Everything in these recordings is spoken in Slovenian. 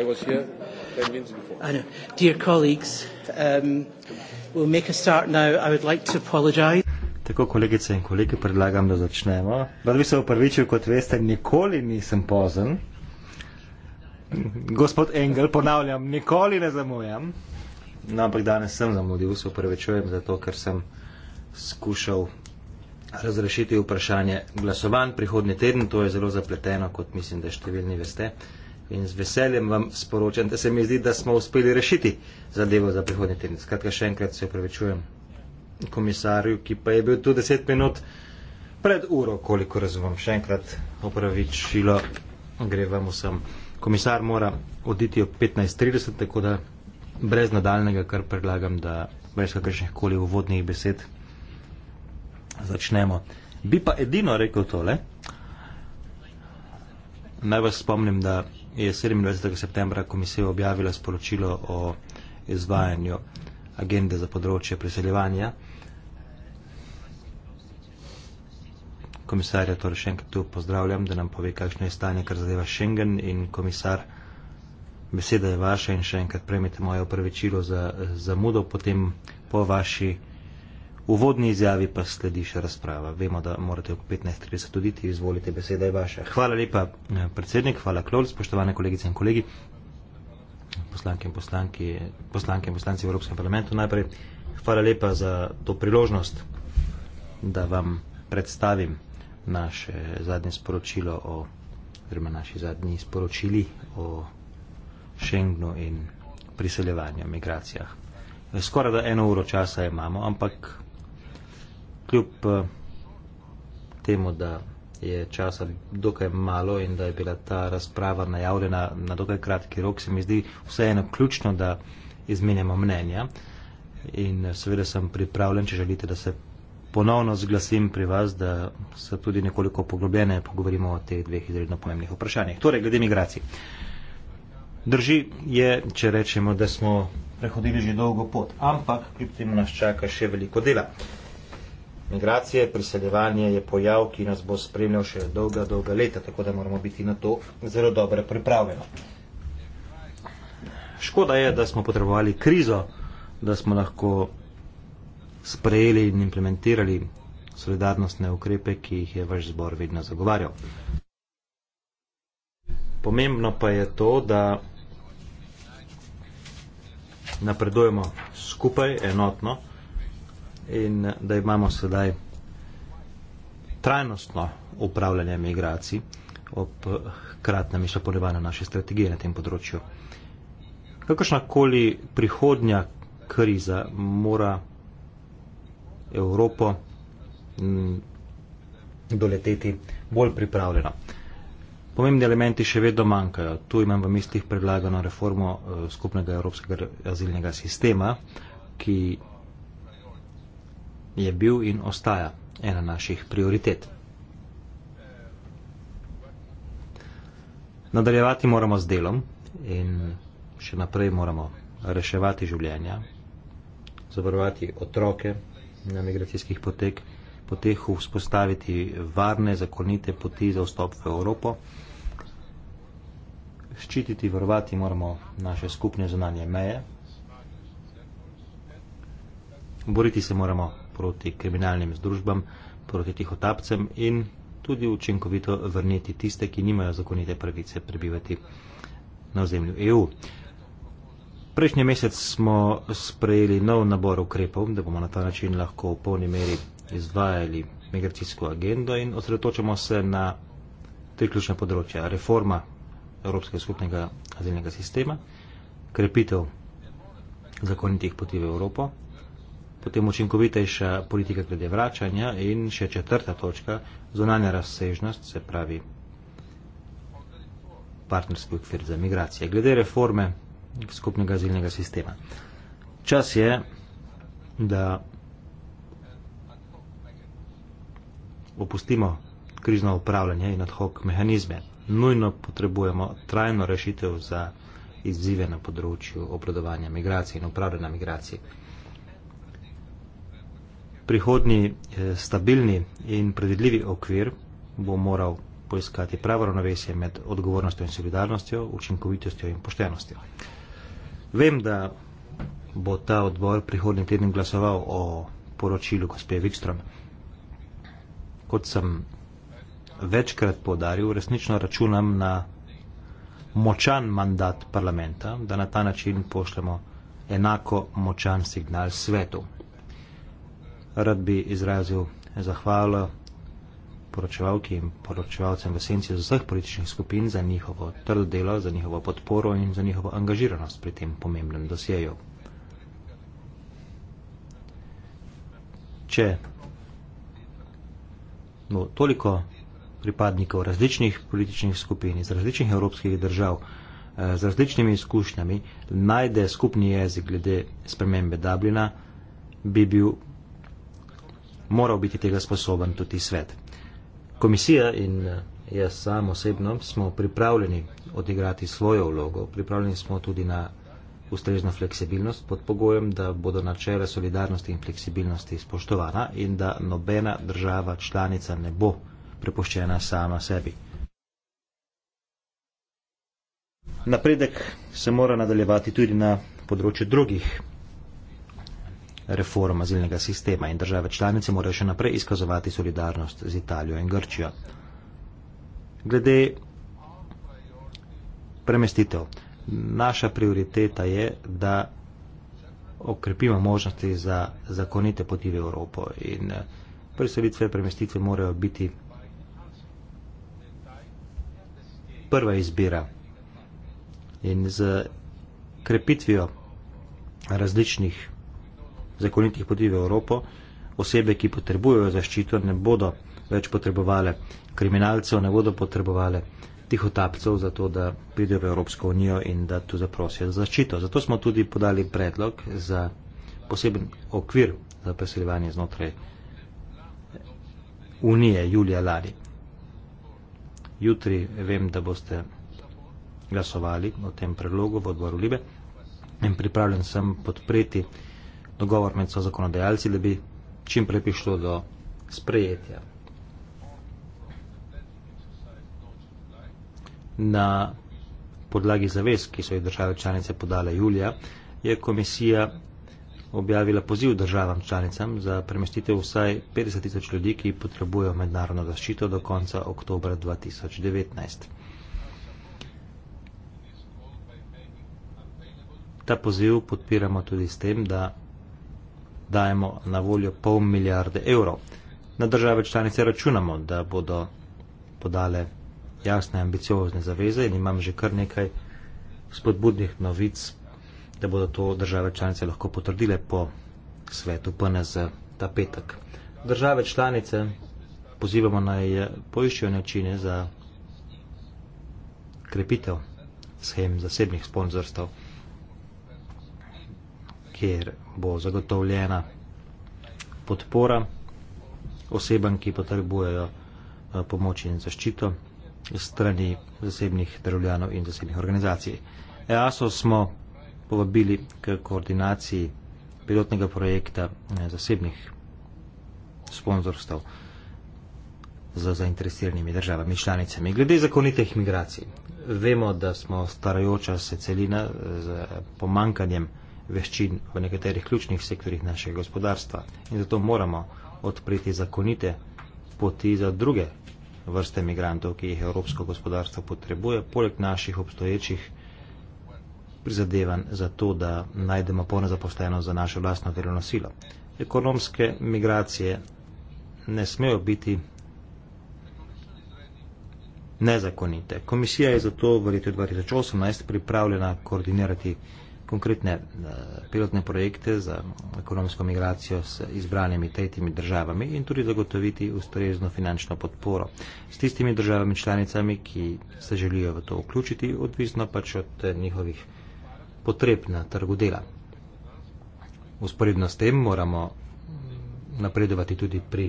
I was here 10 minutes before. I know. Dear colleagues, um, we'll make a start now. I would like to apologize. Tako, kolegice in kolegi, predlagam, da začnemo. Rad bi se upravičil, kot veste, nikoli nisem pozen. Gospod Engel, ponavljam, nikoli ne zamujam. No, ampak danes sem zamudil, se upravičujem, zato ker sem skušal razrešiti vprašanje glasovanj prihodnji teden. To je zelo zapleteno, kot mislim, da številni veste. Uh, in z veseljem vam sporočam, da se mi zdi, da smo uspeli rešiti zadevo za prihodnji teden. Skratka, še enkrat se upravičujem komisarju, ki pa je bil tu deset minut pred uro, koliko razumem. Še enkrat opravičilo gre vam vsem. Komisar mora oditi ob 15.30, tako da brez nadaljnega, kar predlagam, da brez kakršnih koli uvodnih besed začnemo. Bi pa edino rekel tole. Naj vas spomnim, da je 27. septembra komisija objavila sporočilo o izvajanju agende za področje priseljevanja. Komisarja torej še enkrat tu pozdravljam, da nam pove, kakšno je stanje, kar zadeva Schengen in komisar, beseda je vaša in še enkrat premete moje opravičilo za zamudo, potem po vaši V vodni izjavi pa sledi še razprava. Vemo, da morate ob 15.30 tudi ti izvolite, beseda je vaša. Hvala lepa, eh, predsednik, hvala Klol, spoštovane kolegice in kolegi, poslanke in, poslanki, poslanke in poslanci v Evropskem parlamentu najprej. Hvala lepa za to priložnost, da vam predstavim naše zadnje sporočilo o, oziroma naši zadnji sporočili o Schengnu in priseljevanju, migracijah. Skoraj da eno uro časa imamo, ampak kljub eh, temu, da je časa dokaj malo in da je bila ta razprava najavljena na dokaj kratki rok, se mi zdi vseeno ključno, da izmenjamo mnenja. In eh, seveda sem pripravljen, če želite, da se ponovno zglasim pri vas, da se tudi nekoliko poglobljene pogovorimo o teh dveh izredno pomembnih vprašanjih. Torej, glede migracij. Drži je, če rečemo, da smo prehodili že dolgo pot, ampak kljub temu nas čaka še veliko dela. Uh, Migracije, priseljevanje je pojav, ki nas bo spremljal še dolga, dolga leta, tako da moramo biti na to zelo dobro pripravljeno. Škoda je, da smo potrebovali krizo, da smo lahko sprejeli in implementirali solidarnostne ukrepe, ki jih je vaš zbor vedno zagovarjal. Pomembno pa je to, da napredujemo skupaj, enotno in da imamo sedaj trajnostno upravljanje migracij ob kratnem izpolnjevanju naše strategije na tem področju. Kakršnakoli prihodnja kriza mora Evropo mm, doleteti bolj pripravljeno. Pomembni elementi še vedno manjkajo. Tu imam v mislih predlagano reformo eh, skupnega evropskega azilnega sistema, ki je bil in ostaja ena naših prioritet. Nadaljevati moramo z delom in še naprej moramo reševati življenja, zavarovati otroke na migracijskih potek, poteh vzpostaviti varne, zakonite poti za vstop v Evropo. Ščititi, varovati moramo naše skupne zunanje meje. Boriti se moramo proti kriminalnim združbam, proti tihotapcem in tudi učinkovito vrniti tiste, ki nimajo zakonite pravice prebivati na ozemlju EU. Prejšnji mesec smo sprejeli nov nabor ukrepov, da bomo na ta način lahko v polni meri izvajali migracijsko agendo in osredotočamo se na tri ključne področja. Reforma Evropskega skupnega azilnega sistema, krepitev zakonitih poti v Evropo potem učinkovitejša politika glede vračanja in še četrta točka, zunanja razsežnost, se pravi partnerski okvir za migracije. Glede reforme skupnega azilnega sistema. Čas je, da opustimo krizno upravljanje in odhok mehanizme. Nujno potrebujemo trajno rešitev za izzive na področju obladovanja migracij in upravljanja migracij prihodni eh, stabilni in predvidljivi okvir bo moral poiskati pravo ravnovesje med odgovornostjo in solidarnostjo, učinkovitostjo in poštenostjo. Vem, da bo ta odbor prihodni teden glasoval o poročilu gospe Vikström. Kot sem večkrat podaril, resnično računam na močan mandat parlamenta, da na ta način pošljemo enako močan signal svetu rad bi izrazil zahvalo poročevalki in poročevalcem v senci vseh političnih skupin za njihovo trdo delo, za njihovo podporo in za njihovo angažiranost pri tem pomembnem dosjeju. Če bo toliko pripadnikov različnih političnih skupin iz različnih evropskih držav eh, z različnimi izkušnjami najde skupni jezik glede spremembe Dublina, bi bil moral biti tega sposoben tudi svet. Komisija in eh, jaz sam osebno smo pripravljeni odigrati svojo vlogo, pripravljeni smo tudi na ustrežno fleksibilnost pod pogojem, da bodo načele solidarnosti in fleksibilnosti spoštovana in da nobena država članica ne bo prepuščena sama sebi. Napredek se mora nadaljevati tudi na področju drugih reform azilnega sistema in države članice morajo še naprej izkazovati solidarnost z Italijo in Grčijo. Glede premestitev. Naša prioriteta je, da okrepimo možnosti za zakonite poti v Evropo in eh, preselitve premestitve morajo biti prva izbira in z krepitvijo različnih zakonitih poti v Evropo, osebe, ki potrebujejo zaščito, ne bodo več potrebovali kriminalcev, ne bodo potrebovali tihotapcev za to, da pridejo v Evropsko unijo in da tu zaprosijo za zaščito. Zato smo tudi podali predlog za poseben okvir za preseljevanje znotraj unije julija lani. Jutri vem, da boste glasovali o tem predlogu v odboru Libe in pripravljen sem podpreti dogovor med zakonodajalci, da bi čim prej prišlo do sprejetja. Na podlagi zavez, ki so jih države članice podale julija, je komisija objavila poziv državam članicam za premestitev vsaj 50 tisoč ljudi, ki potrebujejo mednarodno zaščito do konca oktobra 2019. Ta poziv podpiramo tudi s tem, da dajemo na voljo pol milijarde evrov. Na države članice računamo, da bodo podale jasne ambiciozne zaveze in imam že kar nekaj spodbudnih novic, da bodo to države članice lahko potrdile po svetu PNZ ta petek. Države članice pozivamo naj poiščijo načine za krepitev schem zasebnih sponzorstv kjer bo zagotovljena podpora osebam, ki potrebujejo eh, pomoč in zaščito strani zasebnih državljanov in zasebnih organizacij. EASO smo povabili k koordinaciji pilotnega projekta eh, zasebnih sponzorstv z zainteresiranimi državami, članicami. Glede zakonitih migracij. Vemo, da smo starajoča se celina z eh, pomankanjem veščin v nekaterih ključnih sektorjih našega gospodarstva in zato moramo odpreti zakonite poti za druge vrste migrantov, ki jih evropsko gospodarstvo potrebuje, poleg naših obstoječih prizadevanj za to, da najdemo polno zapostajeno za našo vlastno delovno silo. Ekonomske migracije ne smejo biti nezakonite. Komisija je zato v letu 2018 pripravljena koordinirati konkretne eh, pilotne projekte za ekonomsko migracijo s izbranimi tretjimi državami in tudi zagotoviti ustrezno finančno podporo s tistimi državami članicami, ki se želijo v to vključiti, odvisno pač od eh, njihovih potreb na trgu dela. Usporedno s tem moramo napredovati tudi pri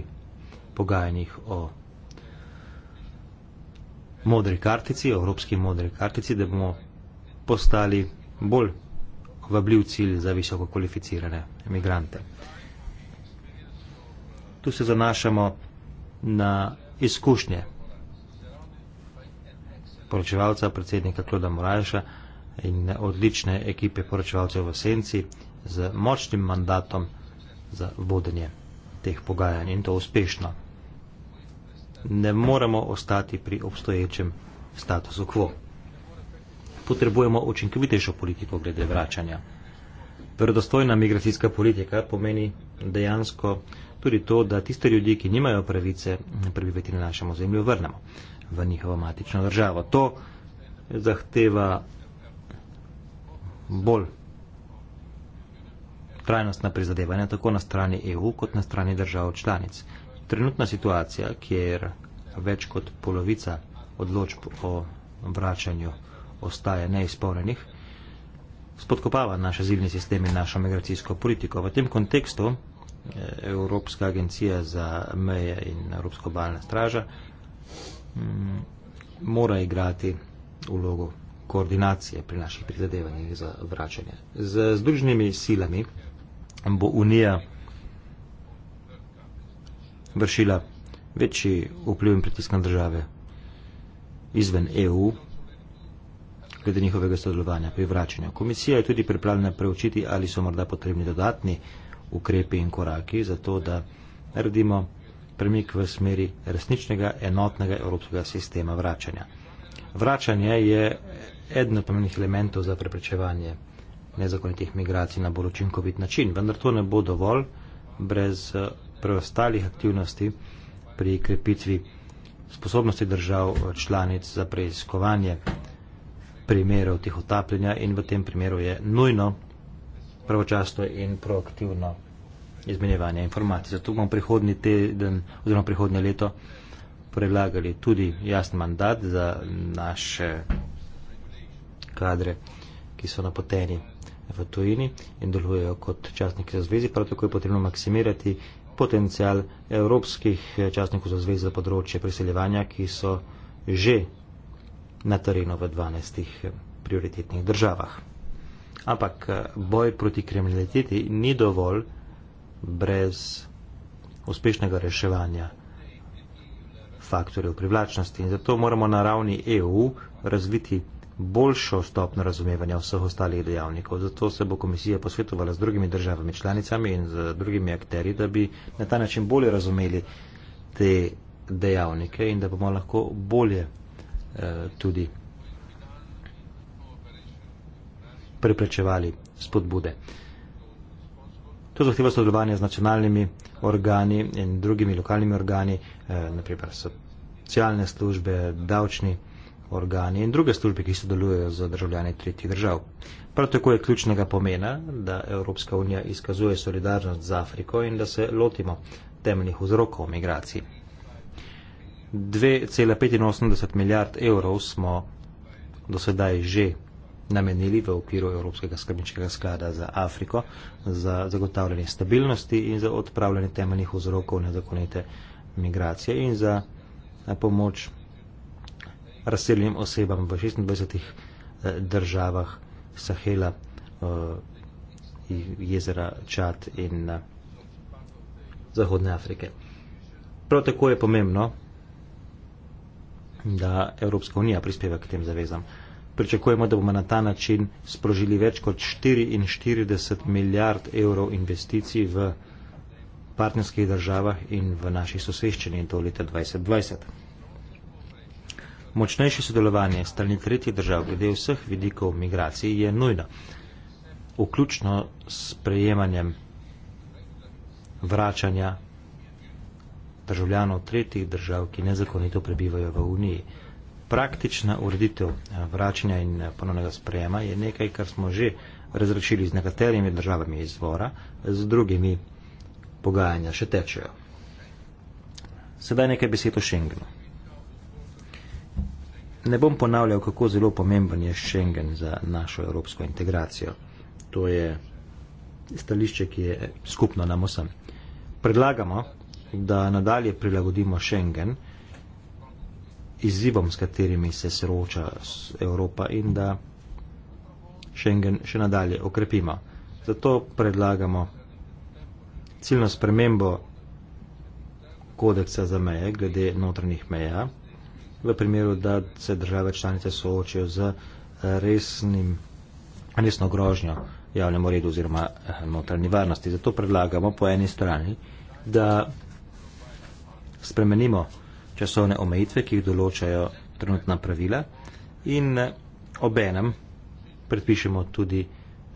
pogajanjih o modri kartici, o evropski modri kartici, da bomo postali bolj vabljiv cilj za visoko kvalificirane imigrante. Tu se zanašamo na izkušnje poročevalca, predsednika Kloda Morajša in odlične ekipe poročevalcev v Senci z močnim mandatom za vodenje teh pogajanj in to uspešno. Ne moremo ostati pri obstoječem statusu quo potrebujemo učinkovitejšo politiko glede vračanja. Verodostojna migracijska politika pomeni dejansko tudi to, da tiste ljudi, ki nimajo pravice prebivati na našem ozemlju, vrnemo v njihovo matično državo. To zahteva bolj trajnostna prizadevanja tako na strani EU kot na strani držav članic. Trenutna situacija, kjer več kot polovica odločb o vračanju ostaje neizpolnjenih, spodkopava naš azilni sistem in našo migracijsko politiko. V tem kontekstu eh, Evropska agencija za meje in Evropska obaljna straža m, mm, mora igrati vlogo koordinacije pri naših prizadevanjih za vračanje. Z združnimi silami bo Unija vršila večji vpliv in pritisk na države izven EU, glede njihovega sodelovanja pri vračanju. Komisija je tudi pripravljena preučiti, ali so morda potrebni dodatni ukrepi in koraki za to, da naredimo premik v smeri resničnega enotnega evropskega sistema vračanja. Vračanje je eden od pomembnih elementov za preprečevanje nezakonitih migracij na bolj učinkovit način, vendar to ne bo dovolj brez eh, preostalih aktivnosti pri krepitvi sposobnosti držav eh, članic za preiskovanje primerov tih otapljanja in v tem primeru je nujno pravočasno in proaktivno izmenjevanje informacij. Zato bomo prihodni teden oziroma prihodne leto predlagali tudi jasen mandat za naše kadre, ki so napoteni v tujini in delujejo kot častniki za zvezi. Prav tako je potrebno maksimirati potencial evropskih častnikov za zvezi za področje priseljevanja, ki so že na terenu v 12 eh, prioritetnih državah. Ampak eh, boj proti kriminaliteti ni dovolj brez uspešnega reševanja faktorjev privlačnosti. In zato moramo na ravni EU razviti boljšo stopno razumevanja vseh ostalih dejavnikov. Zato se bo komisija posvetovala z drugimi državami članicami in z drugimi akteri, da bi na ta način bolje razumeli te dejavnike in da bomo lahko bolje Eh, tudi preprečevali spodbude. To zahteva sodelovanje z nacionalnimi organi in drugimi lokalnimi organi, eh, naprimer socialne službe, davčni organi in druge službe, ki sodelujejo z državljani tretjih držav. Prav tako je ključnega pomena, da Evropska unija izkazuje solidarnost z Afriko in da se lotimo temeljnih vzrokov migracij. 2,85 milijard evrov smo dosedaj že namenili v okviru Evropskega skrbničkega sklada za Afriko za zagotavljanje stabilnosti in za odpravljanje temeljnih vzrokov nezakonite migracije in za pomoč razseljenim osebam v 26 eh, državah Sahela, eh, jezera Čad in eh, Zahodne Afrike. Prav tako je pomembno, da Evropska unija prispeva k tem zavezam. Pričakujemo, da bomo na ta način sprožili več kot 44 milijard evrov investicij v partnerskih državah in v naši soseščini in to leta 2020. Močnejše sodelovanje strani tretjih držav glede vseh vidikov migracij je nujno, vključno s prejemanjem vračanja državljanov tretjih držav, ki nezakonito prebivajo v Uniji. Praktična ureditev eh, vračanja in eh, ponovnega sprejema je nekaj, kar smo že razrešili z nekaterimi državami izvora, z drugimi pogajanja še tečejo. Sedaj nekaj besed o Schengenu. Ne bom ponavljal, kako zelo pomemben je Schengen za našo evropsko integracijo. To je stališče, ki je eh, skupno nam vsem. Predlagamo, da nadalje prilagodimo Schengen izzivom, s katerimi se sroča Evropa in da Schengen še nadalje okrepimo. Zato predlagamo ciljno spremembo kodeksa za meje glede notranjih meja v primeru, da se države članice soočijo z eh, resnim, resno grožnjo javnemu redu oziroma eh, notranji varnosti. Zato predlagamo po eni strani, da spremenimo časovne omejitve, ki jih določajo trenutna pravila in eh, obenem predpišemo tudi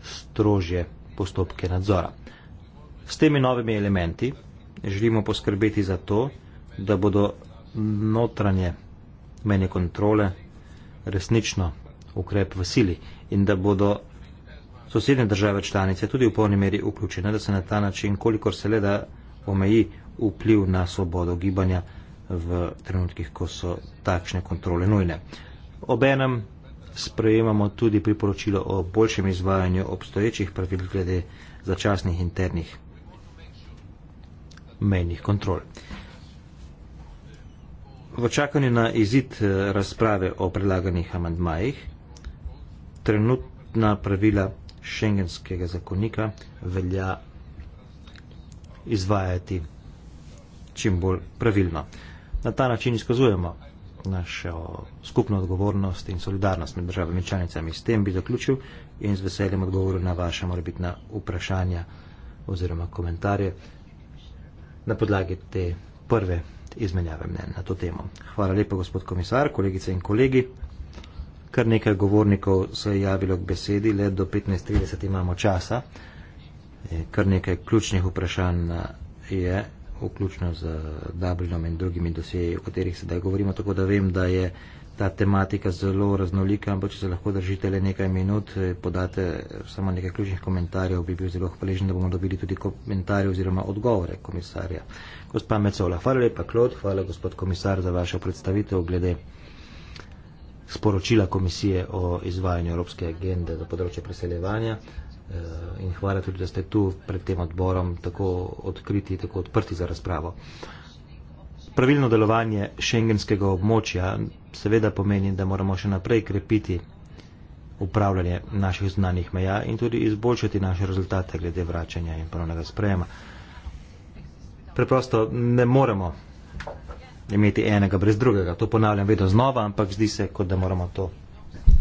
strožje postopke nadzora. S temi novimi elementi želimo poskrbeti za to, da bodo notranje mene kontrole resnično ukrep v sili in da bodo sosednje države članice tudi v polni meri vključene, da se na ta način, kolikor se le da omeji vpliv na svobodo gibanja v trenutkih, ko so takšne kontrole nujne. Obenem sprejemamo tudi priporočilo o boljšem izvajanju obstoječih pravil glede začasnih internih menjih kontrol. V čakanju na izid eh, razprave o predlaganih amandmajih trenutna pravila šengenskega zakonika velja izvajati čim bolj pravilno. Na ta način izkazujemo našo skupno odgovornost in solidarnost med državami članicami. S tem bi zaključil in z veseljem odgovoril na vaše morebitna vprašanja oziroma komentarje na podlagi te prve izmenjave mnen na to temo. Hvala lepa, gospod komisar, kolegice in kolegi. Kar nekaj govornikov se je javilo k besedi, le do 15.30 imamo časa. E, kar nekaj ključnih vprašanj e, je vključno z Dublinom in drugimi dosjeji, o katerih sedaj govorimo, tako da vem, da je ta tematika zelo raznolika, ampak če se lahko držite le nekaj minut, eh, podate samo nekaj ključnih komentarjev, bi bil zelo hvaležen, da bomo dobili tudi komentarje oziroma odgovore komisarja. Gospa Mecola, hvala lepa, Klod, hvala gospod komisar za vašo predstavitev glede sporočila komisije o izvajanju Evropske agende za področje preseljevanja. Eh, in hvala tudi, da ste tu pred tem odborom tako odkriti, tako odprti za razpravo. Pravilno delovanje šengenskega območja seveda pomeni, da moramo še naprej krepiti upravljanje naših znanih meja in tudi izboljšati naše rezultate glede vračanja in ponovnega sprejema. Preprosto ne moremo imeti enega brez drugega. To ponavljam vedno znova, ampak zdi se, kot da moramo to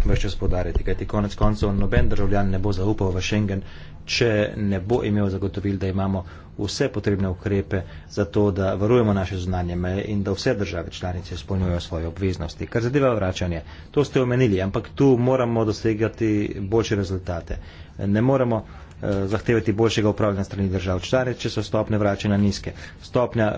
vse čas podariti. Kaj ti konec koncev noben državljan ne bo zaupal v Schengen, če ne bo imel zagotovil, da imamo vse potrebne ukrepe za to, da varujemo naše zunanje meje in da vse države članice izpolnjujejo svoje obveznosti. Kar zadeva vračanje, to ste omenili, ampak tu moramo dosegati boljše rezultate. Ne moremo Eh, zahtevati boljšega upravljanja strani držav članic, če so stopne vračanja nizke. Stopnja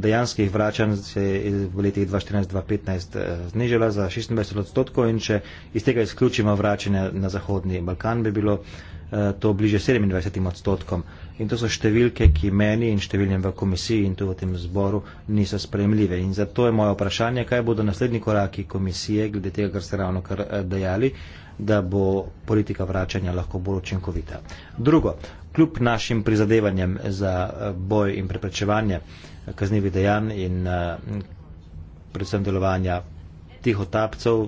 dejanskih vračanj se je v letih 2014-2015 eh, znižala za 26 odstotkov in če iz tega izključimo vračanje na Zahodni Balkan, bi bilo eh, to bliže 27 odstotkom. In to so številke, ki meni in številnim v komisiji in tudi v tem zboru niso sprejemljive. In zato je moje vprašanje, kaj bodo naslednji koraki komisije, glede tega, kar ste ravno kar dejali da bo politika vračanja lahko bolj učinkovita. Drugo, kljub našim prizadevanjem za eh, boj in preprečevanje eh, kaznjivih dejanj in eh, predvsem delovanja tih otapcev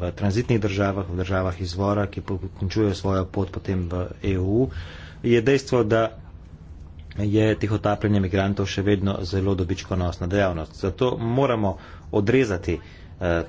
v tranzitnih državah, v državah izvora, ki končujejo svojo pot potem v EU, je dejstvo, da je tih otapljanje migrantov še vedno zelo dobičkonosna dejavnost. Zato moramo odrezati eh,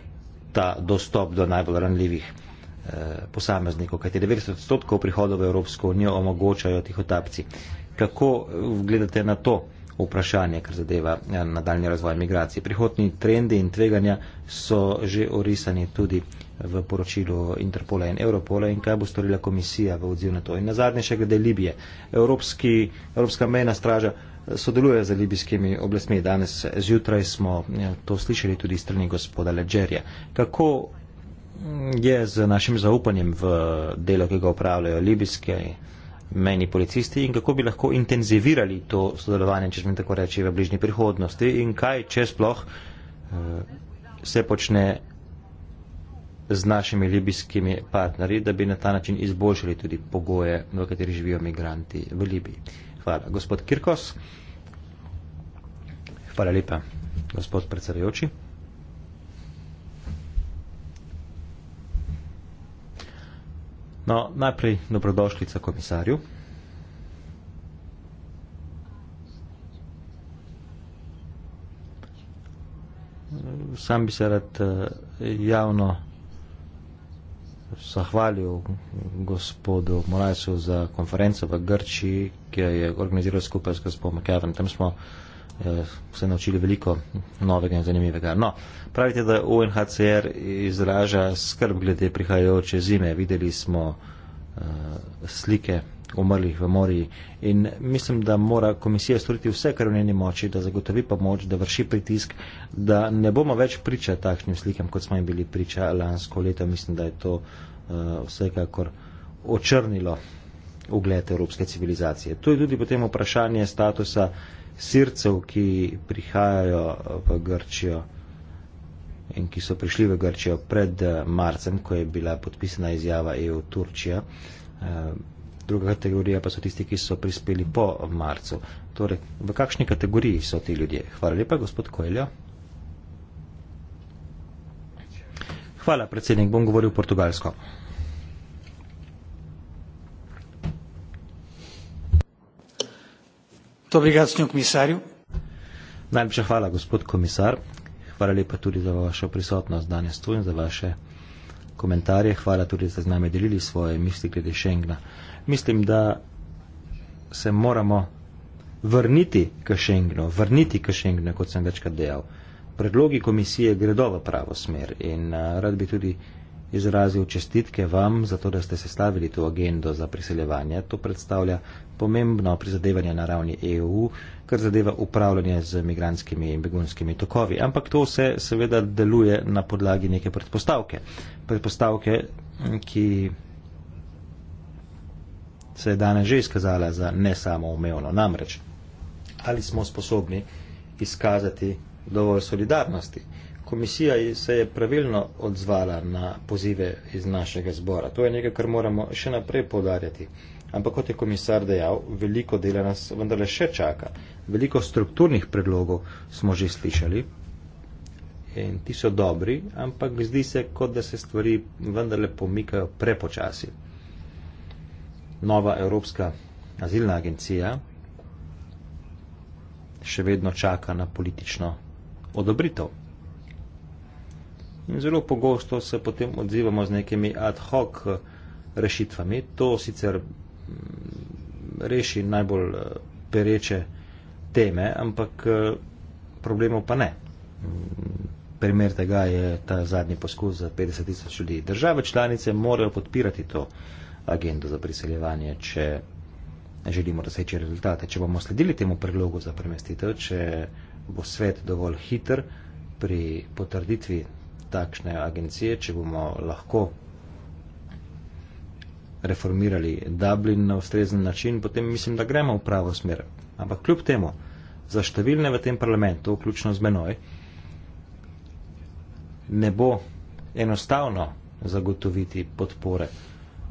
ta dostop do najbolj ranljivih eh, Eh, posameznikov, kajti 90 odstotkov prihodov v Evropsko unijo omogočajo tihotapci. Kako gledate na to vprašanje, kar zadeva eh, nadaljni razvoj migracije? Prihodni trendi in tveganja so že orisani tudi v poročilu Interpola in Europola in kaj bo storila komisija v odziv na to. In na zadnje še glede Libije. Evropski, Evropska mejna straža eh, sodeluje z libijskimi oblastmi. Danes zjutraj smo to slišali tudi strani gospoda Leđerja. Kako je z našim zaupanjem v delo, ki ga upravljajo libijske meni policisti in kako bi lahko intenzivirali to sodelovanje, če smem tako reči, v bližnji prihodnosti in kaj, če sploh eh, se počne z našimi libijskimi partnerji, da bi na ta način izboljšali tudi pogoje, v kateri živijo migranti v Libiji. Hvala. Gospod Kirkos. Hvala lepa, gospod predsedujoči. No, najprej dobrodošlica komisarju. Sam bi se rad eh, javno zahvalil gospodu Morajsu za konferenco v Grči, ki jo je organiziral skupaj s gospodom McAvenom. Tam smo uh, Eh, se naučili veliko novega in zanimivega. No, pravite, da UNHCR izraža skrb glede prihajajoče zime. Videli smo uh, slike umrlih v morji in mislim, da mora komisija storiti vse, kar v njeni moči, da zagotovi pomoč, da vrši pritisk, da ne bomo več priča takšnim slikam, kot smo jim bili priča lansko leto. Mislim, da je to uh, vsekakor očrnilo ugled evropske civilizacije. To je tudi potem vprašanje statusa. Sircev, ki prihajajo v Grčijo in ki so prišli v Grčijo pred eh, marcem, ko je bila podpisana izjava EU-Turčija. Eh, druga kategorija pa so tisti, ki so prispeli po marcu. Torej, v kakšni kategoriji so ti ljudje? Hvala lepa, gospod Koeljo. Hvala, predsednik. Bom govoril portugalsko. Muito obrigado, senhor comissário. Najlepša hvala, gospod komisar. Hvala lepa tudi za vašo prisotnost danes tu in za vaše komentarje. Hvala tudi, da ste z nami delili svoje misli glede Schengna. Mislim, da se moramo vrniti k Schengnu, vrniti k Schengnu, kot sem večkrat dejal. Predlogi komisije gredo v pravo smer in eh, rad bi tudi izrazil čestitke vam za to, da ste sestavili to agendo za priseljevanje. To predstavlja pomembno prizadevanje na ravni EU, kar zadeva upravljanje z migranskimi in begunskimi tokovi. Ampak to vse seveda deluje na podlagi neke predpostavke. Predpostavke, ki se je danes že izkazala za ne samo umevno. Namreč, ali smo sposobni izkazati dovolj solidarnosti komisija se je pravilno odzvala na pozive iz našega zbora. To je nekaj, kar moramo še naprej povdarjati. Ampak kot je komisar dejal, veliko dela nas vendarle še čaka. Veliko strukturnih predlogov smo že slišali in ti so dobri, ampak zdi se, kot da se stvari vendarle pomikajo prepočasi. Nova Evropska azilna agencija še vedno čaka na politično odobritev. In zelo pogosto se potem odzivamo z nekimi ad hoc eh, rešitvami. To sicer mm, reši najbolj eh, pereče teme, ampak eh, problemov pa ne. Mm, primer tega je ta zadnji poskus za 50 tisoč ljudi. Države članice morajo podpirati to agendo za priseljevanje, če želimo doseči rezultate. Če bomo sledili temu predlogu za premestitev, če bo svet dovolj hiter pri potrditvi takšne agencije, če bomo lahko reformirali Dublin na ustrezen način, potem mislim, da gremo v pravo smer. Ampak kljub temu, za številne v tem parlamentu, vključno z menoj, ne bo enostavno zagotoviti podpore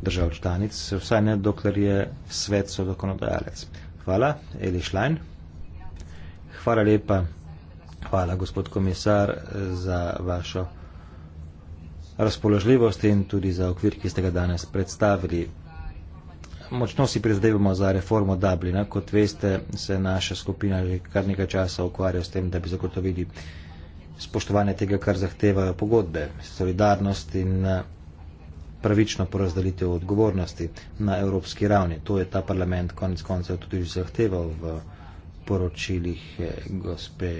držav članic, vsaj ne dokler je svet so zakonodajalec. Hvala, Eli Šlajn. Hvala lepa. Hvala, gospod komisar, za vašo razpoložljivost in tudi za okvir, ki ste ga danes predstavili. Močno si prizadevamo za reformo Dublina. Kot veste, se naša skupina že kar nekaj časa ukvarja s tem, da bi zagotovili spoštovanje tega, kar zahtevajo pogodbe, solidarnost in eh, pravično porazdelitev odgovornosti na evropski ravni. To je ta parlament konec koncev tudi že zahteval v poročilih eh, gospe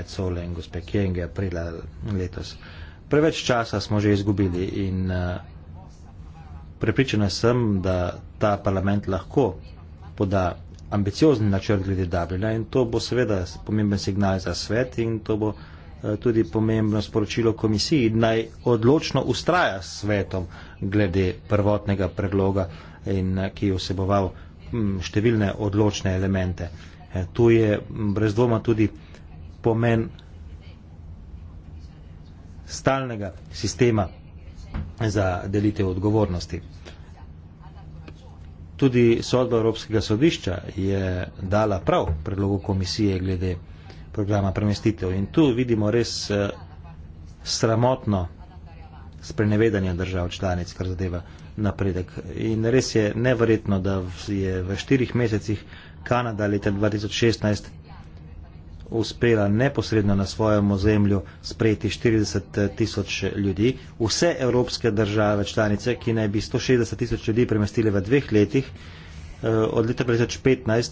Mecole in gospe Kenge aprila letos preveč časa smo že izgubili in eh, prepričana sem, da ta parlament lahko poda ambiciozni načrt glede Dublina in to bo seveda pomemben signal za svet in to bo eh, tudi pomembno sporočilo komisiji, naj odločno ustraja s svetom glede prvotnega predloga in eh, ki je vseboval hm, številne odločne elemente. Tu je hm, brez dvoma tudi pomen stalnega sistema za delitev odgovornosti. Tudi sodba Evropskega sodišča je dala prav predlogu komisije glede programa premestitev in tu vidimo res eh, sramotno sprenevedanje držav članic, kar zadeva napredek. In res je neverjetno, da je v štirih mesecih Kanada leta 2016 uspela neposredno na svojem ozemlju sprejeti 40 eh, tisoč eh, ljudi. Vse evropske države članice, ki naj bi 160 tisoč ljudi premestili v dveh letih, eh, od leta 2015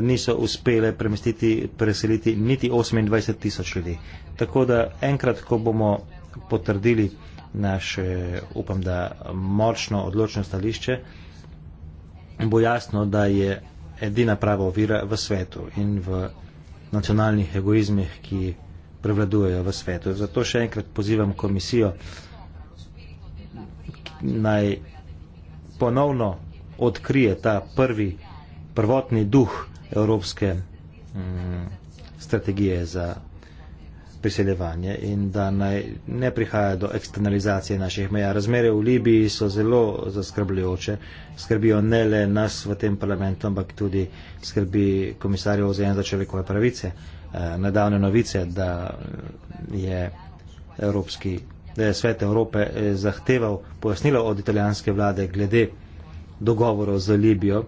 niso uspele premestiti, preseliti niti 28 tisoč ljudi. Tako da enkrat, ko bomo potrdili naše, upam, da močno odločno stališče, bo jasno, da je edina prava ovira v svetu in v nacionalnih egoizmih, ki prevladujejo v svetu. Zato še enkrat pozivam komisijo, naj ponovno odkrije ta prvi, prvotni duh evropske m, mm, strategije za priseljevanje in da naj ne prihaja do eksternalizacije naših meja. Razmere v Libiji so zelo zaskrbljujoče, skrbijo ne le nas v tem parlamentu, ampak tudi skrbi komisarjev za en za človekove pravice. Eh, nedavne novice, da je, Evropski, da je svet Evrope eh, zahteval pojasnilo od italijanske vlade glede dogovorov z Libijo.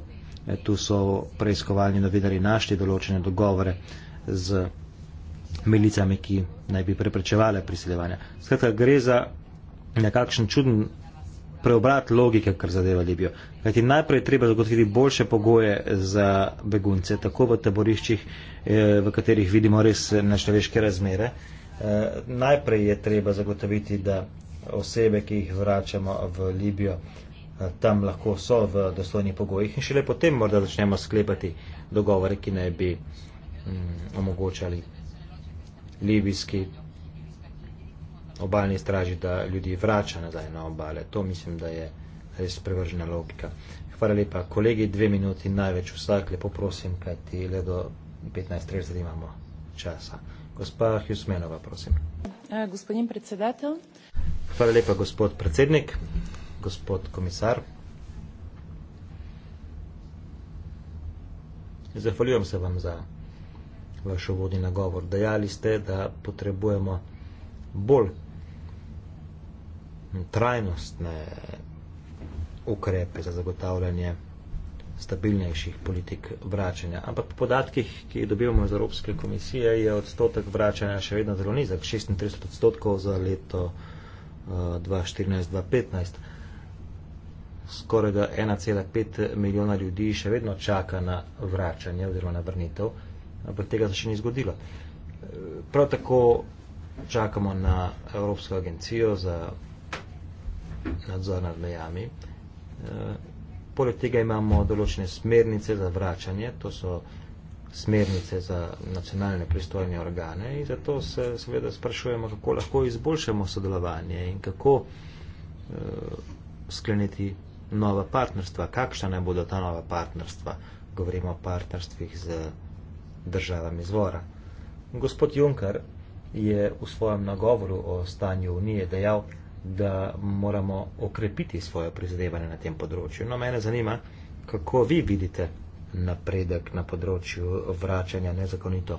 Eh, tu so preiskovalni novinari našli določene dogovore z milicami, ki naj bi preprečevale priseljevanje. Skratka, gre za nekakšen čuden preobrat logike, kar zadeva Libijo. Kajti najprej treba zagotoviti boljše pogoje za begunce, tako v taboriščih, eh, v katerih vidimo res nečloveške razmere. Eh, najprej je treba zagotoviti, da osebe, ki jih vračamo v Libijo, eh, tam lahko so v dostojnih pogojih in šele potem morda začnemo sklepati dogovore, ki naj bi mm, omogočali libijski obalni straži, da ljudi vrača nazaj na obale. To mislim, da je res prevržena logika. Hvala lepa, kolegi, dve minuti največ vsak, lepo prosim, kajti le do 15.30 imamo časa. Gospa Hjusmenova, prosim. E, gospodin predsedatelj. Hvala lepa, gospod predsednik, gospod komisar. Zahvaljujem se vam za vaš vodi nagovor. Dejali ste, da potrebujemo bolj trajnostne ukrepe za zagotavljanje stabilnejših politik vračanja. Ampak po podatkih, ki jih dobivamo iz Evropske komisije, je odstotek vračanja še vedno zelo nizek, 36 odstotkov za leto 2014-2015. Eh, Skoraj 1,5 milijona ljudi še vedno čaka na vračanje oziroma na vrnitev ampak tega se še ni zgodilo. Eh, prav tako čakamo na Evropsko agencijo za nadzor nad mejami. Eh, poleg tega imamo določene smernice za vračanje, to so smernice za nacionalne pristojne organe in zato se seveda sprašujemo, kako lahko izboljšamo sodelovanje in kako uh, skleniti nova partnerstva, kakšna naj bodo ta nova partnerstva. Govorimo o partnerstvih z državam izvora. Gospod Juncker je v svojem nagovoru o stanju Unije dejal, da moramo okrepiti svoje prizadevanje na tem področju. No, mene zanima, kako vi vidite napredek na področju vračanja nezakonito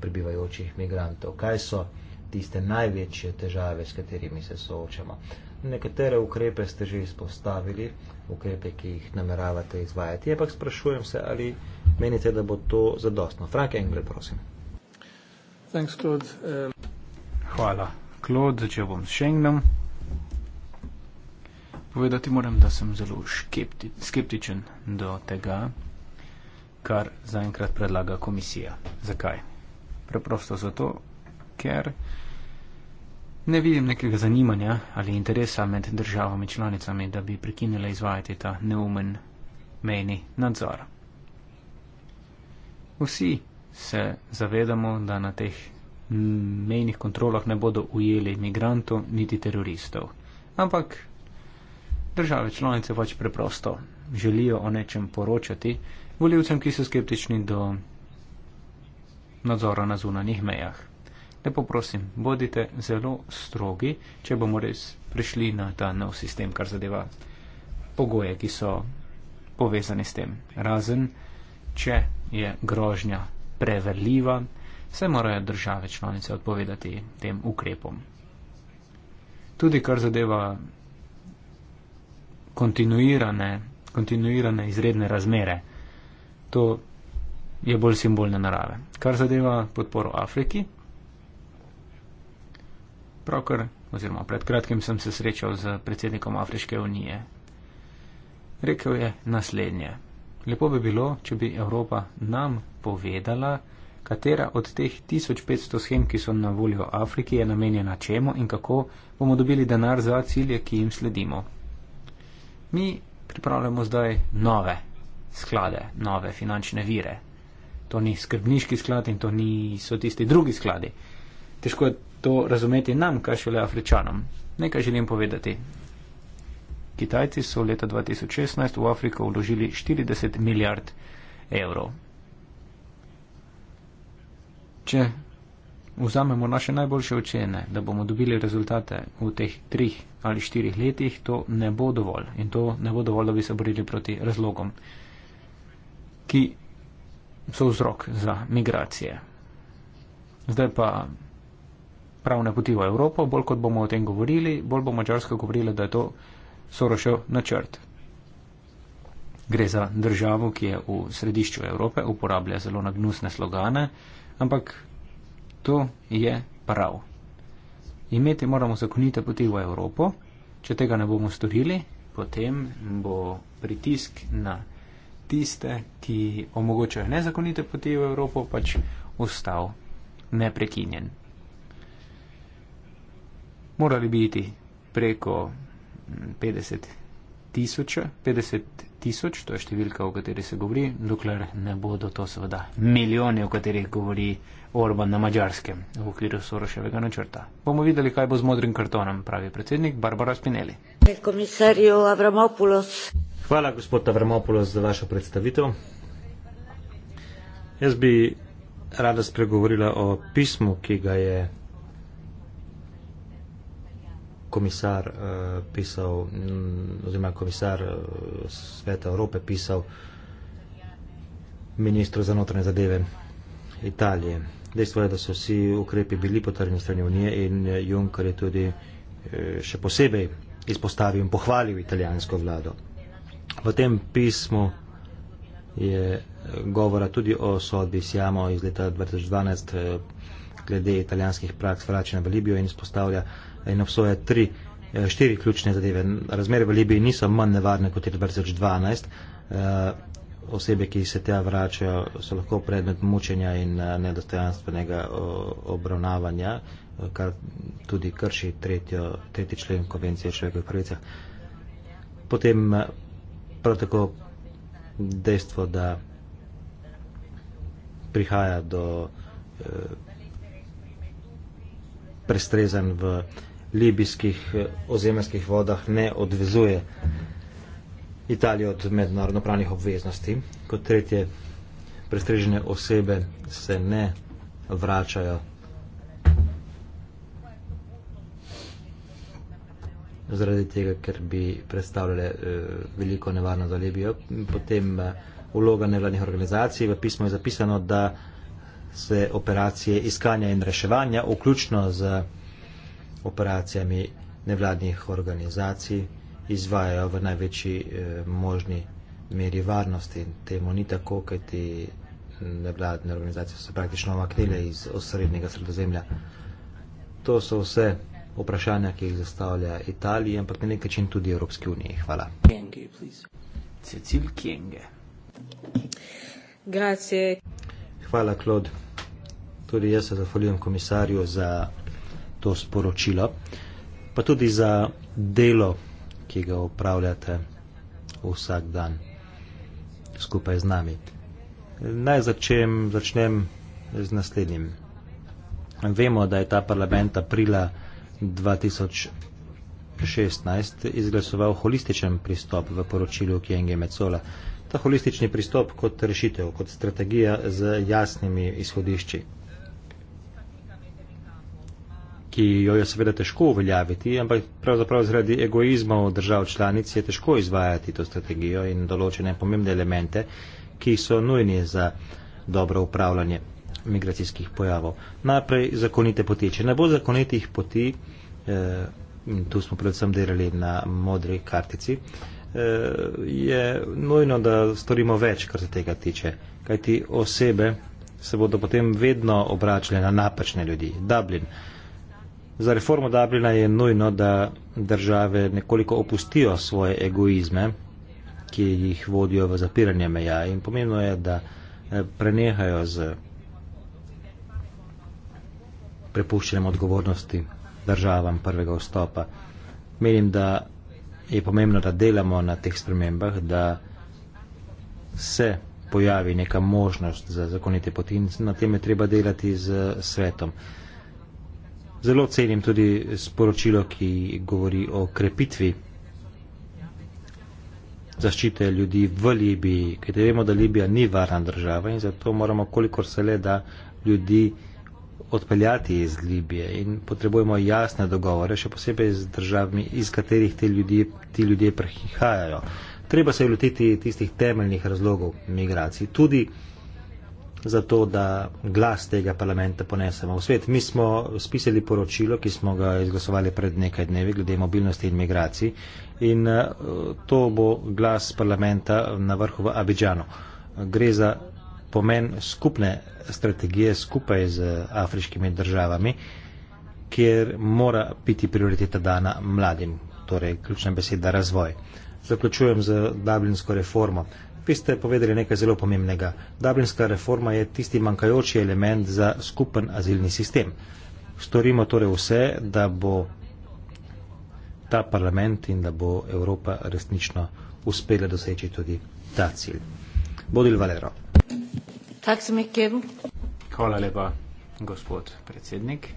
prebivajočih migrantov. Kaj so tiste največje težave, s katerimi se soočamo? Nekatere ukrepe ste že izpostavili, ukrepe, ki jih nameravate izvajati, ampak sprašujem se, ali menite, da bo to zadostno. Frank Engle, prosim. Thanks, Claude. Um... Hvala, Claude. Začel bom s Schengenom. Povedati moram, da sem zelo škepti, skeptičen do tega, kar zaenkrat predlaga komisija. Zakaj? Preprosto zato, ker. Ne vidim nekega zanimanja ali interesa med državami članicami, da bi prekinile izvajati ta neumen mejni nadzor. Vsi se zavedamo, da na teh mejnih kontrolah ne bodo ujeli migrantov niti teroristov. Ampak države članice pač preprosto želijo o nečem poročati voljivcem, ki so skeptični do nadzora na zunanjih mejah. Lepo prosim, bodite zelo strogi, če bomo res prišli na ta nov sistem, kar zadeva pogoje, ki so povezani s tem. Razen, če je grožnja preverljiva, se morajo države članice odpovedati tem ukrepom. Tudi kar zadeva kontinuirane, kontinuirane izredne razmere, to je bolj simbolne narave. Kar zadeva podporo Afriki, pravkar, oziroma pred kratkim sem se srečal z predsednikom Afriške unije. Rekel je naslednje. Lepo bi bilo, če bi Evropa nam povedala, katera od teh 1500 schem, ki so na voljo Afriki, je namenjena čemu in kako bomo dobili denar za cilje, ki jim sledimo. Mi pripravljamo zdaj nove sklade, nove finančne vire. To ni skrbniški sklad in to niso tisti drugi skladi. Težko je to razumeti nam, kaj šele afričanom. Nekaj želim povedati. Kitajci so leta 2016 v Afriko vložili 40 milijard evrov. Če vzamemo naše najboljše učene, da bomo dobili rezultate v teh trih ali štirih letih, to ne bo dovolj in to ne bo dovolj, da bi se borili proti razlogom, ki so vzrok za migracije. Zdaj pa pravne poti v Evropo, bolj kot bomo o tem govorili, bolj bo Mačarska govorila, da je to Sorošev načrt. Gre za državo, ki je v središču Evrope, uporablja zelo nagnusne slogane, ampak to je prav. Imeti moramo zakonite poti v Evropo, če tega ne bomo storili, potem bo pritisk na tiste, ki omogočajo nezakonite poti v Evropo, pač ostal neprekinjen morali biti preko 50 tisoč, 50 tisoč, to je številka, o kateri se govori, dokler ne bodo to seveda milijoni, o katerih govori Orban na mačarskem v okviru Soroševega načrta. Bomo videli, kaj bo z modrim kartonom, pravi predsednik Barbara Spinelli. Hvala, gospod Avramopoulos, za vašo predstavitev. Jaz bi rada spregovorila o pismu, ki ga je komisar uh, pisal, mm, oziroma komisar eh, Sveta Evrope pisal ministru za notranje zadeve Italije. Dejstvo je, da so vsi ukrepi bili potrjeni strani Unije in eh, Juncker je tudi uh, še posebej izpostavil in pohvalil italijansko vlado. V tem pismu je govora tudi o sodbi Siamo iz leta 2012 glede italijanskih praks vračena v Libijo in izpostavlja, in obsoja tri, eh, štiri ključne zadeve. Razmere v Libiji niso manj nevarne kot je 2012. Eh, osebe, ki se tja vračajo, so lahko predmet mučenja in eh, nedostojanstvenega obravnavanja, kar tudi krši tretjo, tretji člen konvencije o človekovih pravicah. Potem prav tako dejstvo, da prihaja do eh, prestrezen v eh, libijskih eh, ozemeljskih vodah ne odvezuje Italijo od mednarodno pravnih obveznosti. Kot tretje, prestrežene osebe se ne vračajo zaradi tega, ker bi predstavljale e, veliko nevarno za Libijo. Potem e, vloga nevladnih organizacij v pismu je zapisano, da se operacije iskanja in reševanja, vključno z operacijami nevladnih organizacij izvajajo v največji eh, možni meri varnosti. Temu ni tako, kaj ti nevladne organizacije so praktično omaknile iz osrednjega sredozemlja. To so vse vprašanja, ki jih zastavlja Italija, ampak na nekaj čin tudi Evropske unije. Hvala. Kienge, Cecil Kienge. Grazie. Hvala, Klod. Tudi jaz se zahvaljujem komisarju za to sporočilo, pa tudi za delo, ki ga upravljate vsak dan skupaj z nami. Naj začem, začnem z naslednjim. Vemo, da je ta parlament aprila 2016 izglasoval holističen pristop v poročilu Kienge Mecola. Ta holistični pristop kot rešitev, kot strategija z jasnimi izhodišči ki jo je seveda težko uveljaviti, ampak pravzaprav zaradi egoizma v držav članic je težko izvajati to strategijo in določene pomembne elemente, ki so nujni za dobro upravljanje migracijskih pojavov. Najprej zakonite poteče. Ne bo zakonitih poti, eh, tu smo predvsem delali na modri kartici, eh, je nujno, da storimo več, kar se tega tiče. Kajti osebe se bodo potem vedno obračale na napačne ljudi. Dublin. Za reformo Dublina je nujno, da države nekoliko opustijo svoje egoizme, ki jih vodijo v zapiranje meja in pomembno je, da eh, prenehajo z prepuščenjem odgovornosti državam prvega vstopa. Menim, da je pomembno, da delamo na teh spremembah, da se pojavi neka možnost za zakonite poti in na tem je treba delati z svetom. Zelo cenim tudi sporočilo, ki govori o krepitvi zaščite ljudi v Libiji, ker te vemo, da Libija ni varna država in zato moramo kolikor se le da ljudi odpeljati iz Libije in potrebujemo jasne dogovore, še posebej z državami, iz katerih te ljudi, ti ljudje prihajajo. Treba se lotiti tistih temeljnih razlogov migracij. Tudi za to, da glas tega parlamenta ponesemo v svet. Mi smo spisali poročilo, ki smo ga izglasovali pred nekaj dnevi, glede mobilnosti in migracij in eh, to bo glas parlamenta na vrhu v Abidžanu. Gre za pomen skupne strategije skupaj z afriškimi državami, kjer mora biti prioriteta dana mladim, torej ključna beseda razvoj. Zaključujem z Dublinsko reformo. Vi ste povedali nekaj zelo pomembnega. Dublinska reforma je tisti manjkajoči element za skupen azilni sistem. Storimo torej vse, da bo ta parlament in da bo Evropa resnično uspela doseči tudi ta cilj. Bodil Valero. Hvala lepa, gospod predsednik.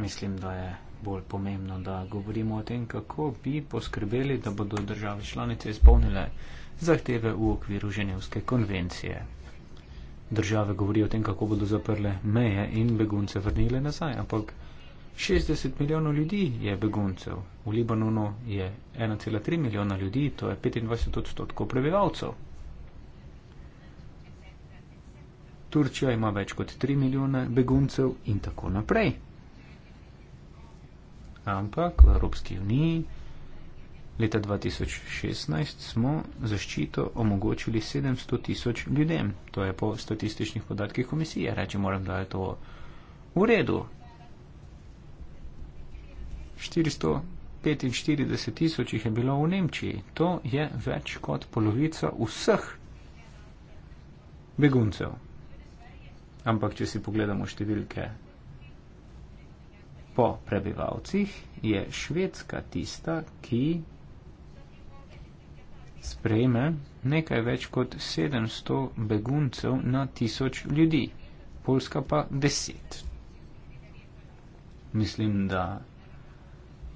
Mislim, da je bolj pomembno, da govorimo o tem, kako bi poskrbeli, da bodo države članice izpolnile zahteve v okviru Ženevske konvencije. Države govorijo o tem, kako bodo zaprle meje in begunce vrnile nazaj, ampak 60 milijonov ljudi je beguncev, v Libanonu je 1,3 milijona ljudi, to je 25 odstotkov prebivalcev. Turčija ima več kot 3 milijone beguncev in tako naprej ampak v Evropski uniji leta 2016 smo zaščito omogočili 700 tisoč ljudem. To je po statističnih podatkih komisije. Reči moram, da je to v redu. 445 tisoč jih je bilo v Nemčiji. To je več kot polovica vseh beguncev. Ampak, če si pogledamo številke po prebivalcih je Švedska tista, ki sprejme nekaj več kot 700 beguncev na tisoč ljudi, Poljska pa 10. Mislim, da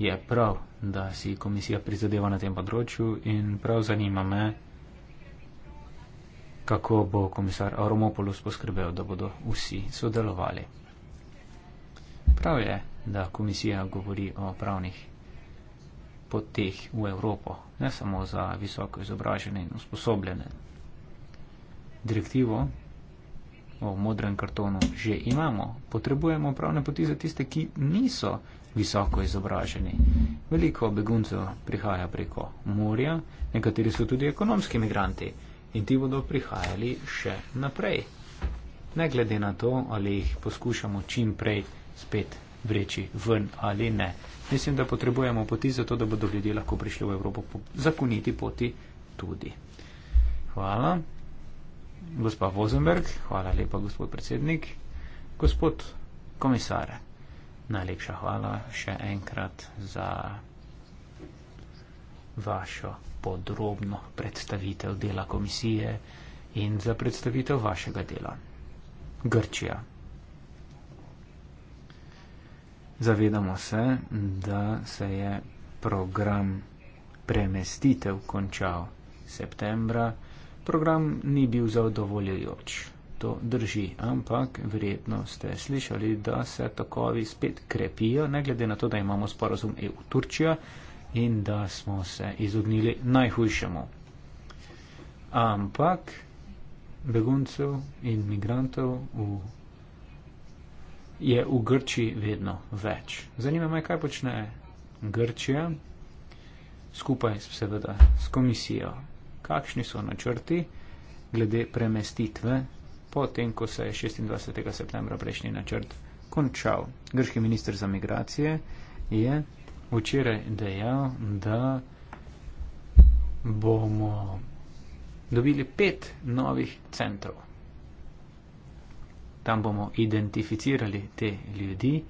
je prav, da si komisija prizadeva na tem področju in prav zanima me, kako bo komisar Aromopolus poskrbel, da bodo vsi sodelovali. Prav je, da komisija govori o pravnih poteh v Evropo, ne samo za visoko izobražene in usposobljene. Direktivo o modrem kartonu že imamo. Potrebujemo pravne poti za tiste, ki niso visoko izobraženi. Veliko beguncev prihaja preko morja, nekateri so tudi ekonomski migranti in ti bodo prihajali še naprej. Ne glede na to, ali jih poskušamo čim prej spet vreči ven ali ne. Mislim, da potrebujemo poti za to, da bodo ljudje lahko prišli v Evropo po zakoniti poti tudi. Hvala. Gospa Vozenberg, hvala lepa, gospod predsednik. Gospod komisar, najlepša hvala še enkrat za vašo podrobno predstavitev dela komisije in za predstavitev vašega dela. Grčija. Zavedamo se, da se je program premestitev končal septembra. Program ni bil zadovoljujoč, to drži, ampak verjetno ste slišali, da se takovi spet krepijo, ne glede na to, da imamo sporozum EU-Turčija in da smo se izognili najhujšemu. Ampak beguncev in migrantov v je v Grčiji vedno več. Zanima me, kaj počne Grčija skupaj seveda s komisijo. Kakšni so načrti glede premestitve, potem ko se je 26. septembra prejšnji načrt končal. Grški minister za migracije je včeraj dejal, da bomo dobili pet novih centrov tam bomo identificirali te ljudi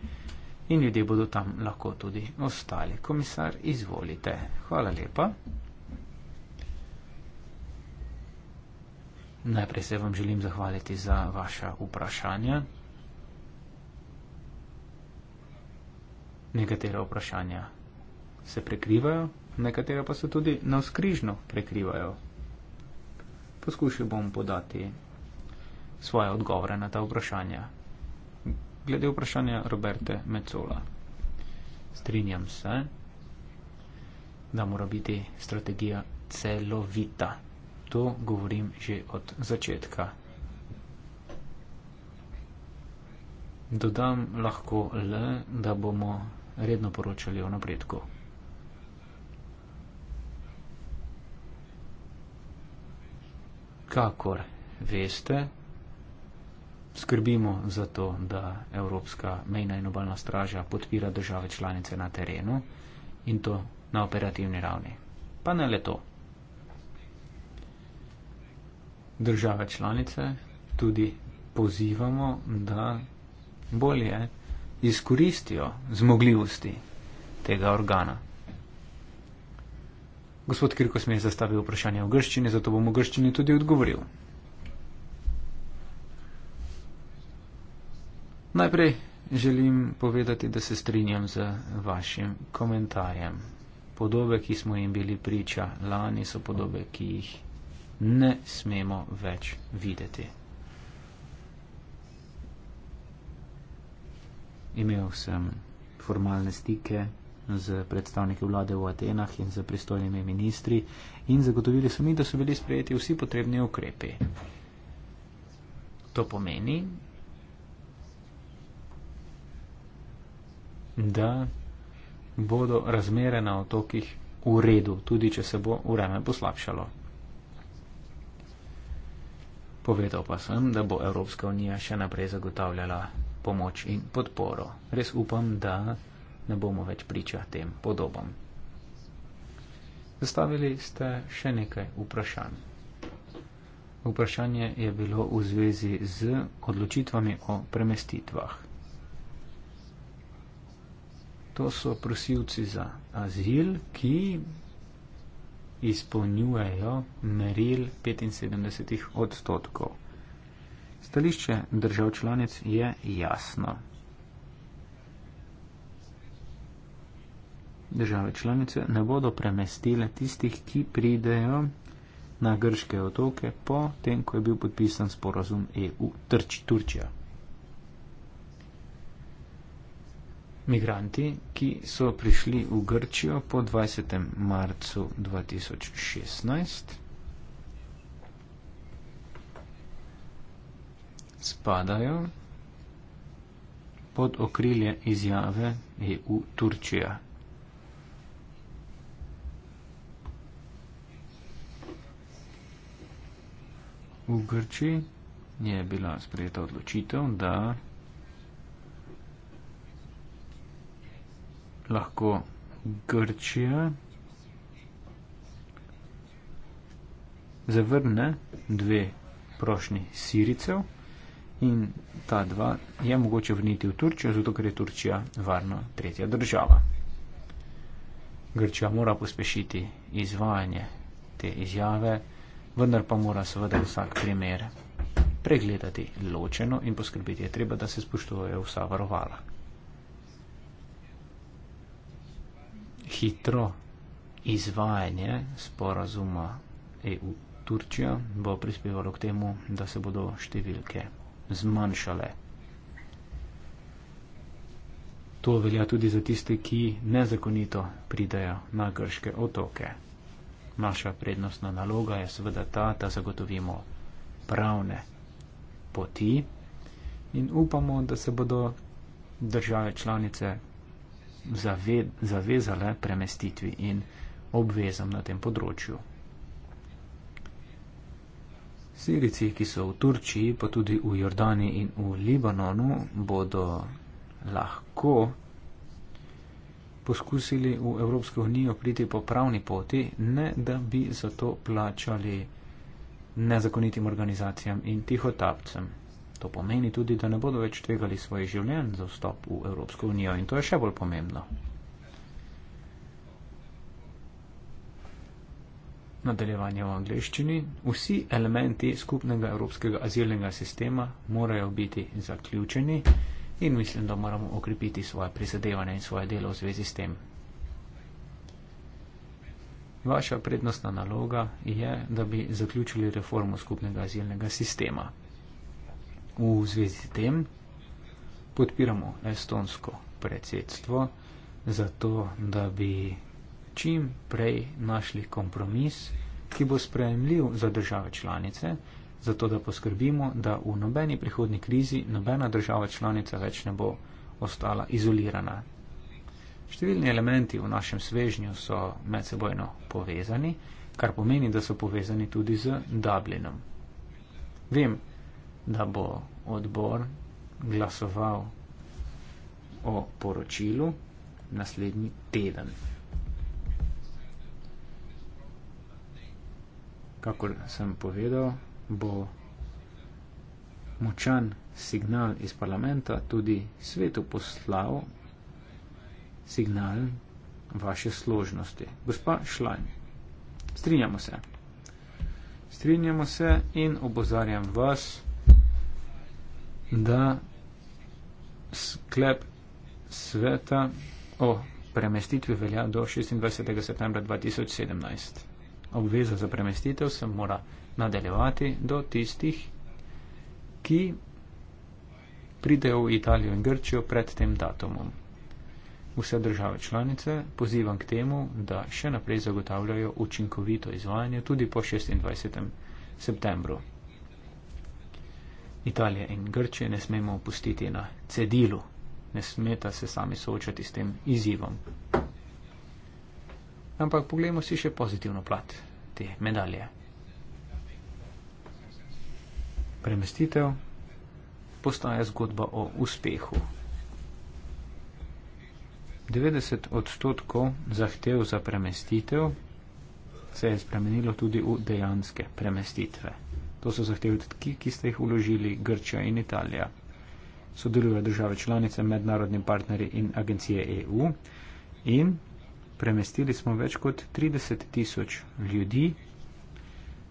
in ljudje bodo tam lahko tudi ostali. Komisar, izvolite. Hvala lepa. Najprej se vam želim zahvaliti za vaša vprašanja. Nekatera vprašanja se prekrivajo, nekatera pa se tudi na skrižno prekrivajo. Poskušal bom podati svoje odgovore na ta vprašanja. Glede vprašanja Roberta Mecola, strinjam se, da mora biti strategija celovita. To govorim že od začetka. Dodam lahko le, da bomo redno poročali o napredku. Kakor veste, skrbimo za to, da Evropska mejna in obaljna straža podpira države članice na terenu in to na operativni ravni. Pa ne le to. Države članice tudi pozivamo, da bolje izkoristijo zmogljivosti tega organa. Gospod Kirko smo je zastavil vprašanje v grščini, zato bom v grščini tudi odgovoril. Najprej želim povedati, da se strinjam z vašim komentarjem. Podobe, ki smo jim bili priča lani, so podobe, ki jih ne smemo več videti. Imel sem formalne stike z predstavniki vlade v Atenah in z pristojnimi ministri in zagotovili so mi, da so bili sprejeti vsi potrebni ukrepi. To pomeni, da bodo razmere na otokih v redu, tudi če se bo vreme poslabšalo. Povedal pa sem, da bo Evropska unija še naprej zagotavljala pomoč in podporo. Res upam, da ne bomo več priča tem podobam. Zastavili ste še nekaj vprašanj. Vprašanje je bilo v zvezi z odločitvami o premestitvah to so prosilci za azil, ki izpolnjujejo meril 75 odstotkov. Stališče držav članic je jasno. Države članice ne bodo premestile tistih, ki pridejo na grške otoke, potem ko je bil podpisan sporazum EU-Turčija. -Turč Migranti, ki so prišli v Grčijo po 20. marcu 2016, spadajo pod okrilje izjave EU Turčija. V Grčiji je bila sprejeta odločitev, da lahko Grčija zavrne dve prošnji Siricev in ta dva je mogoče vrniti v Turčijo, zato ker je Turčija varna tretja država. Grčija mora pospešiti izvajanje te izjave, vendar pa mora seveda vsak primer pregledati ločeno in poskrbiti je treba, da se spoštujejo vsa varovala. hitro izvajanje sporazuma EU-Turčija bo prispevalo k temu, da se bodo številke zmanjšale. To velja tudi za tiste, ki nezakonito pridajo na grške otoke. Naša prednostna naloga je seveda ta, da zagotovimo pravne poti in upamo, da se bodo države članice zaved, zavezale premestitvi in obvezam na tem področju. Sirici, ki so v Turčiji, pa tudi v Jordani in v Libanonu, bodo lahko poskusili v Evropsko unijo priti po pravni poti, ne da bi zato plačali nezakonitim organizacijam in tihotapcem. To pomeni tudi, da ne bodo več tvegali svoje življenje za vstop v Evropsko unijo in to je še bolj pomembno. Nadaljevanje v angleščini. Vsi elementi skupnega evropskega azilnega sistema morajo biti zaključeni in mislim, da moramo okrepiti svoje prizadevanje in svoje delo v zvezi s tem. Vaša prednostna naloga je, da bi zaključili reformo skupnega azilnega sistema v zvezi s tem podpiramo estonsko predsedstvo, zato da bi čim prej našli kompromis, ki bo sprejemljiv za države članice, zato da poskrbimo, da v nobeni prihodni krizi nobena država članica več ne bo ostala izolirana. Številni elementi v našem svežnju so medsebojno povezani, kar pomeni, da so povezani tudi z Dublinom. Vem, da bo odbor glasoval o poročilu naslednji teden. Kakor sem povedal, bo močan signal iz parlamenta tudi svetu poslal signal vaše složnosti. Gospa Šlanj, strinjamo se. Strinjamo se in obozarjam vas da sklep sveta o premestitvi velja do 26. septembra 2017. Obveza za premestitev se mora nadaljevati do tistih, ki pridejo v Italijo in Grčijo pred tem datumom. Vse države članice pozivam k temu, da še naprej zagotavljajo učinkovito izvajanje tudi po 26. septembru. Italije in Grčije ne smemo opustiti na cedilu, ne smeta se sami soočati s tem izzivom. Ampak poglejmo si še pozitivno plat te medalje. Premestitev postaja zgodba o uspehu. 90 odstotkov zahtev za premestitev se je spremenilo tudi v dejanske premestitve. To so zahteve tudi, ki ste jih uložili, Grčija in Italija. Sodelujejo države članice, mednarodni partnerji in agencije EU. In premestili smo več kot 30 tisoč ljudi,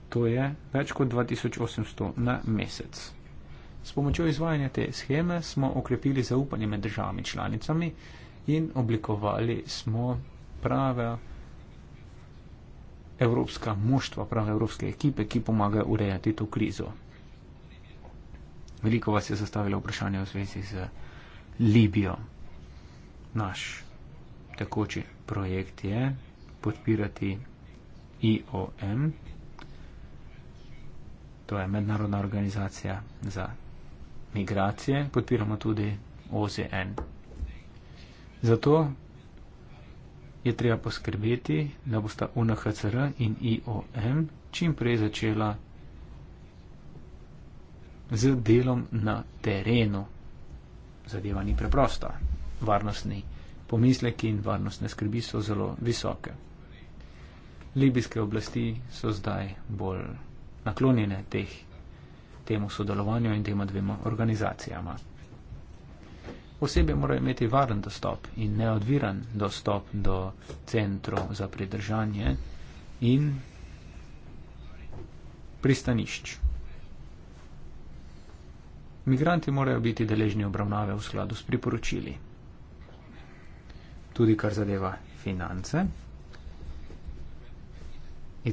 to je več kot 2800 na mesec. S pomočjo izvajanja te scheme smo okrepili zaupanje med državami članicami in oblikovali smo prave evropska moštva, prav evropske ekipe, ki pomagajo urejati to krizo. Veliko vas je zastavilo vprašanje v zvezi z Libijo. Naš tekoči projekt je podpirati IOM, to je mednarodna organizacija za migracije, podpiramo tudi OZN. Zato je treba poskrbeti, da bosta UNHCR in IOM čim prej začela z delom na terenu. Zadeva ni preprosta. Varnostni pomisleki in varnostne skrbi so zelo visoke. Libijske oblasti so zdaj bolj naklonjene teh, temu sodelovanju in tema dvema organizacijama. Osebe morajo imeti varen dostop in neodviran dostop do centrov za pridržanje in pristanišč. Migranti morajo biti deležni obravnave v skladu s priporočili. Tudi kar zadeva finance.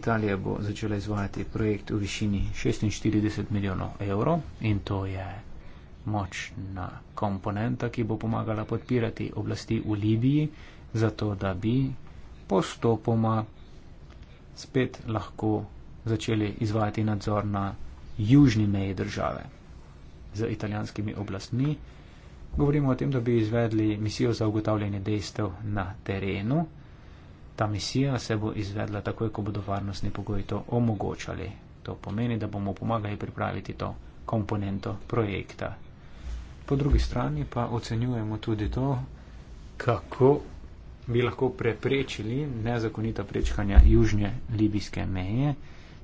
Italija bo začela izvajati projekt v višini 46 milijonov evrov in to je močna komponenta, ki bo pomagala podpirati oblasti v Libiji, zato da bi postopoma spet lahko začeli izvajati nadzor na južni meji države z italijanskimi oblastmi. Govorimo o tem, da bi izvedli misijo za ugotavljanje dejstev na terenu. Ta misija se bo izvedla takoj, ko bodo varnostni pogoji to omogočali. To pomeni, da bomo pomagali pripraviti to komponento projekta, Po drugi strani pa ocenjujemo tudi to, kako bi lahko preprečili nezakonita prečkanja južnje libijske meje,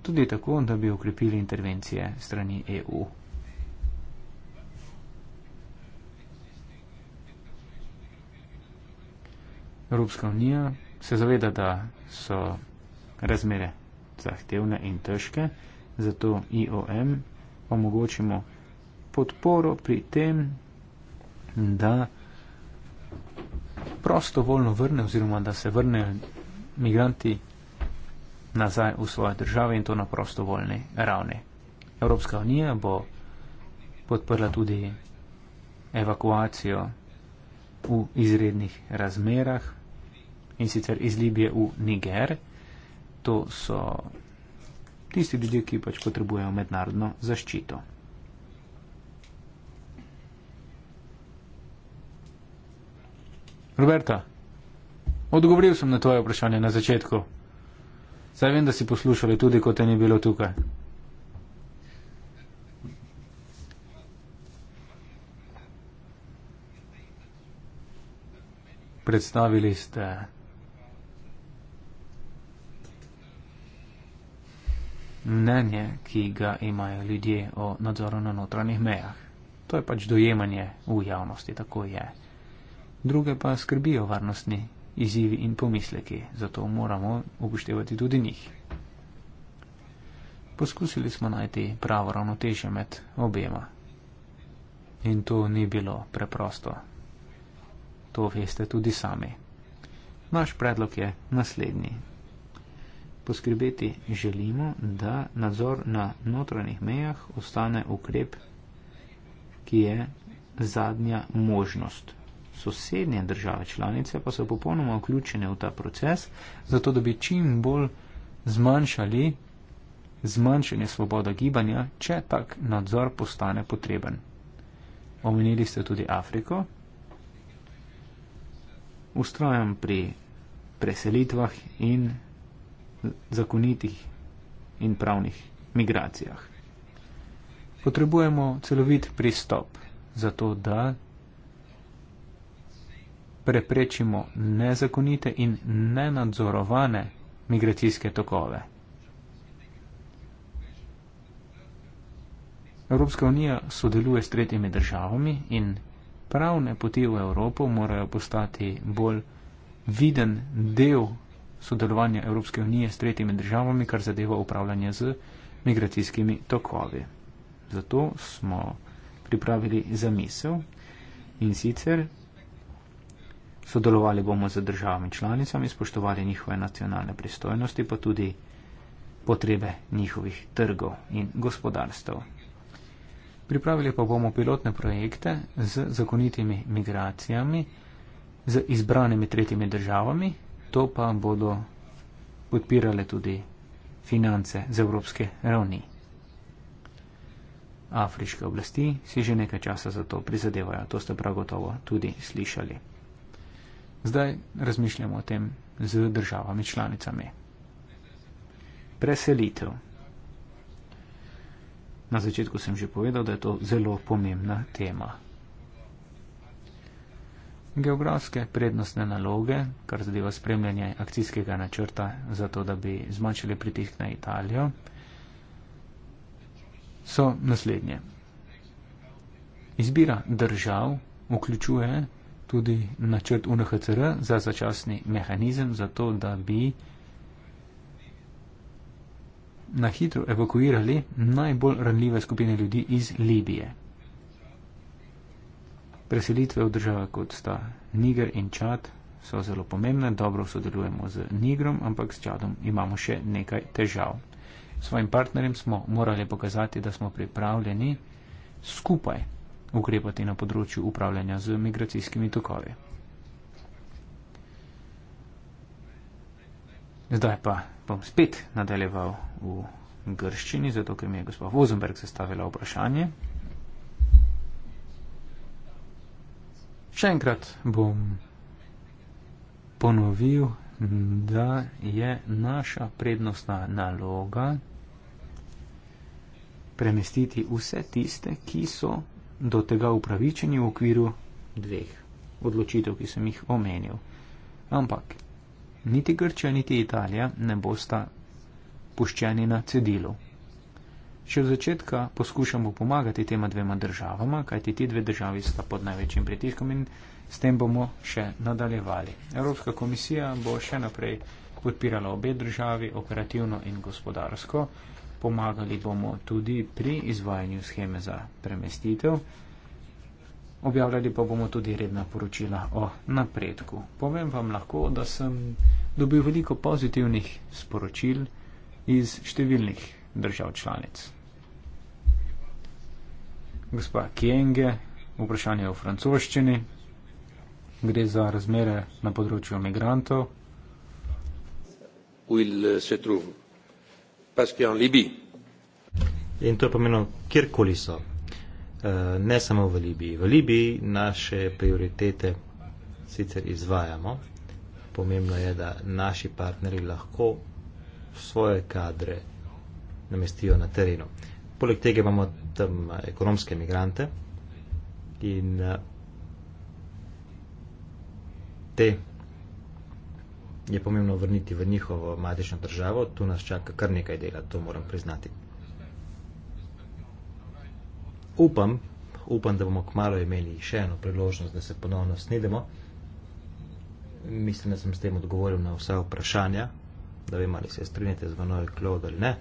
tudi tako, da bi ukrepili intervencije strani EU. Evropska unija se zaveda, da so razmere zahtevne in težke, zato IOM omogočimo podporo pri tem, da prostovoljno vrne oziroma da se vrne migranti nazaj v svoje države in to na prostovoljne ravne. Evropska unija bo podprla tudi evakuacijo v izrednih razmerah in sicer iz Libije v Niger. To so tisti ljudje, ki pač potrebujejo mednarodno zaščito. Roberta, odgovoril sem na tvoje vprašanje na začetku. Zdaj vem, da si poslušali tudi, ko te ni bilo tukaj. Predstavili ste. Mnenje, ki ga imajo ljudje o nadzoru na notranjih mejah. To je pač dojemanje v javnosti, tako je druge pa skrbijo varnostni izzivi in pomisleki, zato moramo upoštevati tudi njih. Poskusili smo najti pravo ravnotežje med obema. In to ni bilo preprosto. To veste tudi sami. Naš predlog je naslednji. Poskrbeti želimo, da nadzor na notranjih mejah ostane ukrep, ki je zadnja možnost sosednje države članice pa so popolnoma vključene v ta proces, zato da bi čim bolj zmanjšali zmanjšanje svoboda gibanja, če tak nadzor postane potreben. Omenili ste tudi Afriko. Ustrojem pri preselitvah in zakonitih in pravnih migracijah. Potrebujemo celovit pristop za to, da preprečimo nezakonite in nenadzorovane migracijske tokove. Evropska unija sodeluje s tretjimi državami in pravne poti v Evropo morajo postati bolj viden del sodelovanja Evropske unije s tretjimi državami, kar zadeva upravljanje z migracijskimi tokovi. Zato smo pripravili zamisel in sicer Sodelovali bomo z državami članicami, spoštovali njihove nacionalne pristojnosti, pa tudi potrebe njihovih trgov in gospodarstv. Pripravili pa bomo pilotne projekte z zakonitimi migracijami, z izbranimi tretjimi državami, to pa bodo podpirale tudi finance z evropske ravni. Afriške oblasti si že nekaj časa za to prizadevajo, to ste prav gotovo tudi slišali zdaj razmišljamo o tem z državami članicami. Preselitev. Na začetku sem že povedal, da je to zelo pomembna tema. Geografske prednostne naloge, kar zadeva spremljanje akcijskega načrta za to, da bi zmanjšali pritisk na Italijo, so naslednje. Izbira držav vključuje tudi načrt UNHCR za začasni mehanizem, zato da bi na hitro evakuirali najbolj ranljive skupine ljudi iz Libije. Preselitve v države kot sta Niger in Čad so zelo pomembne, dobro sodelujemo z Nigrom, ampak s Čadom imamo še nekaj težav. Svojim partnerjem smo morali pokazati, da smo pripravljeni skupaj ukrepati na področju upravljanja z migracijskimi tokovi. Zdaj pa bom spet nadaljeval v grščini, zato ker mi je gospod Vozenberg zastavila vprašanje. Še enkrat bom ponovil, da je naša prednostna naloga premestiti vse tiste, ki so do tega upravičeni v okviru dveh odločitev, ki sem jih omenil. Ampak niti Grčija, niti Italija ne bosta puščeni na cedilu. Še v začetka poskušamo pomagati tema dvema državama, kajti ti dve državi sta pod največjim pritiskom in s tem bomo še nadaljevali. Evropska komisija bo še naprej podpirala obe državi operativno in gospodarsko pomagali bomo tudi pri izvajanju scheme za premestitev. Objavljali pa bomo tudi redna poročila o napredku. Povem vam lahko, da sem dobil veliko pozitivnih sporočil iz številnih držav članic. Gospa Kienge, vprašanje o francoščini. Gre za razmere na področju migrantov. Will, uh, parce qu'en Libye. In to pomeni, kjerkoli so, eh, ne samo v Libiji. V Libiji naše prioritete sicer izvajamo, pomembno je, da naši partneri lahko svoje kadre namestijo na terenu. Poleg tega imamo tam eh, ekonomske migrante in eh, te je pomembno vrniti v njihovo matično državo. Tu nas čaka kar nekaj dela, to moram priznati. Upam, upam, da bomo kmalo imeli še eno priložnost, da se ponovno snidemo. Mislim, da sem s tem odgovoril na vsa vprašanja, da vem, ali se strinjate z mano, klod ali ne.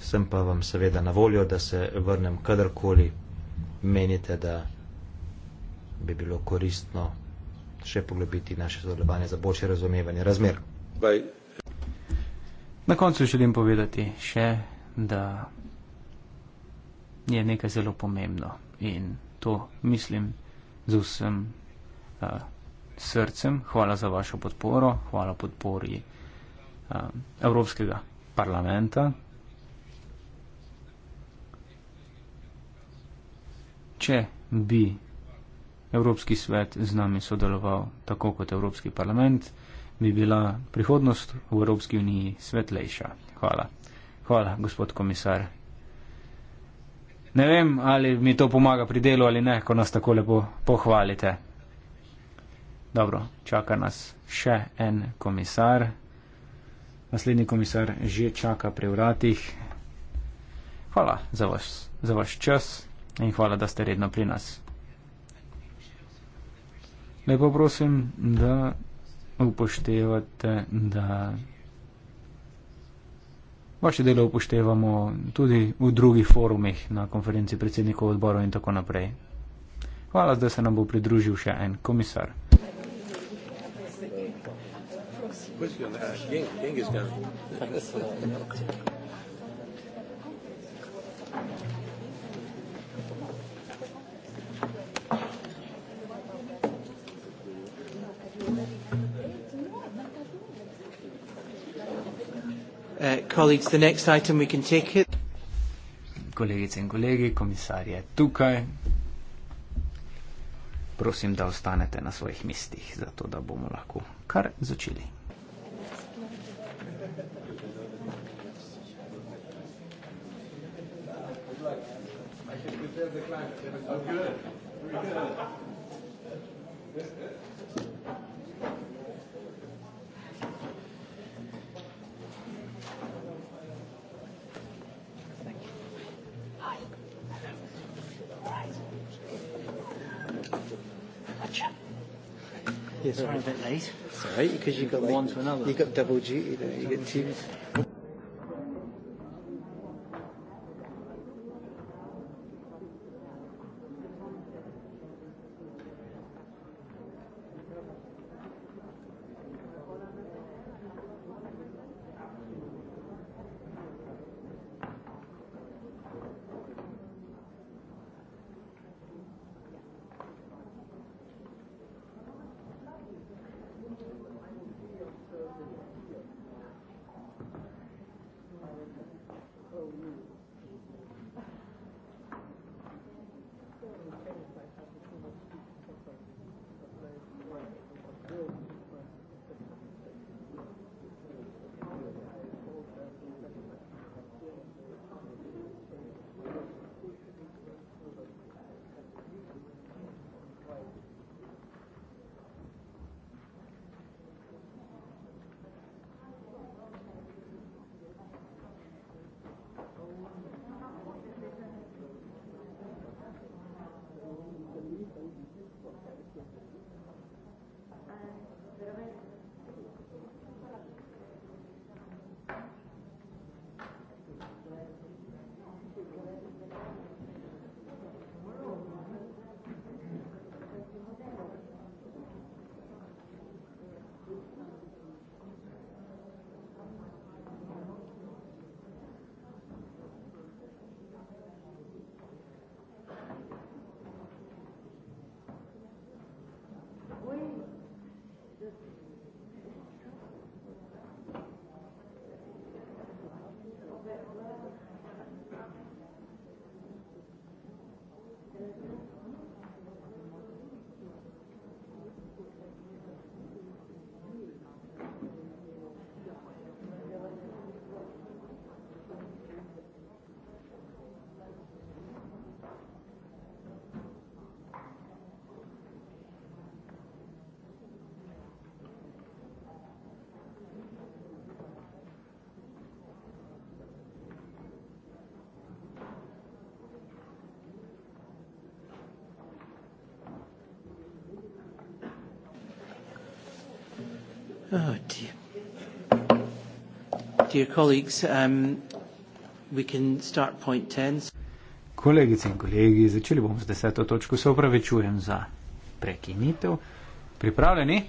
Sem pa vam seveda na voljo, da se vrnem kadarkoli menite, da bi bilo koristno še poglobiti naše sodelovanje za boljše razumevanje razmer. Bye. Na koncu želim povedati še, da je nekaj zelo pomembno in to mislim z vsem uh, srcem. Hvala za vašo podporo, hvala podpori uh, Evropskega parlamenta. Če bi Evropski svet z nami sodeloval tako kot Evropski parlament, bi bila prihodnost v Evropski uniji svetlejša. Hvala. Hvala, gospod komisar. Ne vem, ali mi to pomaga pri delu ali ne, ko nas tako lepo pohvalite. Dobro, čaka nas še en komisar. Naslednji komisar že čaka pri vratih. Hvala za vaš, za vaš čas in hvala, da ste redno pri nas me poprosim, da upoštevate, da vaše delo upoštevamo tudi v drugih forumih, na konferenci predsednikov odborov in tako naprej. Hvala, da se nam bo pridružil še en komisar. Thank you. Colleagues, the next item we can take it. Kolegice in kolegi, komisar je tukaj. Prosim, da ostanete na svojih mestih, zato da bomo lahko kar začeli. Good. Good. Good. Good. Good. Yes, Sorry, right. a bit late. It's all right, because you've got like, one to another. You've got double duty there. You've got two. dear colleagues, um, we can start point 10. Kolegice in kolegi, začeli bomo z deseto točko. Se opravičujem za prekinitev. Pripravljeni?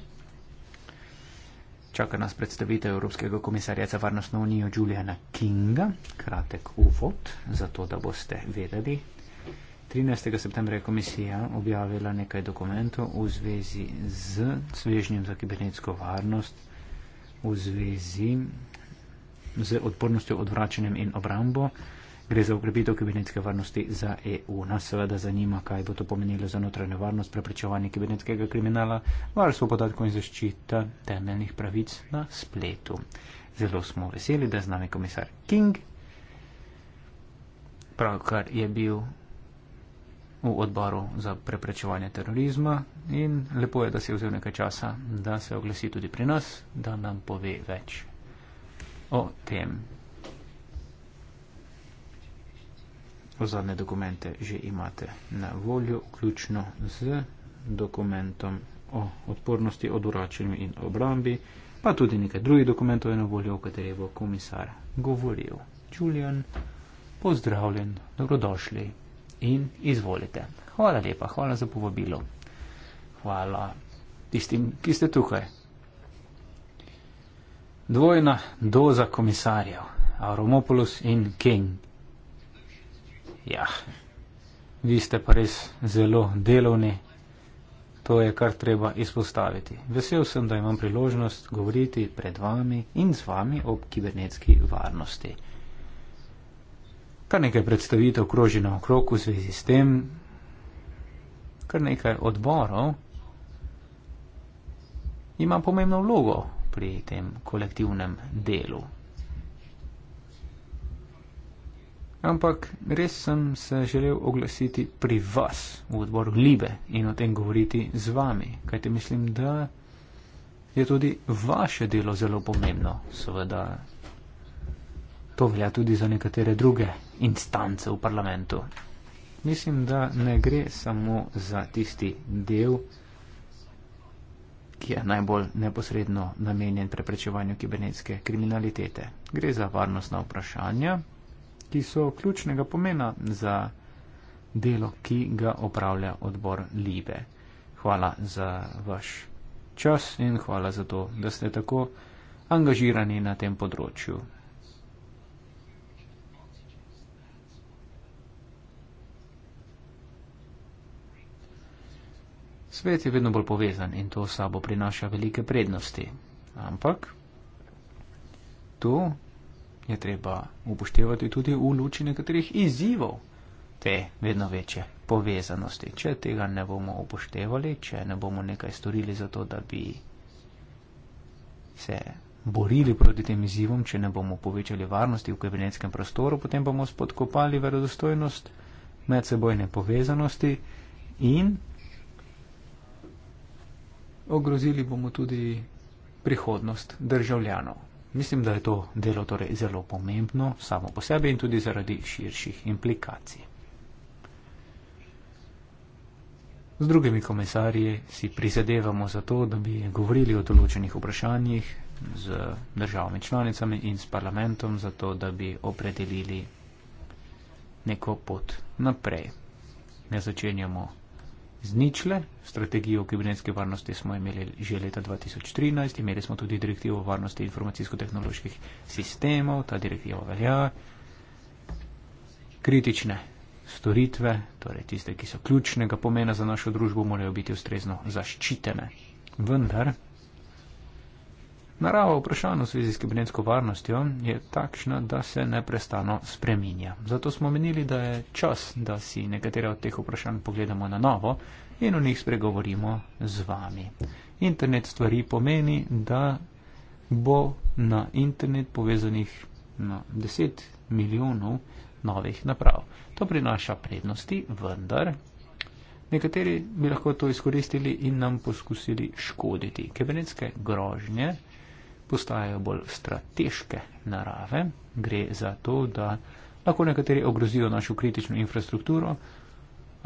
Čaka nas predstavitev Evropskega komisarja za varnostno unijo Juliana Kinga. Kratek uvod, zato da boste vedeli. 13. septembra je komisija objavila nekaj dokumentov v zvezi z svežnjem za kibernetsko varnost, v zvezi z odpornostjo, odvračanjem in obrambo. Gre za ukrepitev kibernetske varnosti za EU. Nas seveda zanima, kaj bo to pomenilo za notranjo varnost, preprečevanje kibernetskega kriminala, varstvo podatkov in zaščita temeljnih pravic na spletu. Zelo smo veseli, da je z nami komisar King. Pravkar je bil v odboru za preprečevanje terorizma in lepo je, da si je vzel nekaj časa, da se oglasi tudi pri nas, da nam pove več o tem. Zadnje dokumente že imate na voljo, vključno z dokumentom o odpornosti, odvračanju in obrambi, pa tudi nekaj drugih dokumentov je na voljo, o katerih bo komisar govoril. Julian, pozdravljen, dobrodošli in izvolite. Hvala lepa, hvala za povabilo. Hvala tistim, ki ste tukaj dvojna doza komisarjev, Avromopolus in King. Jah, vi ste pa res zelo delovni, to je kar treba izpostaviti. Vesel sem, da imam priložnost govoriti pred vami in z vami o kibernetski varnosti. Kar nekaj predstavitev kroži na okroku v zvezi s tem, kar nekaj odborov ima pomembno vlogo pri tem kolektivnem delu. Ampak res sem se želel oglasiti pri vas v odboru Libe in o tem govoriti z vami, kajte mislim, da je tudi vaše delo zelo pomembno. Seveda to velja tudi za nekatere druge instance v parlamentu. Mislim, da ne gre samo za tisti del, ki je najbolj neposredno namenjen preprečevanju kibernetske kriminalitete. Gre za varnostna vprašanja, ki so ključnega pomena za delo, ki ga opravlja odbor Libe. Hvala za vaš čas in hvala za to, da ste tako angažirani na tem področju. Svet je vedno bolj povezan in to sabo prinaša velike prednosti. Ampak to je treba upoštevati tudi v luči nekaterih izzivov te vedno večje povezanosti. Če tega ne bomo upoštevali, če ne bomo nekaj storili za to, da bi se borili proti tem izzivom, če ne bomo povečali varnosti v kabinetskem prostoru, potem bomo spodkopali verodostojnost medsebojne povezanosti in ogrozili bomo tudi prihodnost državljanov. Mislim, da je to delo torej zelo pomembno samo po sebi in tudi zaradi širših implikacij. Z drugimi komisarji si prizadevamo za to, da bi govorili o določenih vprašanjih z državami članicami in s parlamentom, zato da bi opredelili neko pot naprej. Ne začenjamo zničile. Strategijo kibernetske varnosti smo imeli že leta 2013, imeli smo tudi direktivo o varnosti informacijsko-tehnoloških sistemov, ta direktiva velja. Kritične storitve, torej tiste, ki so ključnega pomena za našo družbo, morajo biti ustrezno zaščitene. Vendar Narava vprašanja v zvezi s kibernetsko varnostjo je takšna, da se neprestano spreminja. Zato smo menili, da je čas, da si nekatere od teh vprašanj pogledamo na novo in o njih spregovorimo z vami. Internet stvari pomeni, da bo na internet povezanih na no, 10 milijonov novih naprav. To prinaša prednosti, vendar. Nekateri bi lahko to izkoristili in nam poskusili škoditi. Kibernetske grožnje postajajo bolj strateške narave. Gre za to, da lahko nekateri ogrozijo našo kritično infrastrukturo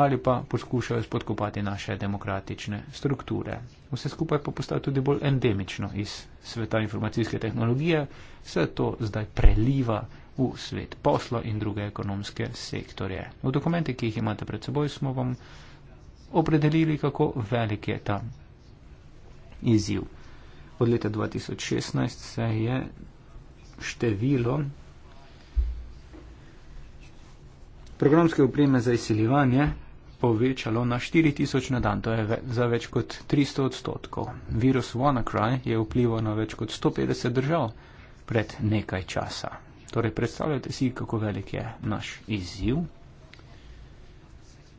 ali pa poskušajo spodkopati naše demokratične strukture. Vse skupaj pa postaja tudi bolj endemično iz sveta informacijske tehnologije, se to zdaj preliva v svet posla in druge ekonomske sektorje. V dokumente, ki jih imate pred seboj, smo vam opredelili, kako velik je ta izziv od leta 2016 se je število programske opreme za izsiljevanje povečalo na 4000 na dan, to je za več kot 300 odstotkov. Virus WannaCry je vplival na več kot 150 držav pred nekaj časa. Torej, predstavljate si, kako velik je naš izziv.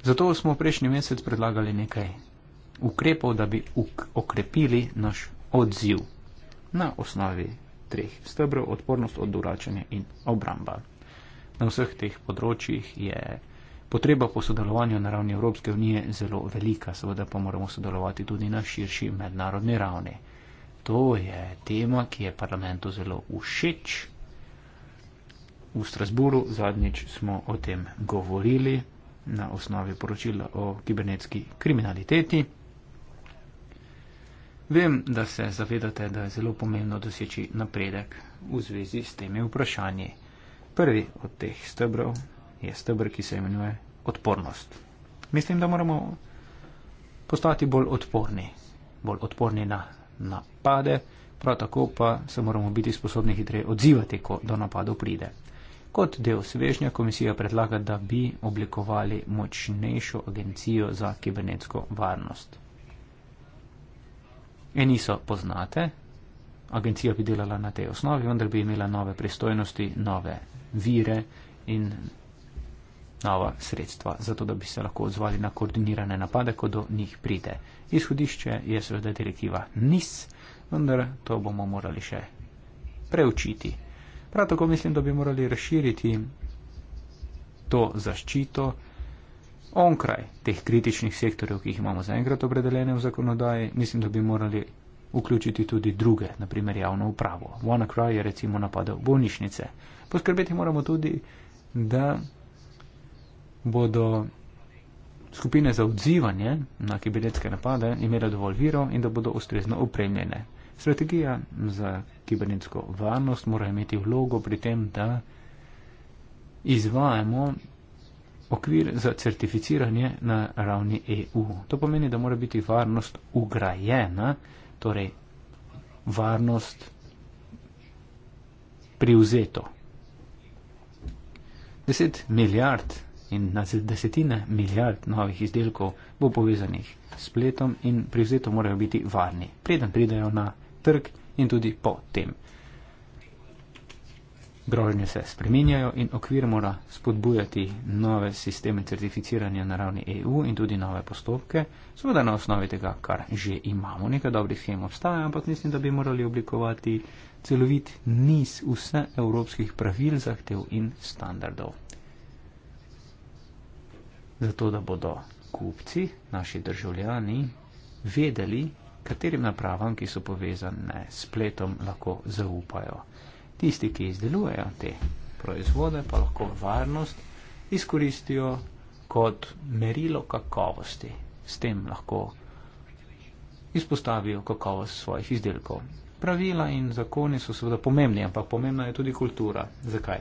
Zato smo prejšnji mesec predlagali nekaj ukrepov, da bi ukrepili naš odziv na osnovi treh stebrov, odpornost, odvračanje in obramba. Na vseh teh področjih je potreba po sodelovanju na ravni Evropske unije zelo velika, seveda pa moramo sodelovati tudi na širši mednarodni ravni. To je tema, ki je parlamentu zelo všeč. V Strasburu zadnjič smo o tem govorili na osnovi poročila o kibernetski kriminaliteti. Vem, da se zavedate, da je zelo pomembno doseči napredek v zvezi s temi vprašanji. Prvi od teh stebrov je stebr, ki se imenuje odpornost. Mislim, da moramo postati bolj odporni, bolj odporni na napade, prav tako pa se moramo biti sposobni hitreje odzivati, ko do napadov pride. Kot del svežnja komisija predlaga, da bi oblikovali močnejšo agencijo za kibernetsko varnost. Eni so poznate, agencija bi delala na tej osnovi, vendar bi imela nove pristojnosti, nove vire in nova sredstva, zato da bi se lahko odzvali na koordinirane napade, ko do njih pride. Izhodišče je seveda direktiva NIS, vendar to bomo morali še preučiti. Prav tako mislim, da bi morali razširiti to zaščito onkraj teh kritičnih sektorjev, ki jih imamo zaenkrat opredeljene v zakonodaji. Mislim, da bi morali vključiti tudi druge, naprimer javno upravo. WannaCry je recimo napadel bolnišnice. Poskrbeti moramo tudi, da bodo skupine za odzivanje na kibernetske napade imele dovolj virov in da bodo ustrezno opremljene. Strategija za kibernetsko varnost mora imeti vlogo pri tem, da izvajamo okvir za certificiranje na ravni EU. To pomeni, da mora biti varnost ugrajena torej varnost privzeto. Deset milijard in na desetine milijard novih izdelkov bo povezanih s spletom in privzeto morajo biti varni, preden pridajo na trg in tudi po tem. Grožnje se spreminjajo in okvir mora spodbujati nove sisteme certificiranja na ravni EU in tudi nove postopke. Seveda na osnovi tega, kar že imamo, nekaj dobrih schem obstaja, ampak mislim, da bi morali oblikovati celovit niz vse evropskih pravil, zahtev in standardov. Zato, da bodo kupci, naši državljani, vedeli, katerim napravam, ki so povezane s spletom, lahko zaupajo tisti, ki izdelujejo te proizvode, pa lahko varnost izkoristijo kot merilo kakovosti. S tem lahko izpostavijo kakovost svojih izdelkov. Pravila in zakoni so seveda pomembni, ampak pomembna je tudi kultura. Zakaj?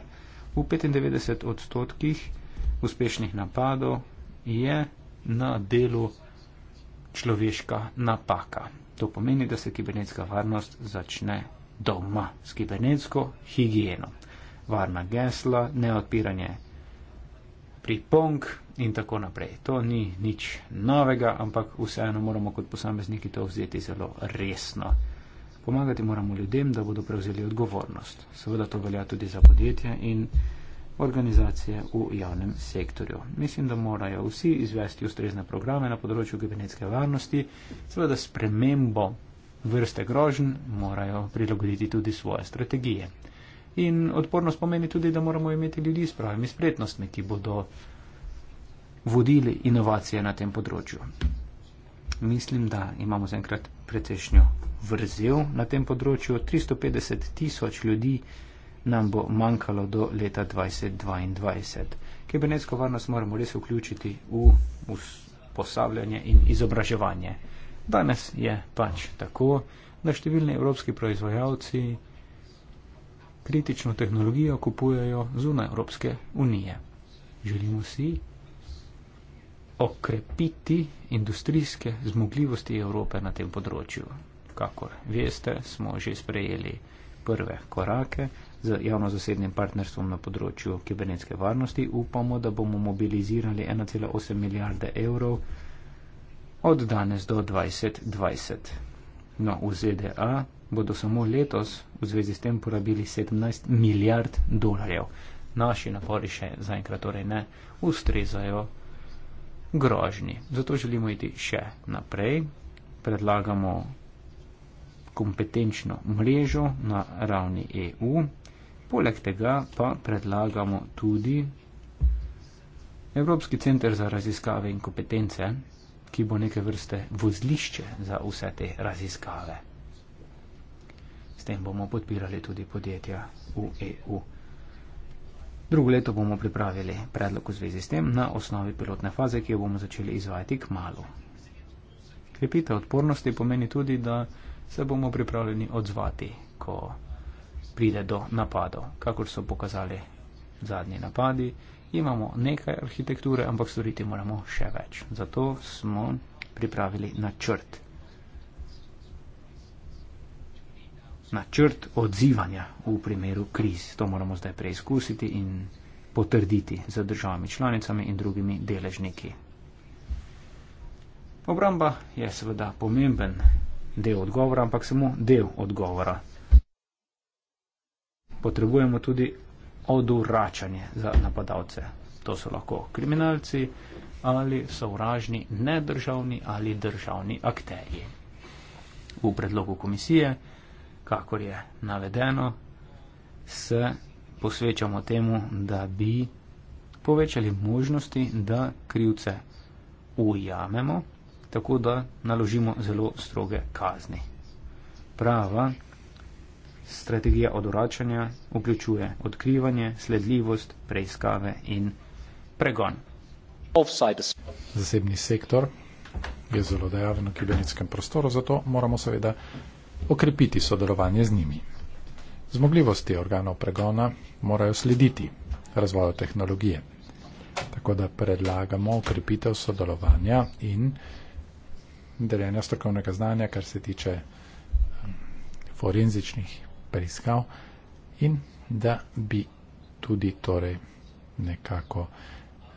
V 95 odstotkih uspešnih napadov je na delu človeška napaka. To pomeni, da se kibernetska varnost začne doma s kibernetsko higieno. Varna gesla, neodpiranje pripong in tako naprej. To ni nič novega, ampak vseeno moramo kot posamezniki to vzeti zelo resno. Pomagati moramo ljudem, da bodo prevzeli odgovornost. Seveda to velja tudi za podjetja in organizacije v javnem sektorju. Mislim, da morajo vsi izvesti ustrezne programe na področju kibernetske varnosti, seveda spremembo vrste grožen, morajo prilagoditi tudi svoje strategije. In odpornost pomeni tudi, da moramo imeti ljudi s pravimi spretnostmi, ki bodo vodili inovacije na tem področju. Mislim, da imamo zaenkrat precejšnjo vrzel na tem področju. 350 tisoč ljudi nam bo manjkalo do leta 2022. Kibernetsko varnost moramo res vključiti v usposabljanje in izobraževanje. Danes je pač tako, da številni evropski proizvajalci kritično tehnologijo kupujejo zunaj Evropske unije. Želimo si okrepiti industrijske zmogljivosti Evrope na tem področju. Kakor veste, smo že sprejeli prve korake z javno-zasebnim partnerstvom na področju kibernetske varnosti. Upamo, da bomo mobilizirali 1,8 milijarde evrov od danes do 2020. No, v ZDA bodo samo letos v zvezi s tem porabili 17 milijard dolarjev. Naši napori še zaenkrat torej ne ustrezajo grožnji. Zato želimo iti še naprej. Predlagamo kompetenčno mrežo na ravni EU. Poleg tega pa predlagamo tudi Evropski center za raziskave in kompetence, ki bo neke vrste vozlišče za vse te raziskave. S tem bomo podpirali tudi podjetja v EU. Drugo leto bomo pripravili predlog v zvezi s tem na osnovi pilotne faze, ki jo bomo začeli izvajati k malu. Krepite odpornosti pomeni tudi, da se bomo pripravljeni odzvati, ko pride do napadov, kakor so pokazali zadnji napadi imamo nekaj arhitekture, ampak storiti moramo še več. Zato smo pripravili načrt. Načrt odzivanja v primeru kriz. To moramo zdaj preizkusiti in potrditi z državami članicami in drugimi deležniki. Obramba je seveda pomemben del odgovora, ampak samo del odgovora. Potrebujemo tudi odvračanje za napadalce. To so lahko kriminalci ali sovražni nedržavni ali državni akterji. V predlogu komisije, kakor je navedeno, se posvečamo temu, da bi povečali možnosti, da krivce ujamemo, tako da naložimo zelo stroge kazni. Prava strategija odoračanja vključuje odkrivanje, sledljivost, preiskave in pregon. Offsiders. Zasebni sektor je zelo dejaven v kibernetskem prostoru, zato moramo seveda okrepiti sodelovanje z njimi. Zmogljivosti organov pregona morajo slediti razvoju tehnologije. Tako da predlagamo okrepitev sodelovanja in deljenja strokovnega znanja, kar se tiče eh, forenzičnih preiskav in da bi tudi torej nekako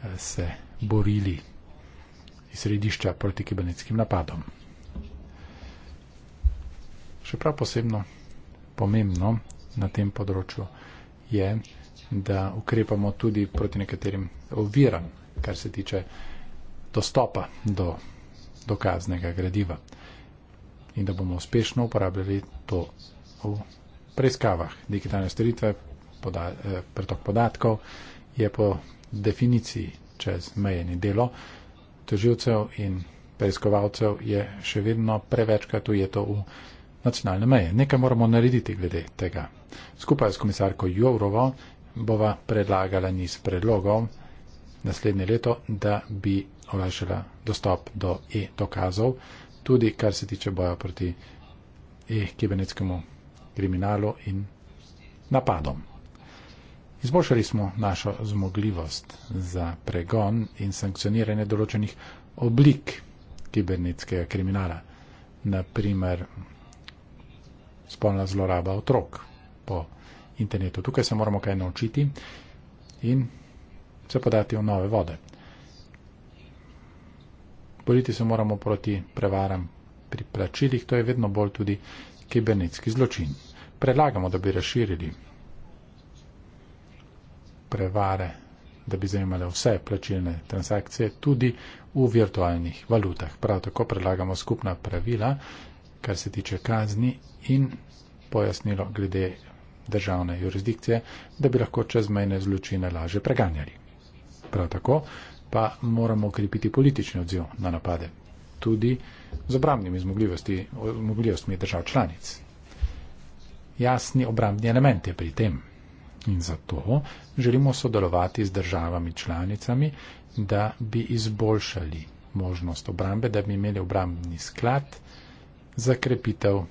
eh, se borili iz središča proti kibernetskim napadom. Še prav posebno pomembno na tem področju je, da ukrepamo tudi proti nekaterim oviram, kar se tiče dostopa do dokaznega gradiva in da bomo uspešno uporabljali to v preiskavah. Digitalne storitve, poda, eh, pretok podatkov je po definiciji čez mejeni delo toživcev in preiskovalcev je še vedno prevečkrat ujeto v nacionalne meje. Nekaj moramo narediti glede tega. Skupaj s komisarko Jourovo bova predlagala niz predlogov naslednje leto, da bi olajšala dostop do e-dokazov, tudi kar se tiče boja proti e-kibernetskemu kriminalu in napadom. Izboljšali smo našo zmogljivost za pregon in sankcioniranje določenih oblik kibernetskega kriminala, naprimer spolna zloraba otrok po internetu. Tukaj se moramo kaj naučiti in se podati v nove vode. Boriti se moramo proti prevaram pri plačilih, to je vedno bolj tudi kibernetski zločin predlagamo, da bi razširili prevare, da bi zajemale vse plačilne transakcije tudi v virtualnih valutah. Prav tako predlagamo skupna pravila, kar se tiče kazni in pojasnilo glede državne jurisdikcije, da bi lahko čezmejne zločine laže preganjali. Prav tako pa moramo ukrepiti politični odziv na napade, tudi z obramnimi zmogljivostmi držav članic jasni obrambni element je pri tem. In zato želimo sodelovati z državami članicami, da bi izboljšali možnost obrambe, da bi imeli obrambni sklad za krepitev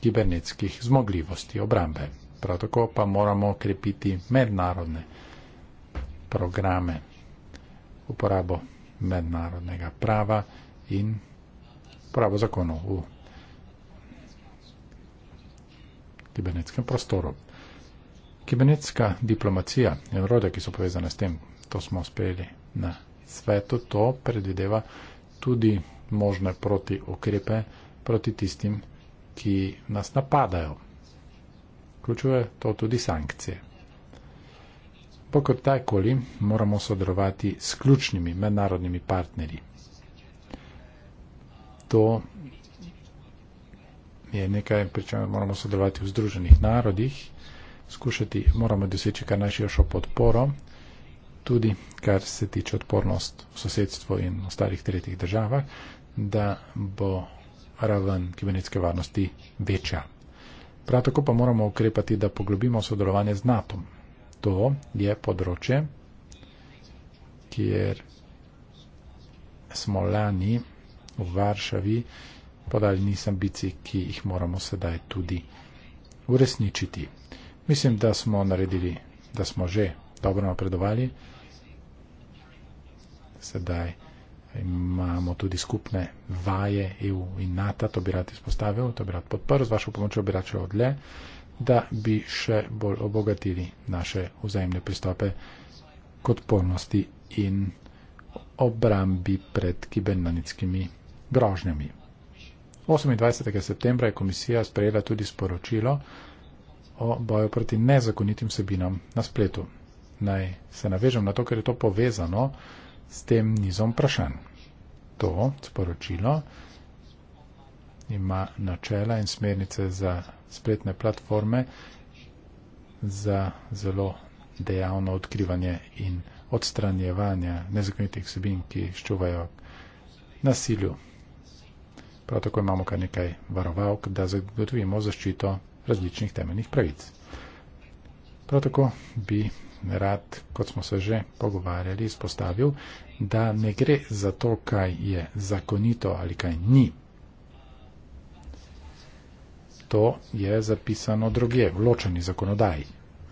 kibernetskih zmogljivosti obrambe. Prav tako pa moramo krepiti mednarodne programe, uporabo mednarodnega prava in uporabo zakonov v kibernetskem prostoru. Kibernetska diplomacija in orodja, ki so povezane s tem, to smo sprejeli na svetu, to predvideva tudi možne proti ukrepe proti tistim, ki nas napadajo. Vključuje to tudi sankcije. Pa kot takoli moramo sodelovati s ključnimi mednarodnimi partnerji. To je nekaj, pri čemer moramo sodelovati v združenih narodih, skušati moramo doseči kar najširšo podporo, tudi kar se tiče odpornost v sosedstvu in v starih tretjih državah, da bo raven kibernetske varnosti večja. Prav tako pa moramo ukrepati, da poglobimo sodelovanje z NATO. To je področje, kjer smo lani v Varšavi podali niz ambicij, ki jih moramo sedaj tudi uresničiti. Mislim, da smo naredili, da smo že dobro napredovali. Sedaj imamo tudi skupne vaje EU in NATO, to bi rad izpostavil, to bi rad podprl, z vašo pomočjo bi rad šel odle, da bi še bolj obogatili naše vzajemne pristope k odpornosti in obrambi pred kibernetskimi grožnjami. 28. septembra je komisija sprejela tudi sporočilo o boju proti nezakonitim sebinam na spletu. Naj se navežem na to, ker je to povezano s tem nizom vprašanj. To sporočilo ima načela in smernice za spletne platforme za zelo dejavno odkrivanje in odstranjevanje nezakonitih vsebin, ki ščuvajo nasilju Prav tako imamo kar nekaj varovalk, da zagotovimo zaščito različnih temeljnih pravic. Prav tako bi rad, kot smo se že pogovarjali, izpostavil, da ne gre za to, kaj je zakonito ali kaj ni. To je zapisano druge, v ločeni zakonodaji.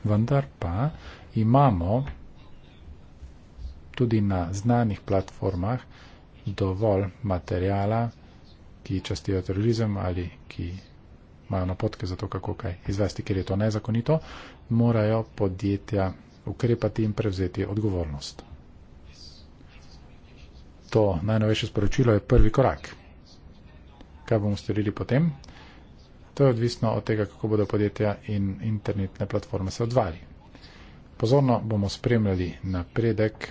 Vendar pa imamo tudi na znanih platformah dovolj materijala, ki častijo terorizem ali ki imajo napotke za to, kako kaj izvesti, ker je to nezakonito, morajo podjetja ukrepati in prevzeti odgovornost. To najnovejše sporočilo je prvi korak. Kaj bomo storili potem? To je odvisno od tega, kako bodo podjetja in internetne platforme se odvali. Pozorno bomo spremljali napredek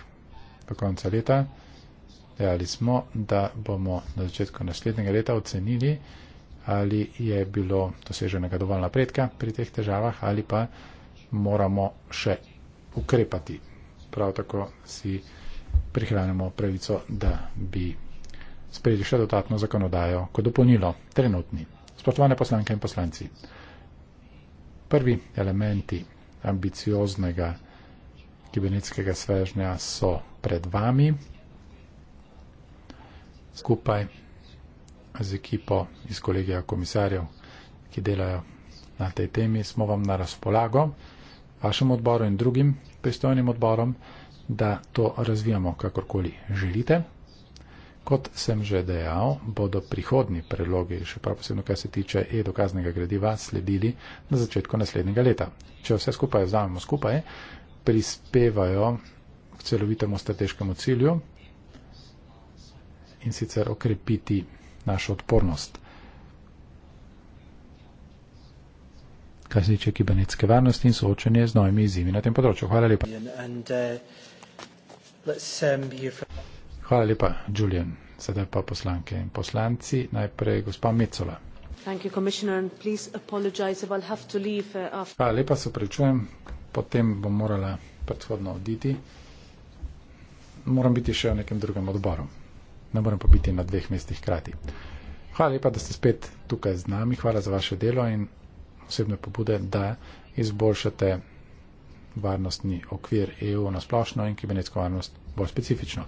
do konca leta. Dejali smo, da bomo na začetku naslednjega leta ocenili, ali je bilo doseženega dovolj napredka pri teh težavah ali pa moramo še ukrepati. Prav tako si prihranimo pravico, da bi sprejeli še dodatno zakonodajo kot dopolnilo trenutni. Spoštovane poslanke in poslanci, prvi elementi ambicioznega kibernetskega svežnja so pred vami skupaj z ekipo iz kolegija komisarjev, ki delajo na tej temi, smo vam na razpolago, vašem odboru in drugim pristojnim odborom, da to razvijamo kakorkoli želite. Kot sem že dejal, bodo prihodni predlogi, še prav posebno, kar se tiče e-dokaznega gradiva, sledili na začetku naslednjega leta. Če vse skupaj vzamemo skupaj, prispevajo k celovitemu strateškemu cilju in sicer okrepiti našo odpornost. Kar se tiče kibernetske varnosti in soočanje z novimi izzivi na tem področju. Hvala lepa. Uh, um, Hvala lepa, Julian. Sedaj pa poslanke in poslanci. Najprej gospa Mecola. Uh, Hvala lepa, se prečujem. Potem bom morala predhodno oditi. Moram biti še v nekem drugem odboru ne morem pa biti na dveh mestih krati. Hvala lepa, da ste spet tukaj z nami, hvala za vaše delo in osebne pobude, da izboljšate varnostni okvir EU na splošno in kibernetsko varnost bolj specifično.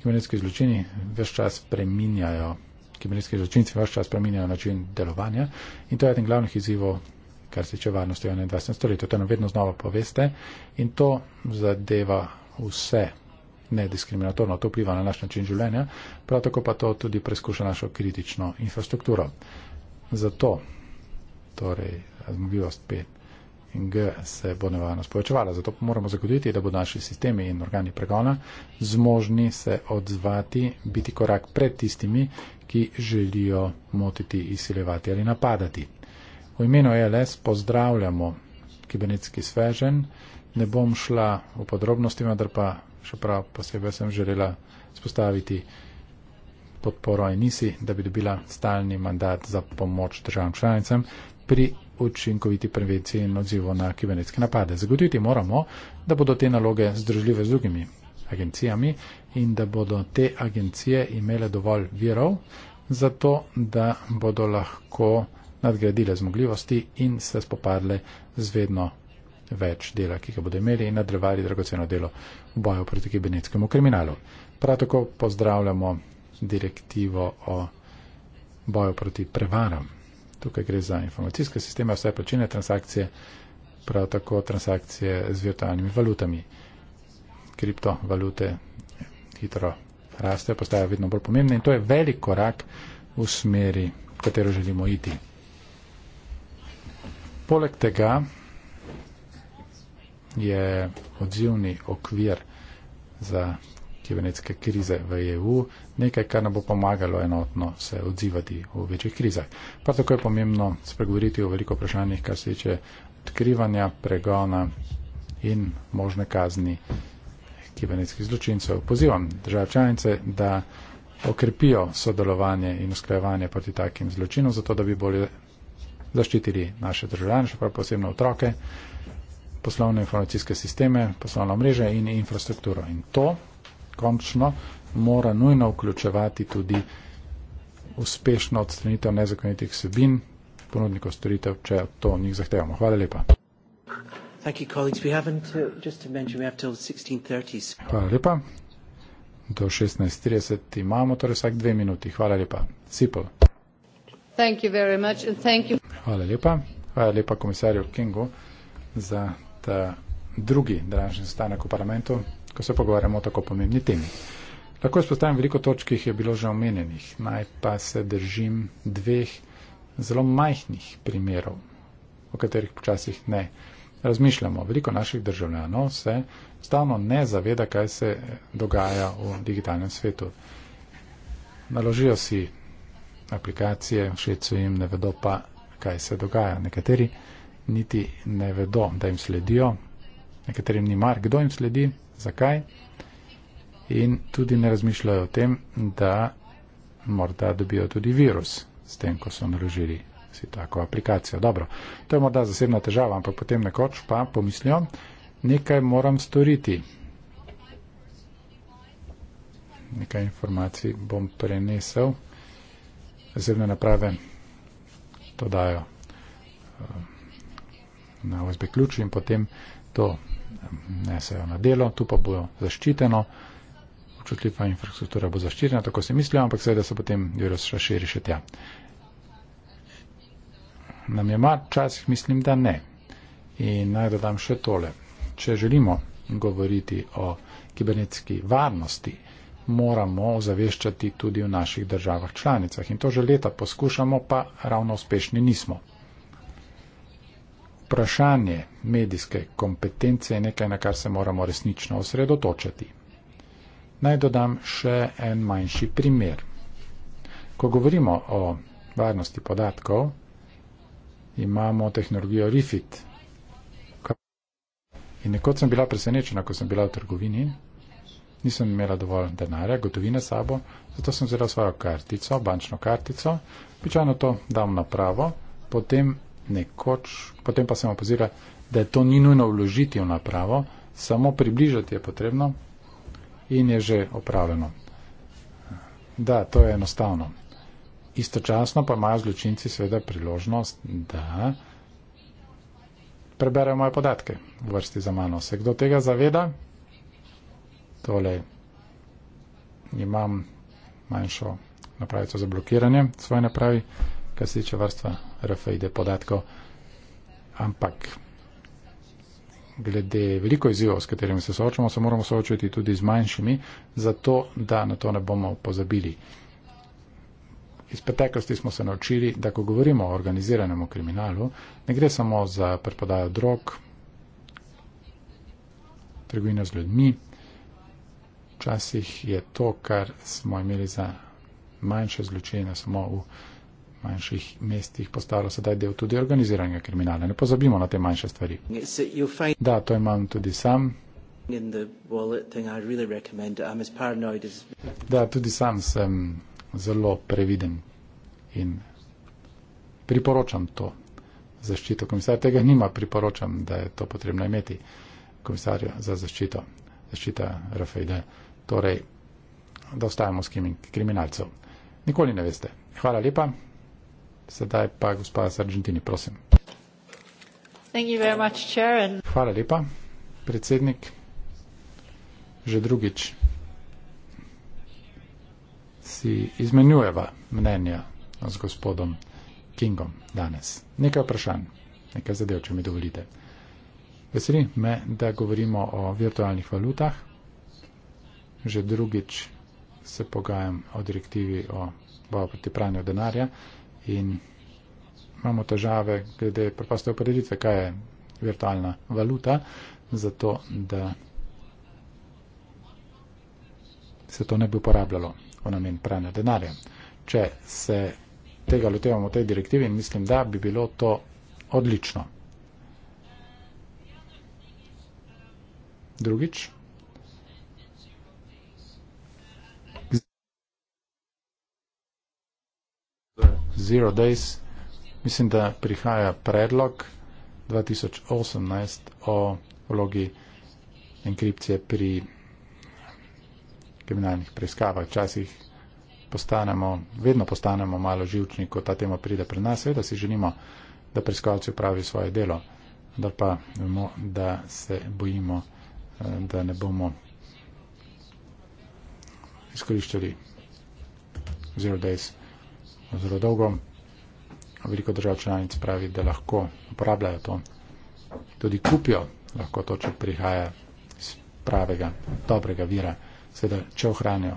Kibernetski zločini več čas preminjajo, kibernetski zločinci več čas preminjajo način delovanja in to je eden glavnih izzivov, kar se tiče varnosti v 21. stoletju. To nam vedno znova poveste in to zadeva vse nediskriminatorno, to vpliva na naš način življenja, prav tako pa to tudi preskuša našo kritično infrastrukturo. Zato torej zmogljivost 5 in G se bo nevarno spovečevala, zato moramo zagotoviti, da bodo naši sistemi in organi pregona zmožni se odzvati, biti korak pred tistimi, ki želijo motiti, izsilevati ali napadati. V imenu ELS pozdravljamo kibernetski svežen, ne bom šla v podrobnosti, vendar pa še prav posebej sem želela spostaviti podporo Enisi, da bi dobila stalni mandat za pomoč državam članicam pri učinkoviti prevenciji in odzivu na kibernetske napade. Zagotoviti moramo, da bodo te naloge združljive z drugimi agencijami in da bodo te agencije imele dovolj virov za to, da bodo lahko nadgradile zmogljivosti in se spopadle z vedno več dela, ki ga bodo imeli in nadaljevali dragoceno delo v boju proti kibernetskemu kriminalu. Prav tako pozdravljamo direktivo o boju proti prevaram. Tukaj gre za informacijske sisteme, vse plačene transakcije, prav tako transakcije z virtualnimi valutami. Kriptovalute hitro rastejo, postajajo vedno bolj pomembne in to je velik korak v smeri, v katero želimo iti. Poleg tega je odzivni okvir za kibernetske krize v EU nekaj, kar ne bo pomagalo enotno se odzivati v večjih krizah. Pa tako je pomembno spregovoriti o veliko vprašanjih, kar se tiče odkrivanja, pregona in možne kazni kibernetskih zločincev. Pozivam države članice, da okrepijo sodelovanje in usklajevanje proti takim zločinom, zato da bi bolje zaščitili naše državljane, še prav posebno otroke poslovne informacijske sisteme, poslovno mreže in infrastrukturo. In to končno mora nujno vključevati tudi uspešno odstranitev nezakonitih vsebin ponudnikov storitev, če to od njih zahtevamo. Hvala lepa. Uh, Hvala lepa. Do 16.30 imamo, torej vsak dve minuti. Hvala lepa. Sipol. Hvala lepa. Hvala lepa komisarju Kingu za ta eh, drugi današnji sestanek v parlamentu, ko se pogovarjamo o tako pomembni temi. Lahko izpostavim veliko točk, ki jih je bilo že omenjenih. Naj pa se držim dveh zelo majhnih primerov, o katerih počasih ne razmišljamo. Veliko naših državljanov se stalno ne zaveda, kaj se dogaja v digitalnem svetu. Naložijo si aplikacije, všeč so jim, ne vedo pa, kaj se dogaja. Nekateri niti ne vedo, da jim sledijo, nekaterim ni mar, kdo jim sledi, zakaj. In tudi ne razmišljajo o tem, da morda dobijo tudi virus s tem, ko so naložili si tako aplikacijo. Dobro, to je morda zasebna težava, ampak potem nekoč pa pomislijo, nekaj moram storiti. Nekaj informacij bom prenesel. Zasebne naprave to dajo. Uh, na USB ključ in potem to nesejo na delo, tu pa bo zaščiteno, občutljiva infrastruktura bo zaščitena, tako se mislijo, ampak seveda se potem virus še širi še tja. Nam je mar, časih mislim, da ne. In naj dodam še tole. Če želimo govoriti o kibernetski varnosti, moramo ozaveščati tudi v naših državah članicah. In to že leta poskušamo, pa ravno uspešni nismo. Vprašanje medijske kompetence je nekaj, na kar se moramo resnično osredotočiti. Naj dodam še en manjši primer. Ko govorimo o varnosti podatkov, imamo tehnologijo Refit. In nekoč sem bila presenečena, ko sem bila v trgovini, nisem imela dovolj denarja, gotovine sabo, zato sem vzela svojo kartico, bančno kartico, običajno to dam na pravo, potem nekoč, potem pa sem opozorila, da to ni nujno vložiti v napravo, samo približati je potrebno in je že opravljeno. Da, to je enostavno. Istočasno pa imajo zločinci seveda priložnost, da preberajo moje podatke v vrsti za mano. Se kdo tega zaveda? Tole imam manjšo napravico za blokiranje svoje napravi kar se tiče varstva RFID podatkov. Ampak glede veliko izzivov, s katerimi se soočamo, se moramo soočiti tudi z manjšimi, zato da na to ne bomo pozabili. Iz preteklosti smo se naučili, da ko govorimo o organiziranem kriminalu, ne gre samo za prepodajo drog, trgovino z ljudmi. Včasih je to, kar smo imeli za manjše zločine, samo v manjših mestih postalo sedaj del tudi organiziranja kriminala. Ne pozabimo na te manjše stvari. Da, to imam tudi sam. Da, tudi sam sem zelo previden in priporočam to zaščito. Komisar tega nima, priporočam, da je to potrebno imeti komisarja za zaščito, zaščita RFID. Torej, da ostajamo s kriminalcev. Nikoli ne veste. Hvala lepa. Sedaj pa gospa iz Argentini, prosim. Much, Hvala lepa, predsednik. Že drugič si izmenjujeva mnenja z gospodom Kingom danes. Nekaj vprašanj, nekaj zadev, če mi dovolite. Veseli me, da govorimo o virtualnih valutah. Že drugič se pogajam o direktivi o boju proti pranju denarja in imamo težave glede preproste opredelitve, kaj je virtualna valuta, zato da se to ne bi uporabljalo v namen pranja denarja. Če se tega lotevamo v tej direktivi, mislim, da bi bilo to odlično. Drugič, Zero Days, mislim, da prihaja predlog 2018 o vlogi enkripcije pri kriminalnih preiskavah. Včasih postanemo, vedno postanemo malo živčni, ko ta tema pride pred nas. Seveda si želimo, da preiskovalci upravijo svoje delo, da pa vemo, da se bojimo, eh, da ne bomo izkoriščali Zero Days zelo dolgo. Veliko držav članic pravi, da lahko uporabljajo to. Tudi kupijo lahko to, če prihaja iz pravega, dobrega vira. Seveda, če ohranijo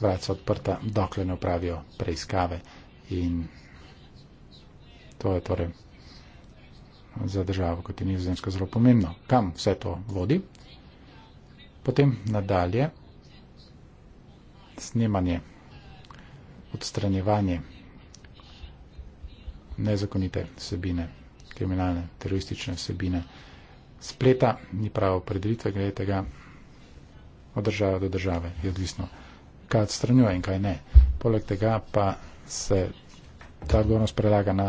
vrata odprta, dokler ne upravijo preiskave. In to je torej za državo kot je nizozemsko zelo pomembno. Kam vse to vodi? Potem nadalje snemanje, odstranjevanje nezakonite vsebine, kriminalne, teroristične vsebine. Spleta ni pravo predelitve, gre tega od države do države, je odvisno, kaj odstranjuje in kaj ne. Poleg tega pa se ta odgovornost prelaga na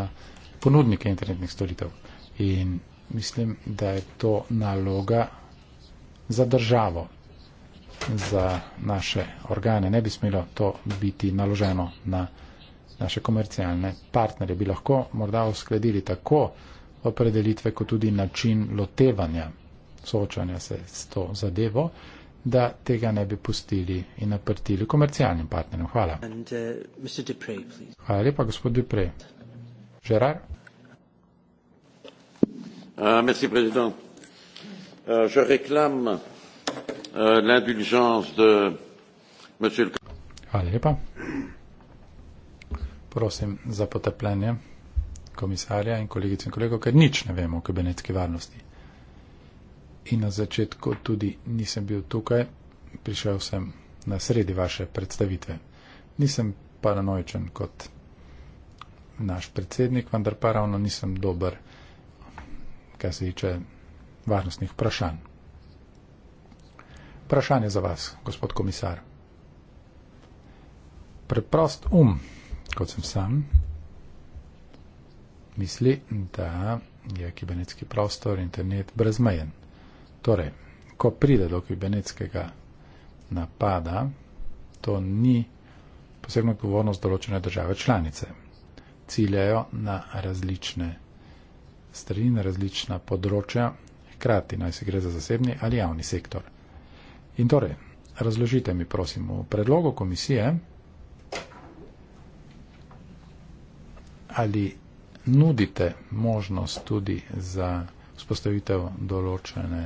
ponudnike internetnih storitev. In mislim, da je to naloga za državo, za naše organe. Ne bi smelo to biti naloženo na državo naše komercialne partnerje. Bi lahko morda uskladili tako opredelitve, kot tudi način lotevanja, soočanja se s to zadevo, da tega ne bi pustili in naprtili komercialnim partnerjem. Hvala. And, uh, Dupre, Hvala lepa, gospod Dupre. Žerar? Uh, uh, uh Hvala lepa prosim za potrpljenje komisarja in kolegic in kolegov, ker nič ne vemo o kibernetski varnosti. In na začetku tudi nisem bil tukaj, prišel sem na sredi vaše predstavitve. Nisem paranoičen kot naš predsednik, vendar pa ravno nisem dober, kar se tiče varnostnih vprašanj. Vprašanje za vas, gospod komisar. Preprost um kot sem sam, misli, da je kibernetski prostor internet brezmejen. Torej, ko pride do kibernetskega napada, to ni posebno odgovornost določene države članice. Ciljajo na različne strani, na različna področja, hkrati naj se gre za zasebni ali javni sektor. In torej, razložite mi, prosim, v predlogu komisije, ali nudite možnost tudi za vzpostavitev določene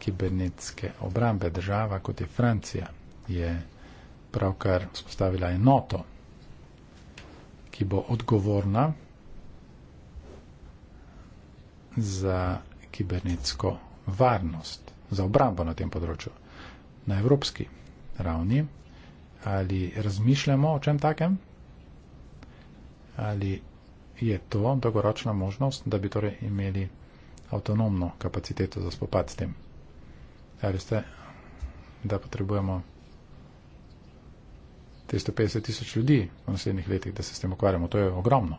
kibernetske obrambe. Država, kot je Francija, je pravkar vzpostavila enoto, ki bo odgovorna za kibernetsko varnost, za obrambo na tem področju. Na evropski ravni ali razmišljamo o čem takem? ali je to dolgoročna možnost, da bi torej imeli avtonomno kapaciteto za spopad s tem. Ali ste, da potrebujemo 350 tisoč ljudi v naslednjih letih, da se s tem ukvarjamo. To je ogromno.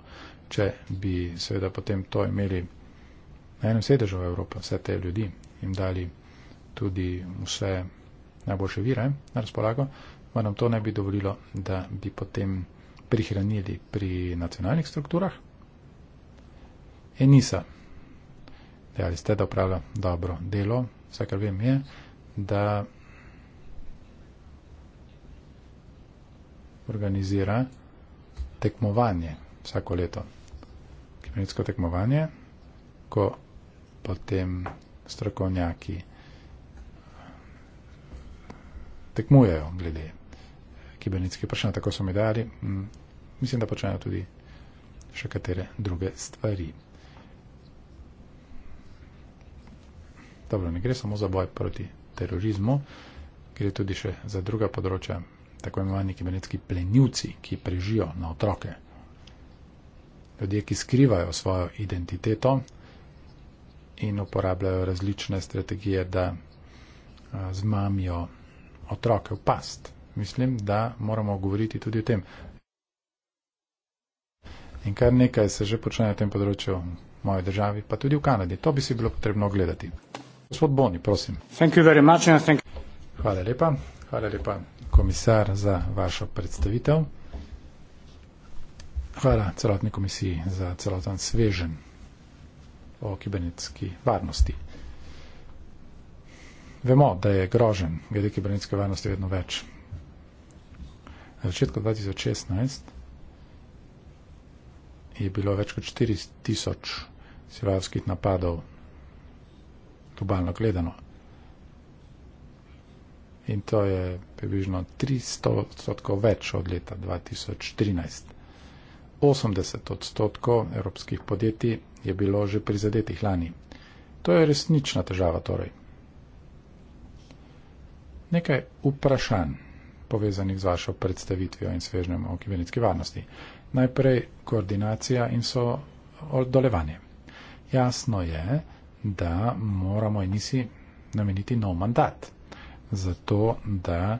Če bi seveda potem to imeli na enem sedežu v Evropi, vse te ljudi, jim dali tudi vse najboljše vire na razpolago, pa nam to ne bi dovolilo, da bi potem prihranili pri nacionalnih strukturah. Enisa, dejali ste, da upravlja dobro delo. Vse, kar vem, je, da organizira tekmovanje vsako leto. Kibernetsko tekmovanje, ko potem strokovnjaki tekmujejo glede kibernetskih vprašanj, tako so mi dali. Mm, mislim, da počnejo tudi še katere druge stvari. Dobro, ne gre samo za boj proti terorizmu, gre tudi še za druga področja, tako imenovani kibernetski plenilci, ki prežijo na otroke. Ljudje, ki skrivajo svojo identiteto in uporabljajo različne strategije, da zmamijo otroke v past. Mislim, da moramo govoriti tudi o tem. In kar nekaj se že počne na tem področju v moji državi, pa tudi v Kanadi. To bi si bilo potrebno gledati. Gospod Boni, prosim. Much, think... Hvala lepa. Hvala lepa, komisar, za vašo predstavitev. Hvala celotni komisiji za celoten svežen o kibernetski varnosti. Vemo, da je grožen glede kibernetske varnosti vedno več. Na začetku 2016 je bilo več kot 4000 sirijskih napadov, globalno gledano. In to je približno 300 odstotkov več od leta 2013. 80 odstotkov evropskih podjetij je bilo že prizadetih lani. To je resnična težava torej. Nekaj vprašanj povezanih z vašo predstavitvijo in svežnjem o kibernetski varnosti najprej koordinacija in so oddolevanje. Jasno je, da moramo enisi nameniti nov mandat, zato da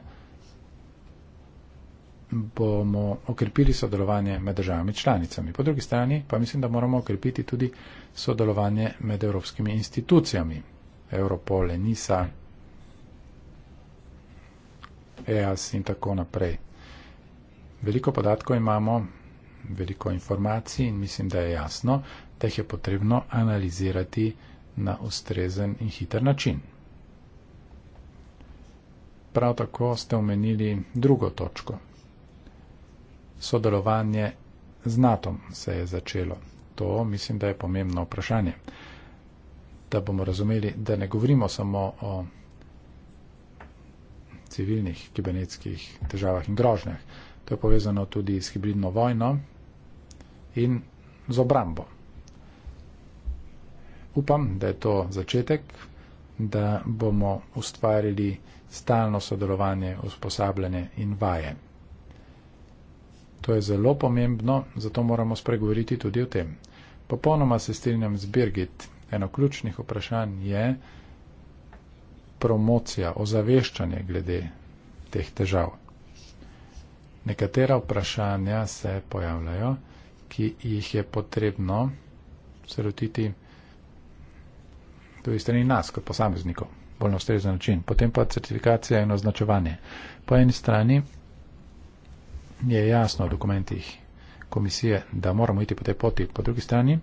bomo okrepili sodelovanje med državami članicami. Po drugi strani pa mislim, da moramo okrepiti tudi sodelovanje med evropskimi institucijami. Europol, Enisa, EAS in tako naprej. Veliko podatkov imamo veliko informacij in mislim, da je jasno, da jih je potrebno analizirati na ustrezen in hiter način. Prav tako ste omenili drugo točko. Sodelovanje z NATO-om se je začelo. To mislim, da je pomembno vprašanje. Da bomo razumeli, da ne govorimo samo o civilnih kibernetskih težavah in grožnjah. To je povezano tudi s hibridno vojno, in z obrambo. Upam, da je to začetek, da bomo ustvarili stalno sodelovanje, usposabljanje in vaje. To je zelo pomembno, zato moramo spregovoriti tudi o tem. Popolnoma se strinjam z Birgit. Eno ključnih vprašanj je promocija, ozaveščanje glede teh težav. Nekatera vprašanja se pojavljajo ki jih je potrebno se lotiti tudi strani nas, kot posameznikov, bolj na ustrezen način. Potem pa certifikacija in označevanje. Po eni strani je jasno v dokumentih komisije, da moramo iti po tej poti, po drugi strani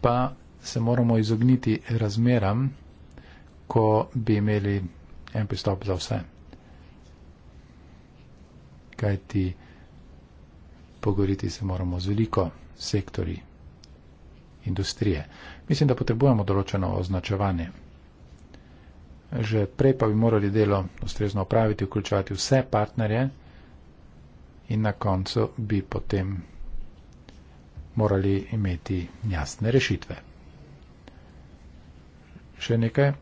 pa se moramo izogniti razmeram, ko bi imeli en pristop za vse. Kaj ti je? pogovoriti se moramo z veliko sektori industrije. Mislim, da potrebujemo določeno označevanje. Že prej pa bi morali delo ustrezno opraviti, vključevati vse partnerje in na koncu bi potem morali imeti jasne rešitve. Še nekaj,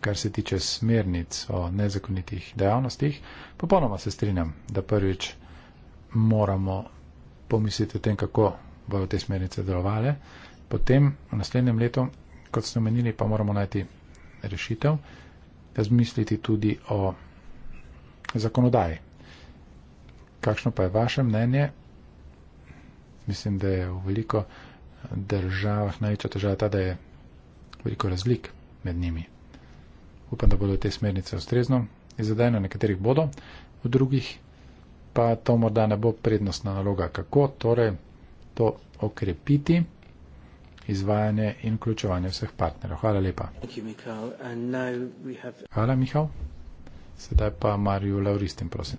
kar se tiče smernic o nezakonitih dejavnostih, popolnoma se strinjam, da prvič moramo pomislite o tem, kako bodo te smernice delovale. Potem v naslednjem letu, kot ste omenili, pa moramo najti rešitev, razmisliti tudi o zakonodaji. Kakšno pa je vaše mnenje? Mislim, da je v veliko državah največja težava ta, da je veliko razlik med njimi. Upam, da bodo te smernice ustrezno izvedene, nekaterih bodo, v drugih pa to morda ne bo prednostna naloga. Kako torej to okrepiti? izvajanje in vključevanje vseh partnerov. Hvala lepa. Hvala, Mihal. Sedaj pa Mariju Lauristin, prosim.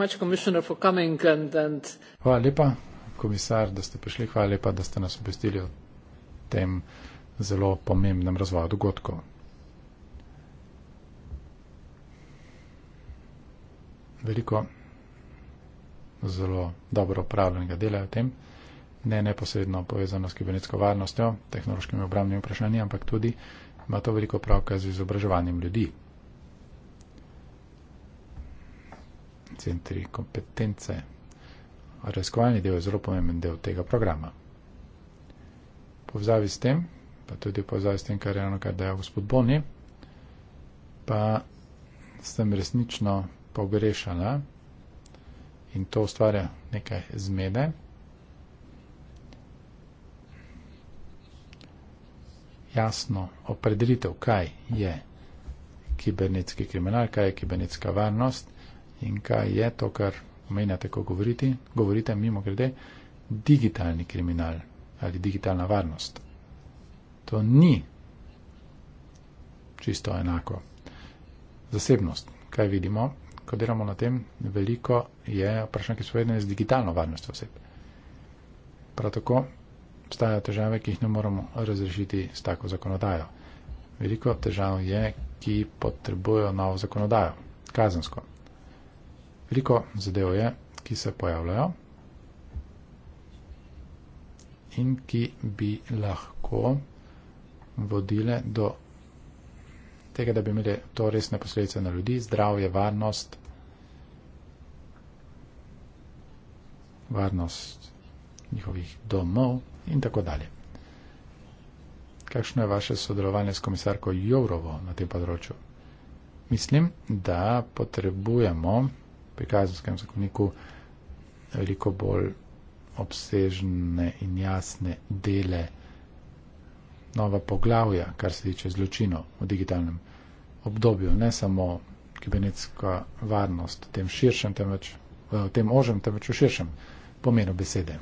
Much, and, and... Hvala lepa, komisar, da ste prišli. Hvala lepa, da ste nas obvestili o tem zelo pomembnem razvoju dogodkov. veliko zelo dobro upravljenega dela v tem, ne neposredno povezano s kibernetsko varnostjo, tehnološkimi obramnimi vprašanji, ampak tudi ima to veliko pravka z izobraževanjem ljudi. Centri kompetence. Raziskovalni del je zelo pomemben del tega programa. Povzavi s tem, pa tudi povzavi s tem, kar je ravno kar dejal gospod Boni, pa sem resnično pogrešana in to ustvarja nekaj zmede. Jasno opredelitev, kaj je kibernetski kriminal, kaj je kibernetska varnost in kaj je to, kar omenjate, ko govorite, govorite mimo grede, digitalni kriminal ali digitalna varnost. To ni čisto enako. Zasebnost, kaj vidimo, ko delamo na tem, veliko je vprašanj, ki so vedno z digitalno varnostjo oseb. Prav tako obstajajo težave, ki jih ne moramo razrešiti s tako zakonodajo. Veliko težav je, ki potrebujo novo zakonodajo, kazensko. Veliko zadev je, ki se pojavljajo in ki bi lahko vodile do tega, da bi imeli to resne posledice na ljudi, zdravje, varnost, varnost njihovih domov in tako dalje. Kakšno je vaše sodelovanje s komisarko Jourovo na tem področju? Mislim, da potrebujemo pri kazenskem zakoniku veliko bolj obsežne in jasne dele, nova poglavja, kar se tiče zločinov v digitalnem obdobju, ne samo kibernetska varnost v tem širšem, temveč v tem ožem, temveč v širšem pomenu besede.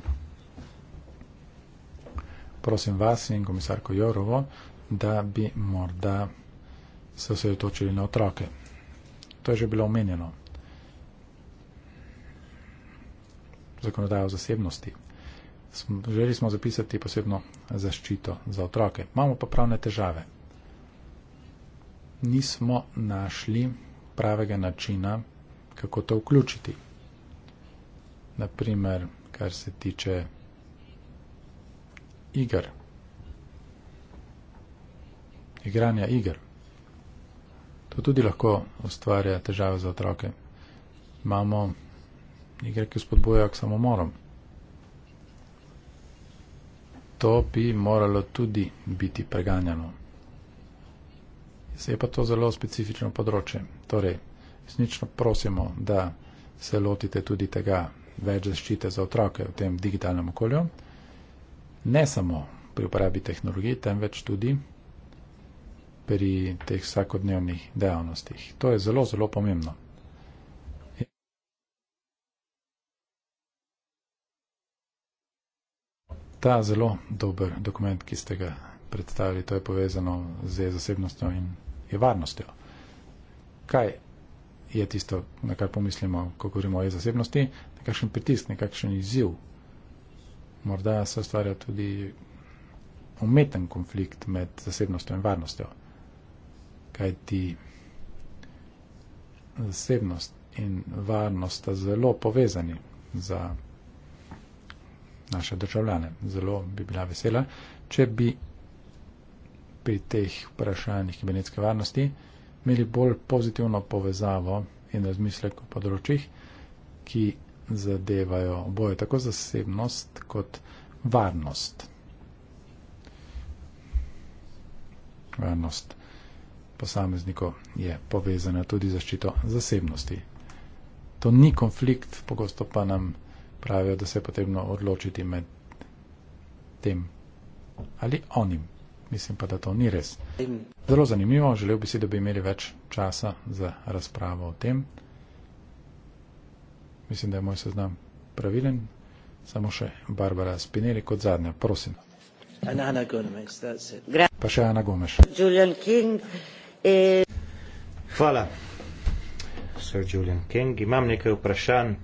Prosim vas in komisarko Jorovo, da bi morda se osredotočili na otroke. To je že bilo omenjeno. Zakonodajo zasebnosti želeli smo zapisati posebno zaščito za otroke. Imamo pa pravne težave. Nismo našli pravega načina, kako to vključiti. Naprimer, kar se tiče igr, igranja igr. To tudi lahko ustvarja težave za otroke. Imamo igre, ki spodbujajo k samomorom to bi moralo tudi biti preganjano. Se je pa to zelo specifično področje. Torej, resnično prosimo, da se lotite tudi tega več zaščite za otroke v tem digitalnem okolju. Ne samo pri uporabi tehnologij, temveč tudi pri teh vsakodnevnih dejavnostih. To je zelo, zelo pomembno. ta zelo dober dokument, ki ste ga predstavili, to je povezano z zasebnostjo in varnostjo. Kaj je tisto, na kar pomislimo, ko govorimo o zasebnosti, nekakšen pritisk, nekakšen izziv? Morda se ustvarja tudi umeten konflikt med zasebnostjo in varnostjo. Kaj ti zasebnost in varnost sta zelo povezani za naše državljane. Zelo bi bila vesela, če bi pri teh vprašanjih kibernetske varnosti imeli bolj pozitivno povezavo in razmislek o področjih, ki zadevajo oboje, tako zasebnost kot varnost. Varnost posameznikov je povezana tudi zaščito zasebnosti. To ni konflikt, pogosto pa nam pravijo, da se je potrebno odločiti med tem ali onim. Mislim pa, da to ni res. Zelo zanimivo, želel bi si, da bi imeli več časa za razpravo o tem. Mislim, da je moj seznam pravilen. Samo še Barbara Spinelli kot zadnja, prosim. Pa še Ana Gomes. Eh. Hvala. Sir Julian King, imam nekaj vprašanj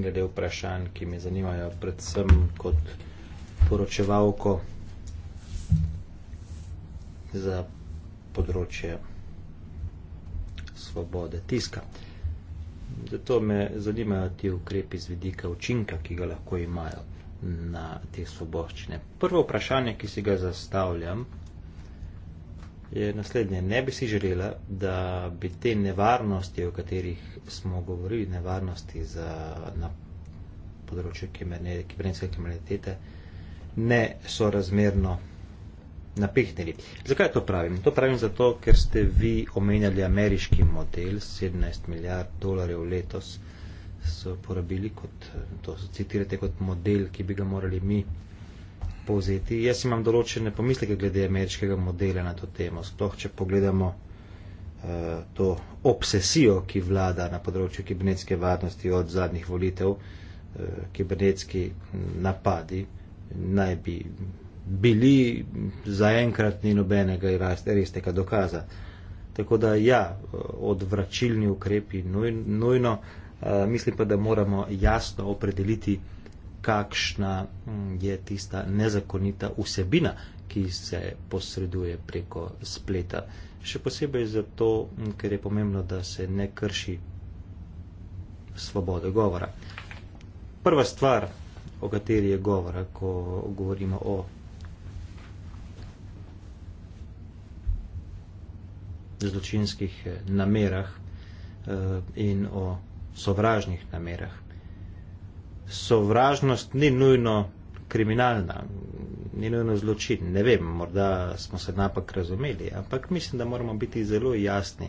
glede vprašanj, ki me zanimajo, predvsem kot poročevalko za področje svobode tiska. Zato me zanimajo ti ukrepi z vidika učinka, ki ga lahko imajo na te svoboščine. Prvo vprašanje, ki si ga zastavljam, je naslednje. Ne bi si želela, da bi te nevarnosti, o katerih smo govorili, nevarnosti za, na področju kibernetske kriminalitete, ne so razmerno napihnili. Zakaj to pravim? To pravim zato, ker ste vi omenjali ameriški model, 17 milijard dolarjev letos so porabili, kot, to citirate kot model, ki bi ga morali mi povzeti. Jaz imam določene pomisleke glede ameriškega modela na to temo, sploh če pogledamo uh, to obsesijo, ki vlada na področju kibernetske varnosti od zadnjih volitev, uh, kibernetski napadi naj bi bili zaenkrat ni nobenega resnega dokaza. Tako da ja, odvračilni ukrepi nujno, uh, mislim pa, da moramo jasno opredeliti, kakšna mm, je tista nezakonita vsebina, ki se posreduje preko spleta. Še posebej zato, mm, ker je pomembno, da se ne krši svobode govora. Prva stvar, o kateri je govora, ko govorimo o zločinskih eh, namerah eh, in o sovražnih namerah sovražnost ni nujno kriminalna, ni nujno zločin. Ne vem, morda smo se napak razumeli, ampak mislim, da moramo biti zelo jasni,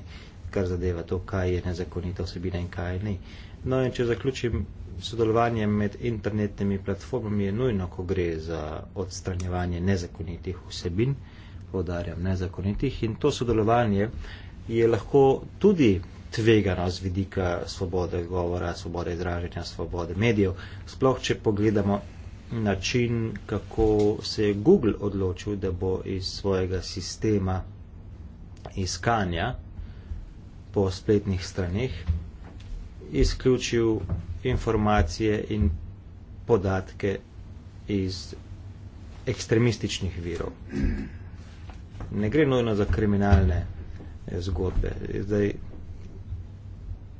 kar zadeva to, kaj je nezakonita osebina in kaj ni. No in če zaključim, sodelovanje med internetnimi platformami je nujno, ko gre za odstranjevanje nezakonitih osebin, podarjam nezakonitih, in to sodelovanje je lahko tudi tvegano z vidika svobode govora, svobode izražanja, svobode medijev. Sploh, če pogledamo način, kako se je Google odločil, da bo iz svojega sistema iskanja po spletnih stranih izključil informacije in podatke iz ekstremističnih virov. Ne gre nojno za kriminalne zgodbe. Zdaj,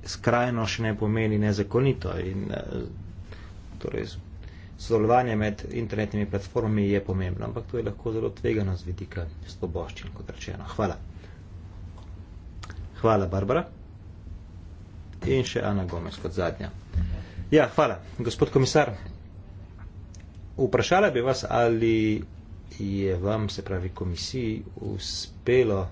skrajno še ne pomeni nezakonito. In, eh, torej, sodelovanje med internetnimi platformami je pomembno, ampak to je lahko zelo tvegano z vidika sloboščin, kot rečeno. Hvala. Hvala, Barbara. In še Ana Gomez kot zadnja. Ja, hvala. Gospod komisar, vprašala bi vas, ali je vam, se pravi komisiji, uspelo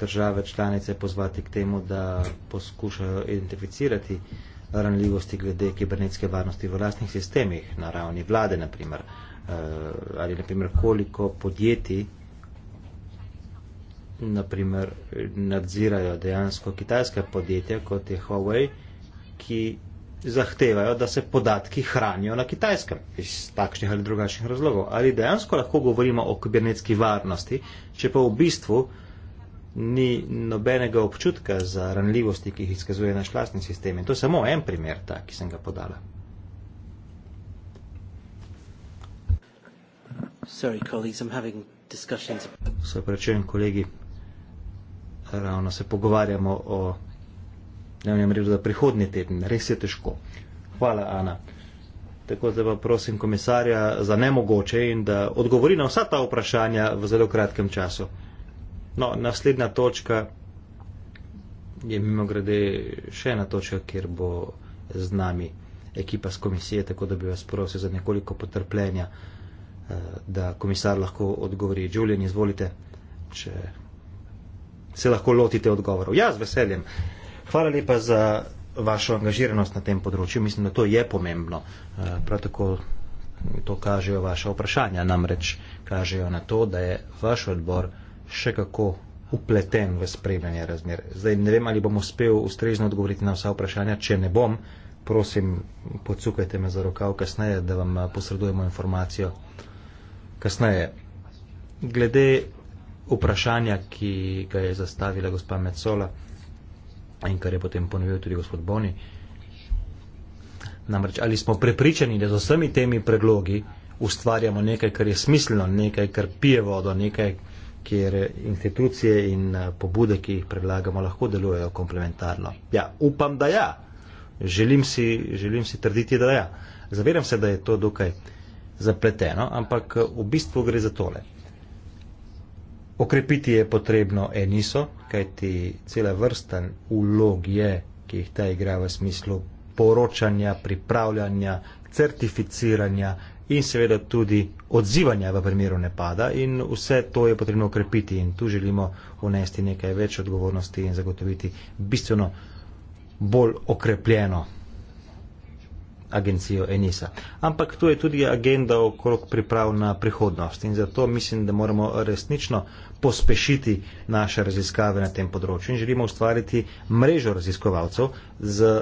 države članice pozvati k temu, da poskušajo identificirati ranljivosti glede kibernetske varnosti v lastnih sistemih, na ravni vlade naprimer, eh, ali naprimer koliko podjetij naprimer nadzirajo dejansko kitajske podjetja, kot je Huawei, ki zahtevajo, da se podatki hranijo na kitajskem, iz takšnih ali drugačnih razlogov. Ali dejansko lahko govorimo o kibernetski varnosti, če pa v bistvu uh, ni nobenega občutka za ranljivosti, ki jih izkazuje naš vlastni sistem. In to je samo en primer, ta, ki sem ga podala. Se prečujem, kolegi, ravno se pogovarjamo o dnevnem redu za prihodnji teden. Res je težko. Hvala, Ana. Tako da pa prosim komisarja za nemogoče in da odgovori na vsa ta vprašanja v zelo kratkem času. No, naslednja točka je mimo grede še ena točka, kjer bo z nami ekipa z komisije, tako da bi vas prosil za nekoliko potrpljenja, eh, da komisar lahko odgovori. Julian, izvolite, če se lahko lotite odgovorov. Jaz veseljem. Hvala lepa za vašo angažiranost na tem področju. Mislim, da to je pomembno. Eh, prav tako to kažejo vaše vprašanja, namreč kažejo na to, da je vaš odbor še kako upleten v spremljanje razmer. Zdaj ne vem, ali bom uspel ustrezno odgovoriti na vsa vprašanja. Če ne bom, prosim, podsukajte me za rokav kasneje, da vam eh, posredujemo informacijo kasneje. Glede vprašanja, ki ga je zastavila gospa Metzola in kar je potem ponovil tudi gospod Boni, namreč ali smo prepričani, da z vsemi temi predlogi ustvarjamo nekaj, kar je smiselno, nekaj, kar pije vodo, nekaj, kjer institucije in eh, pobude, ki jih predlagamo, lahko delujejo komplementarno. Ja, upam, da ja. Želim si, želim si trditi, da ja. Zaveram se, da je to dokaj zapleteno, ampak eh, v bistvu gre za tole. Okrepiti je potrebno eniso, kajti cela vrsta ulog je, ki jih ta igra v smislu poročanja, pripravljanja, certificiranja, in seveda tudi odzivanja v primeru nepada in vse to je potrebno ukrepiti in tu želimo unesti nekaj več odgovornosti in zagotoviti bistveno bolj okrepljeno agencijo Enisa. Ampak tu je tudi agenda okrog priprav na prihodnost in zato mislim, da moramo resnično pospešiti naše raziskave na tem področju in želimo ustvariti mrežo raziskovalcev z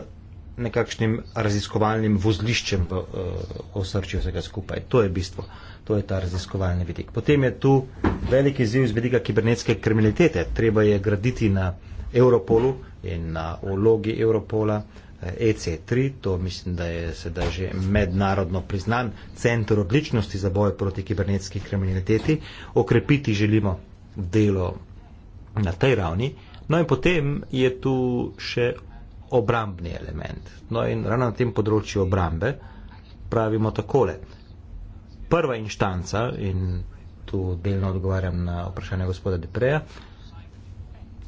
nekakšnim raziskovalnim vozliščem eh, v osrčju vsega skupaj. To je bistvo, to je ta raziskovalni vidik. Potem je tu veliki ziv z vidika kibernetske kriminalitete. Treba je graditi na Europolu in na vlogi Europola EC3, eh, e to mislim, da je sedaj že mednarodno priznan center odličnosti za boj proti kibernetski kriminaliteti. Okrepiti želimo delo na tej ravni. No in potem je tu še obrambni element. No in ravno na tem področju obrambe pravimo takole. Prva inštanca, in tu delno odgovarjam na vprašanje gospoda Depreja,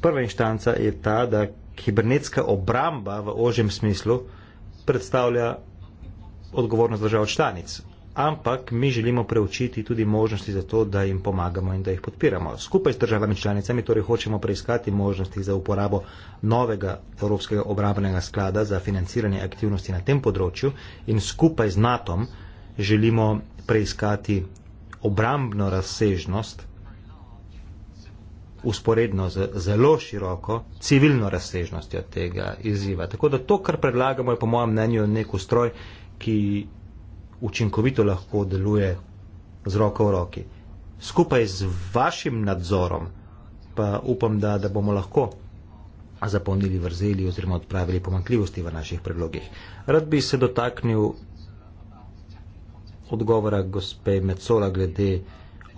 prva inštanca je ta, da kibernetska obramba v ožjem smislu predstavlja odgovornost držav članic ampak mi želimo preučiti tudi možnosti za to, da jim pomagamo in da jih podpiramo. Skupaj s državami članicami torej hočemo preiskati možnosti za uporabo novega Evropskega obrambnega sklada za financiranje aktivnosti na tem področju in skupaj z NATO želimo preiskati obrambno razsežnost usporedno z zelo široko civilno razsežnostjo tega izziva. Tako da to, kar predlagamo, je po mojem mnenju nek ustroj, ki učinkovito lahko deluje z roko v roki. Skupaj z vašim nadzorom pa upam, da, da bomo lahko zapolnili vrzeli oziroma odpravili pomankljivosti v naših predlogih. Rad bi se dotaknil odgovora gospe Mecola glede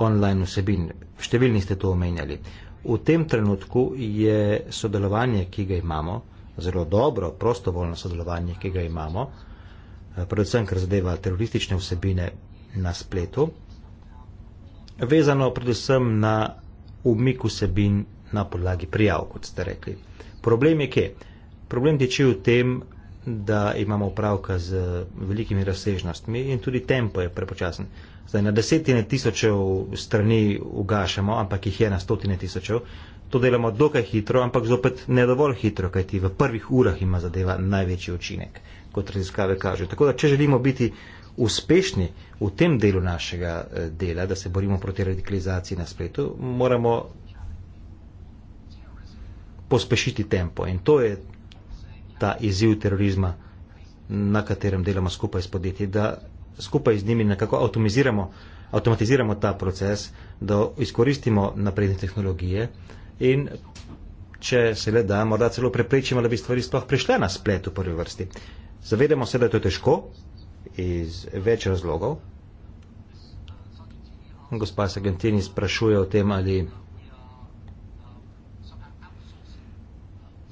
online vsebin. Številni ste to omenjali. V tem trenutku je sodelovanje, ki ga imamo, zelo dobro prostovoljno sodelovanje, ki ga imamo, Eh, predvsem kar zadeva teroristične vsebine na spletu, vezano predvsem na umik vsebin na podlagi prijav, kot ste rekli. Problem je kje? Problem tiče v tem, da imamo upravka z velikimi razsežnostmi in tudi tempo je prepočasen. Zdaj na desetine tisočev strani ugašamo, ampak jih je na stotine tisočev. To delamo dokaj hitro, ampak zopet ne dovolj hitro, kajti v prvih urah ima zadeva največji učinek kot raziskave kažejo. Tako da, če želimo biti uspešni v tem delu našega eh, dela, da se borimo proti radikalizaciji na spletu, moramo pospešiti tempo. In to je ta izziv terorizma, na katerem delamo skupaj s podjetji, da skupaj z njimi nekako avtomatiziramo ta proces, da izkoristimo napredne tehnologije in če se le da, morda celo preprečimo, da bi stvari sploh prišle na splet v prvi vrsti. Zavedamo se, da je to težko iz več razlogov. Gospa Sagentini sprašuje o tem, ali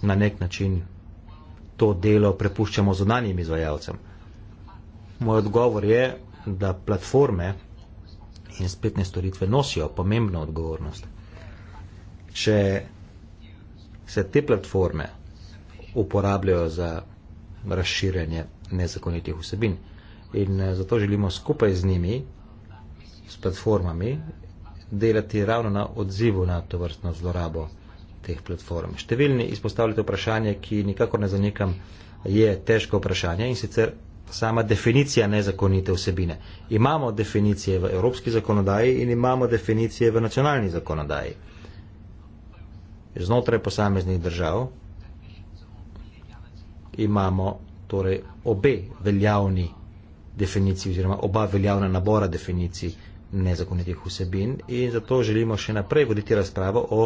na nek način to delo prepuščamo zunanjim izvajalcem. Moj odgovor je, da platforme in spletne storitve nosijo pomembno odgovornost. Če se te platforme uporabljajo za razširjanje nezakonitih vsebin. In eh, zato želimo skupaj z njimi, s platformami, delati ravno na odzivu na to vrstno zlorabo teh platform. Številni izpostavljate vprašanje, ki nikakor ne zanikam, je težko vprašanje in sicer sama definicija nezakonite vsebine. Imamo definicije v evropski zakonodaji in imamo definicije v nacionalni zakonodaji. Znotraj posameznih držav imamo torej obe veljavni definiciji oziroma oba veljavna nabora definicij nezakonitih vsebin in zato želimo še naprej voditi razpravo o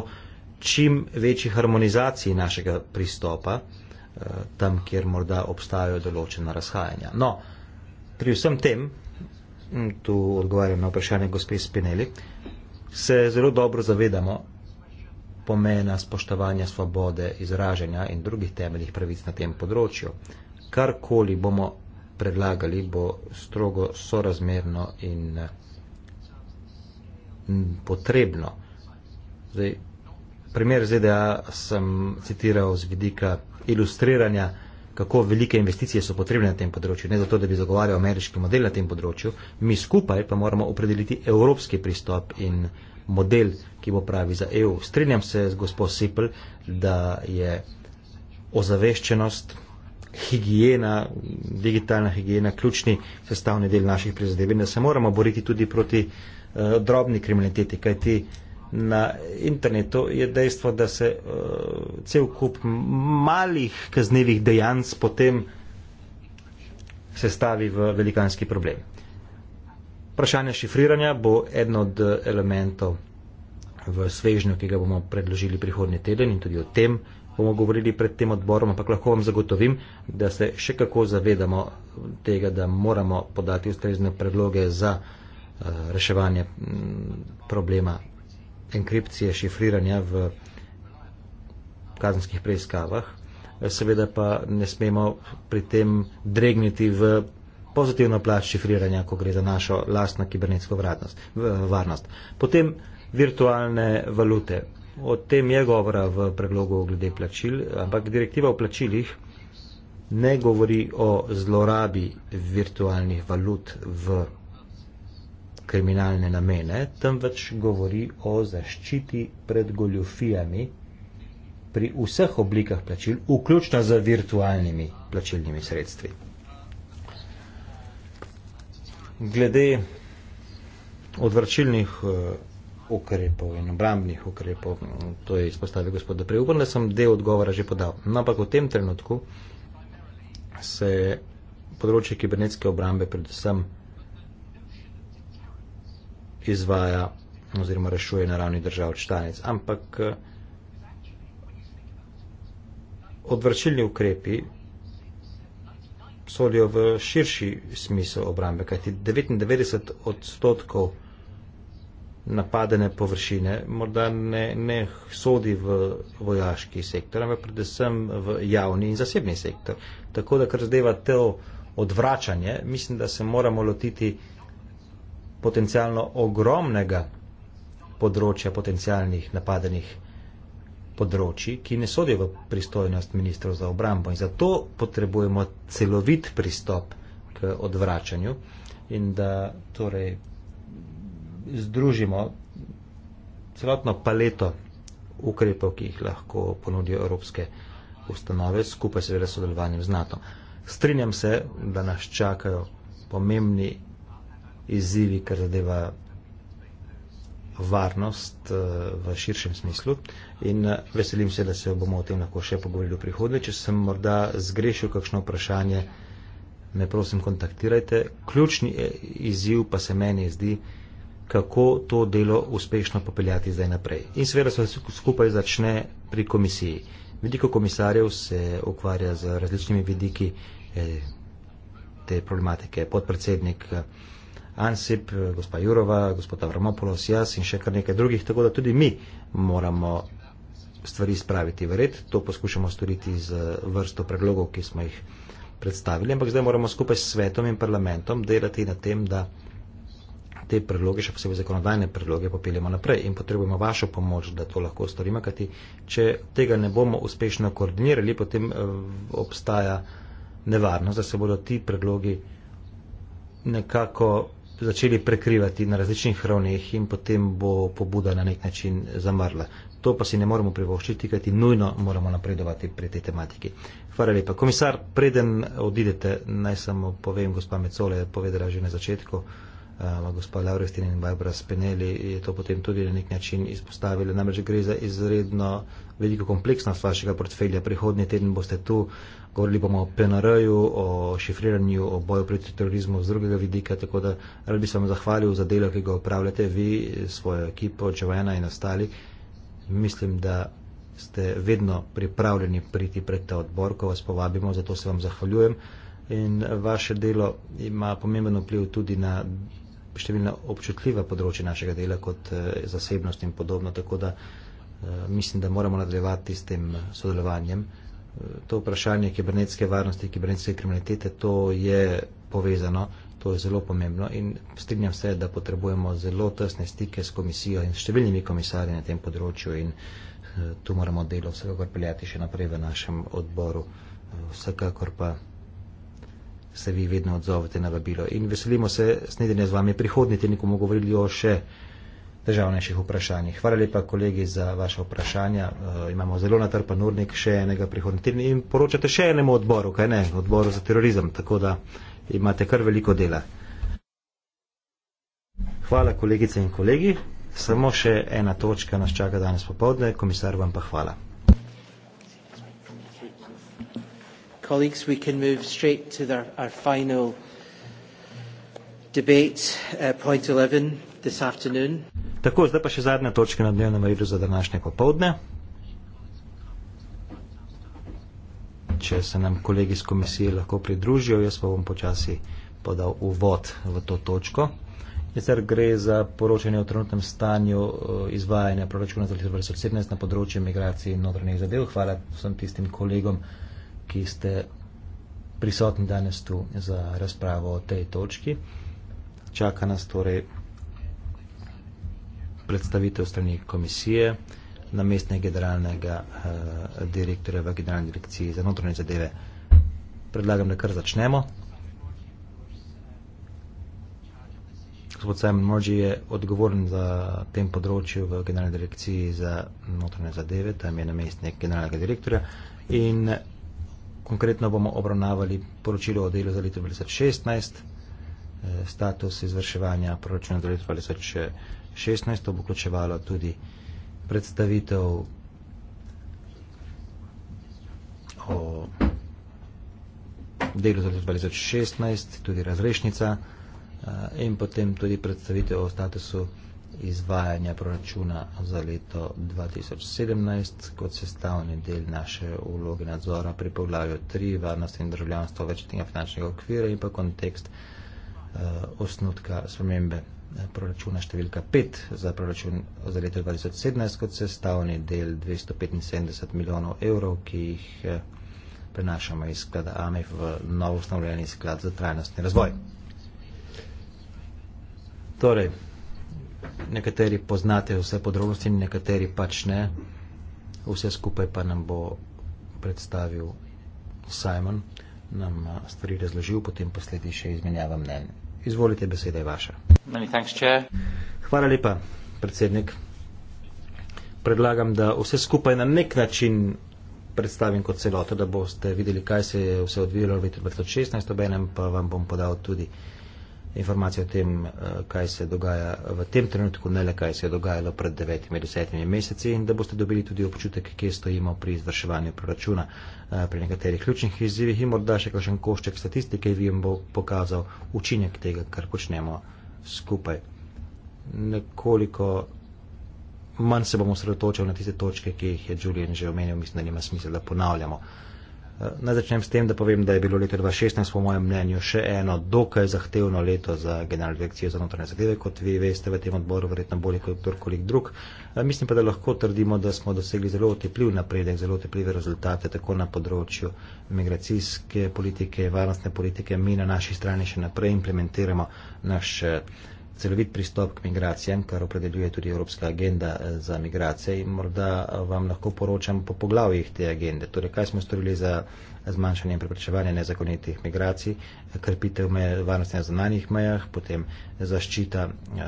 čim večji harmonizaciji našega pristopa eh, tam, kjer morda obstajajo določena razhajanja. No, pri vsem tem, tu odgovarjam na vprašanje gospe Spinelli, se zelo dobro zavedamo, pomena spoštovanja svobode izražanja in drugih temeljnih pravic na tem področju. Karkoli bomo predlagali, bo strogo sorazmerno in mm, potrebno. Zdaj, primer ZDA sem citiral z vidika ilustriranja, kako velike investicije so potrebne na tem področju. Ne zato, da bi zagovarjal ameriški model na tem področju, mi skupaj pa moramo opredeliti evropski pristop in model, ki bo pravi za EU. Strinjam se z gospod Sipl, da je ozaveščenost, higijena, digitalna higijena ključni sestavni del naših prizadevanj, da se moramo boriti tudi proti uh, drobni kriminaliteti, kajti na internetu je dejstvo, da se uh, cel kup malih kaznevih dejanj potem sestavi v velikanski problem. Vprašanje šifriranja bo eno od elementov v svežnju, ki ga bomo predložili prihodnji teden in tudi o tem bomo govorili pred tem odborom, ampak lahko vam zagotovim, da se še kako zavedamo tega, da moramo podati ustrezne predloge za uh, reševanje m, mm, problema enkripcije, šifriranja v kazenskih preiskavah. Seveda pa ne smemo pri tem dregniti v pozitivno plat šifriranja, ko gre za našo lastno kibernetsko varnost. Potem virtualne valute. O tem je govora v predlogu glede plačil, ampak direktiva o plačilih ne govori o zlorabi virtualnih valut v kriminalne namene, temveč govori o zaščiti pred goljofijami pri vseh oblikah plačil, vključno z virtualnimi plačilnimi sredstvi glede odvrčilnih eh, ukrepov in obrambnih ukrepov, to je izpostavil gospod Deprej. Upam, da sem del odgovora že podal. No, ampak v tem trenutku se področje kibernetske obrambe predvsem izvaja oziroma rešuje na ravni držav članic. Ampak eh, odvrčilni ukrepi sodijo v širši smisel obrambe, kajti 99 odstotkov napadene površine morda ne, ne sodi v vojaški sektor, ampak predvsem v javni in zasebni sektor. Tako da, kar zdeva to odvračanje, mislim, da se moramo lotiti potencialno ogromnega področja potencialnih napadenih površin področji, ki ne sodijo v pristojnost ministrov za obrambo in zato potrebujemo celovit pristop k odvračanju in da torej združimo celotno paleto ukrepov, ki jih lahko ponudijo evropske ustanove, skupaj seveda sodelovanjem z NATO. Strinjam se, da nas čakajo pomembni izzivi, kar zadeva varnost eh, v širšem smislu in eh, veselim se, da se bomo o tem lahko še pogovorili v prihodnje. Če sem morda zgrešil kakšno vprašanje, me prosim kontaktirajte. Ključni eh, izziv pa se meni zdi, kako to delo uspešno popeljati zdaj naprej. In seveda se skupaj začne pri komisiji. Veliko komisarjev se ukvarja z različnimi vidiki te problematike. Podpredsednik Ansip, gospa Jurova, gospod Avramopoulos, jaz in še kar nekaj drugih, tako da tudi mi moramo stvari spraviti v red. To poskušamo storiti z vrsto predlogov, ki smo jih predstavili, ampak zdaj moramo skupaj s svetom in parlamentom delati na tem, da te predloge, še posebej zakonodajne predloge, popeljemo naprej in potrebujemo vašo pomoč, da to lahko storimo, kajti če tega ne bomo uspešno koordinirali, potem eh, obstaja nevarnost, da se bodo ti predlogi nekako začeli prekrivati na različnih ravneh in potem bo pobuda na nek način zamrla. To pa si ne moremo privoščiti, kajti nujno moramo napredovati pri tej tematiki. Hvala lepa. Komisar, preden odidete, naj samo povem, gospa Mecole je povedala že na začetku, eh, gospa Laurestin in Barbara Speneli je to potem tudi na nek način izpostavila, namreč gre za izredno veliko kompleksnost vašega portfelja. Prihodnji teden boste tu govorili bomo o PNR-ju, o šifriranju, o boju proti terorizmu z drugega vidika, tako da rad bi se vam zahvalil za delo, ki ga upravljate vi, svojo ekipo, Čevena in ostali. Mislim, da ste vedno pripravljeni priti pred ta odbor, ko vas povabimo, zato se vam zahvaljujem. In vaše delo ima pomemben vpliv tudi na številna občutljiva področja našega dela, kot eh, zasebnost in podobno, tako da eh, mislim, da moramo nadaljevati s tem eh, sodelovanjem. Eh, to vprašanje kibernetske varnosti, kibernetske kriminalitete, to je povezano, to je zelo pomembno in strinjam se, da potrebujemo zelo tesne stike s komisijo in številnimi komisarji na tem področju in eh, tu moramo delo vsekakor peljati še naprej v našem odboru. Eh, vsekakor pa se vi vedno odzovete na vabilo in veselimo se snedenja z vami prihodni, te nekomu govorili o še državnejših vprašanjih. Hvala lepa, kolegi, za vaše vprašanja. Uh, imamo zelo natrpan urnik še enega prihodnje tedne in poročate še enemu odboru, kaj ne, odboru za terorizem, tako da imate kar veliko dela. Hvala, kolegice in kolegi. Samo še ena točka nas čaka danes popovdne. Komisar, vam pa hvala. Colleagues, we can move straight to the, our final debate, uh, point 11 this afternoon. Tako, zdaj pa še zadnja točka na dnevnem redu za današnje popovdne. Če se nam kolegi z komisije lahko pridružijo, jaz pa bom počasi podal uvod v to točko. Jezer gre za poročanje o trenutnem stanju eh, izvajanja proračuna za leto 2017 na področju migracij in notranjih zadev. Hvala vsem tistim kolegom, ki ste prisotni danes tu za razpravo o tej točki. Čaka nas torej predstavitev strani komisije na mestne generalnega uh, direktorja v generalni direkciji za notranje zadeve. Predlagam, da kar začnemo. Gospod Simon Morgi je odgovoren za tem področju v generalni direkciji za notranje zadeve, tam je na mestnik generalnega direktorja in eh, konkretno bomo obravnavali poročilo o delu za leto 2016, eh, status izvrševanja proračuna za leto 2016, 16. bo vključevalo tudi predstavitev o delu za leto 2016, tudi razrešnica eh, in potem tudi predstavitev o statusu izvajanja proračuna za leto 2017 kot sestavni del naše vloge nadzora pri poglavju 3, varnost in državljanstvo večetnega finančnega okvira in pa kontekst eh, osnutka spremembe proračuna številka 5 za proračun za leto 2017 kot sestavni del 275 milijonov evrov, ki jih eh, prenašamo iz sklada AMEF v novo ustanovljeni sklad za trajnostni razvoj. Torej, nekateri poznate vse podrobnosti, nekateri pač ne. Vse skupaj pa nam bo predstavil Simon, nam eh, stvari razložil, potem posledi še izmenjava mnenja. Izvolite, beseda je vaša. Thanks, Hvala lepa, predsednik. Predlagam, da vse skupaj na nek način predstavim kot celoto, da boste videli, kaj se je vse odvijalo v letu 2016, obenem pa vam bom podal tudi uh, informacije o tem, eh, kaj se dogaja v tem trenutku, ne le kaj se je dogajalo pred devetimi, desetimi meseci in da boste dobili tudi občutek, kje stojimo pri izvrševanju proračuna, eh, pri nekaterih ključnih izzivih in morda še kakšen košček statistike, ki vam bo pokazal učinek tega, kar počnemo skupaj. Nekoliko manj se bomo sredotočali na tiste točke, ki jih je Julian že omenil, mislim, da nima smisla, da ponavljamo. Naj začnem s tem, da povem, da je bilo leto 2016 po mojem mnenju še eno dokaj zahtevno leto za generalno direkcijo za notranje zadeve, kot vi veste v tem odboru, verjetno bolje kot kdorkoli drug. Eh, mislim pa, da lahko trdimo, da smo dosegli zelo otepljiv napredek, zelo otepljive rezultate, tako na področju migracijske politike, varnostne politike. Mi na naši strani še naprej implementiramo naš eh, celovit pristop k migracijam, kar opredeljuje tudi Evropska agenda eh, za migracije in morda eh, vam lahko poročam po poglavjih te agende. Torej, kaj smo storili za zmanjšanje in preprečevanje nezakonitih migracij, eh, krpitev meje varnosti na zunanjih mejah, potem zaščita uh,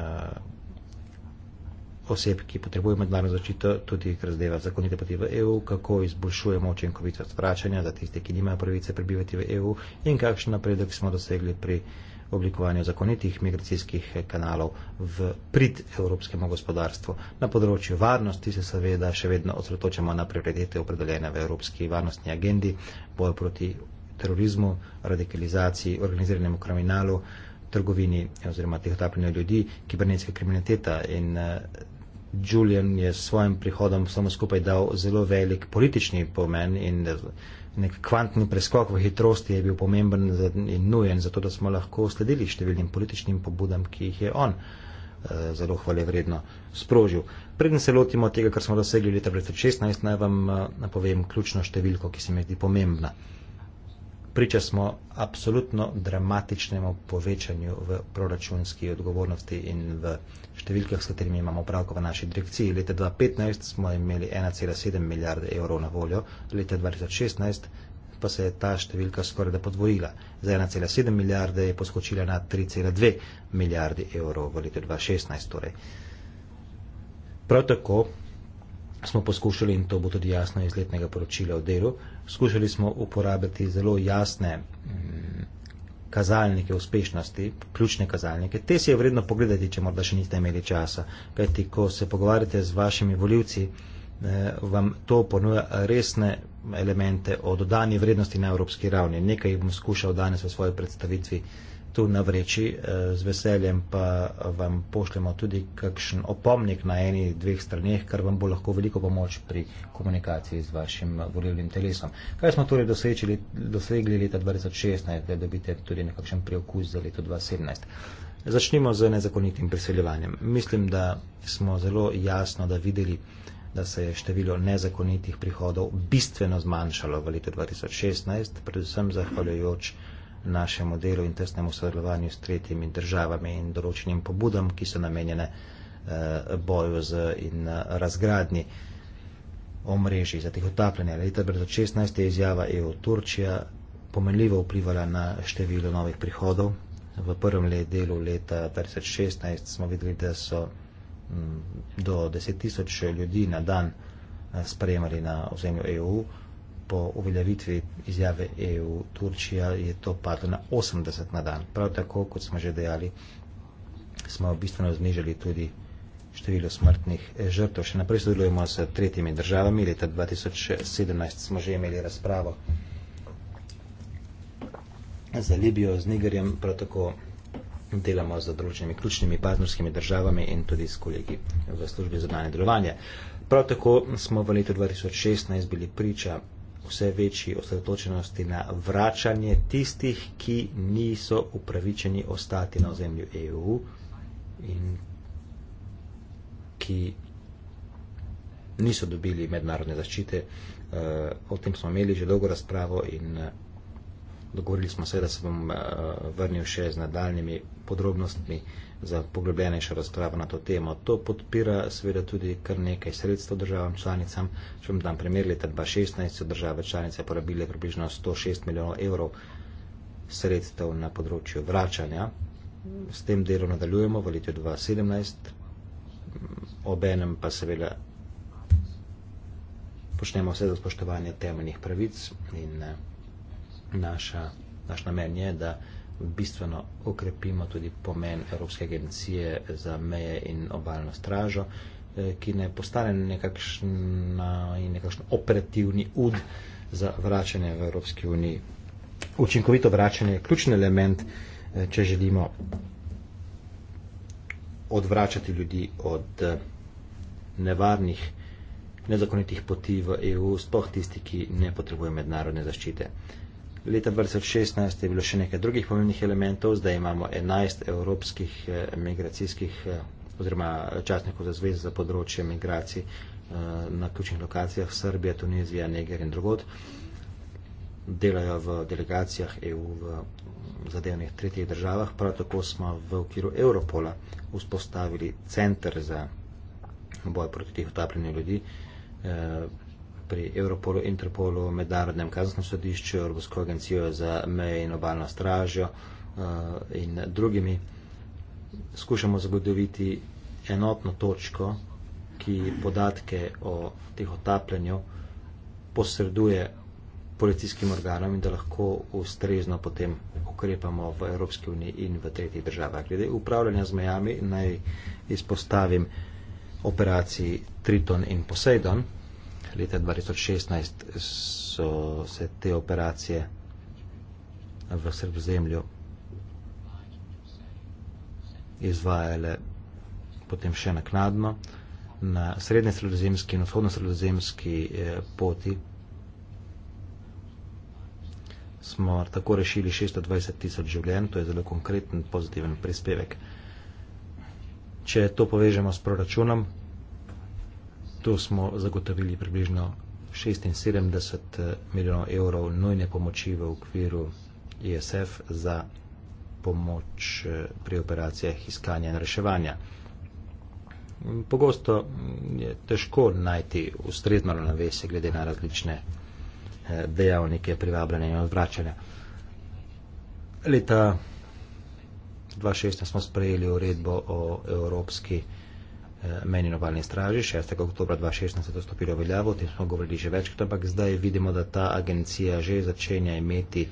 oseb, ki potrebujejo mednarodno zaščito, tudi jih razdeva zakonite poti v EU, kako izboljšujemo učinkovitost vračanja za tiste, ki nimajo pravice prebivati v EU in kakšen napredek smo dosegli pri. Uh, oblikovanju zakonitih migracijskih kanalov v prid evropskemu gospodarstvu. Na področju varnosti se seveda še vedno osredotočamo na prioritete opredeljene v Evropski varnostni agendi, boj proti terorizmu, radikalizaciji, organiziranemu kriminalu, trgovini oziroma tehotapljenju ljudi, kibernetska kriminaliteta in eh, Julian je s svojim prihodom samo skupaj dal zelo velik politični pomen in eh, nek kvantni preskok v hitrosti je bil pomemben in nujen, zato da smo lahko sledili številnim političnim pobudam, ki jih je on eh, zelo hvale vredno sprožil. Preden se lotimo tega, kar smo dosegli leta 2016, naj vam eh, napovem ključno številko, ki se mi zdi pomembna. Priča smo absolutno dramatičnemu povečanju v proračunski odgovornosti in v uh, številkah, s katerimi imamo upravko v naši direkciji. Leta 2015 smo imeli 1,7 milijarde evrov na voljo, leta 2016 pa se je ta številka skoraj da podvojila. Za 1,7 milijarde je poskočila na 3,2 milijarde evrov v letu 2016. Torej. Prav tako smo poskušali, in to bo tudi jasno iz letnega poročila o delu, skušali smo uporabiti zelo jasne. Mm, kazalnike uspešnosti, ključne kazalnike, te si je vredno pogledati, če morda še niste imeli časa. Kajti, ko se pogovarjate z vašimi voljivci, eh, vam to ponuja resne elemente o dodani vrednosti na evropski ravni. Nekaj bom skušal danes v svoji predstavitvi tu navreči, eh, z veseljem pa vam pošljemo tudi kakšen opomnik na eni, dveh stranih, kar vam bo lahko veliko pomoč pri komunikaciji z vašim volilnim telesom. Kaj smo torej dosečili, dosegli leta 2016, da dobite tudi nekakšen preokus za leto 2017? Začnimo z nezakonitim priseljevanjem. Mislim, da smo zelo jasno, da videli, da se je število nezakonitih prihodov bistveno zmanjšalo v letu 2016, predvsem zahvaljujoč našemu delu in tesnemu sodelovanju s tretjimi državami in določenim pobudam, ki so namenjene eh, boju z in eh, razgradni omrežji za tihotapljenje. Leta 2016 je izjava EU Turčija pomenljivo vplivala na število novih prihodov. V prvem let delu leta 2016 smo videli, da so mm, do 10 tisoč ljudi na dan eh, sprejemali na ozemlju EU po uveljavitvi izjave EU Turčija je to padlo na 80 na dan. Prav tako, kot smo že dejali, smo bistveno znižali tudi število smrtnih eh, žrtev. Še naprej sodelujemo s tretjimi državami. Leta 2017 smo že imeli razpravo za Libijo z Nigerjem, prav tako delamo z določenimi ključnimi partnerskimi državami in tudi s kolegi v službi za delovanja. Prav tako smo v letu 2016 bili priča vse večji osredotočenosti na vračanje tistih, ki niso upravičeni ostati na ozemlju EU in ki niso dobili mednarodne zaščite. Eh, o tem smo imeli že dolgo razpravo in eh, dogovorili smo se, da se bom eh, vrnil še z nadaljnimi podrobnostmi za poglobljenejšo razpravo na to temo. To podpira seveda tudi kar nekaj sredstev državam članicam. Če vam dam primer, leta 2016 so države članice porabile približno 106 milijonov evrov sredstev na področju vračanja. S tem delo nadaljujemo v letu 2017, obenem pa seveda počnemo vse za spoštovanje temeljnih pravic in eh, naša, naš namen je, da bistveno okrepimo tudi pomen Evropske agencije za meje in obaljno stražo, eh, ki ne postane nekakšna, nekakšen operativni ud za vračanje v Evropski uniji. Učinkovito vračanje je ključni element, eh, če želimo odvračati ljudi od eh, nevarnih, nezakonitih poti v EU, sploh tisti, ki ne potrebujejo mednarodne zaščite. Leta 2016 je bilo še nekaj drugih pomembnih elementov, zdaj imamo 11 evropskih eh, migracijskih eh, oziroma časnikov za zvezo za področje migracij eh, na ključnih lokacijah Srbija, Tunizija, Neger in drugod. Delajo v delegacijah EU v mm, zadevnih tretjih državah. Prav tako smo v okviru Europola vzpostavili center za boj proti tih otapljenih ljudi pri Evropolu, Interpolu, Mednarodnem kazenskem sodišču, Evropsko agencijo za meje in obalno stražo eh, in drugimi. Skušamo zagotoviti enotno točko, ki podatke o teh otapljanju posreduje policijskim organom in da lahko ustrezno potem ukrepamo v Evropski uniji in v tretjih državah. Glede upravljanja z mejami naj izpostavim operaciji Triton in Poseidon leta 2016 so se te operacije v Srbzemlju izvajale potem še naknadno. Na srednje sredozemski in vzhodno sredozemski eh, poti smo tako rešili 620 tisoč življenj, to je zelo konkreten pozitiven prispevek. Če to povežemo s proračunom, to smo zagotovili približno 76 eh, milijonov evrov nojne pomoči v okviru ISF e za pomoč eh, pri operacijah iskanja in reševanja. Mm, pogosto mm, je težko najti ustrezno ravnovesje glede na različne eh, dejavnike privabljanja in odvračanja. Leta 2016 smo sprejeli uredbo o evropski Eh, meni na obalni straži, 6. oktobra 2016 to stopilo v veljavo, o tem smo govorili že večkrat, ampak zdaj vidimo, da ta agencija že začenja imeti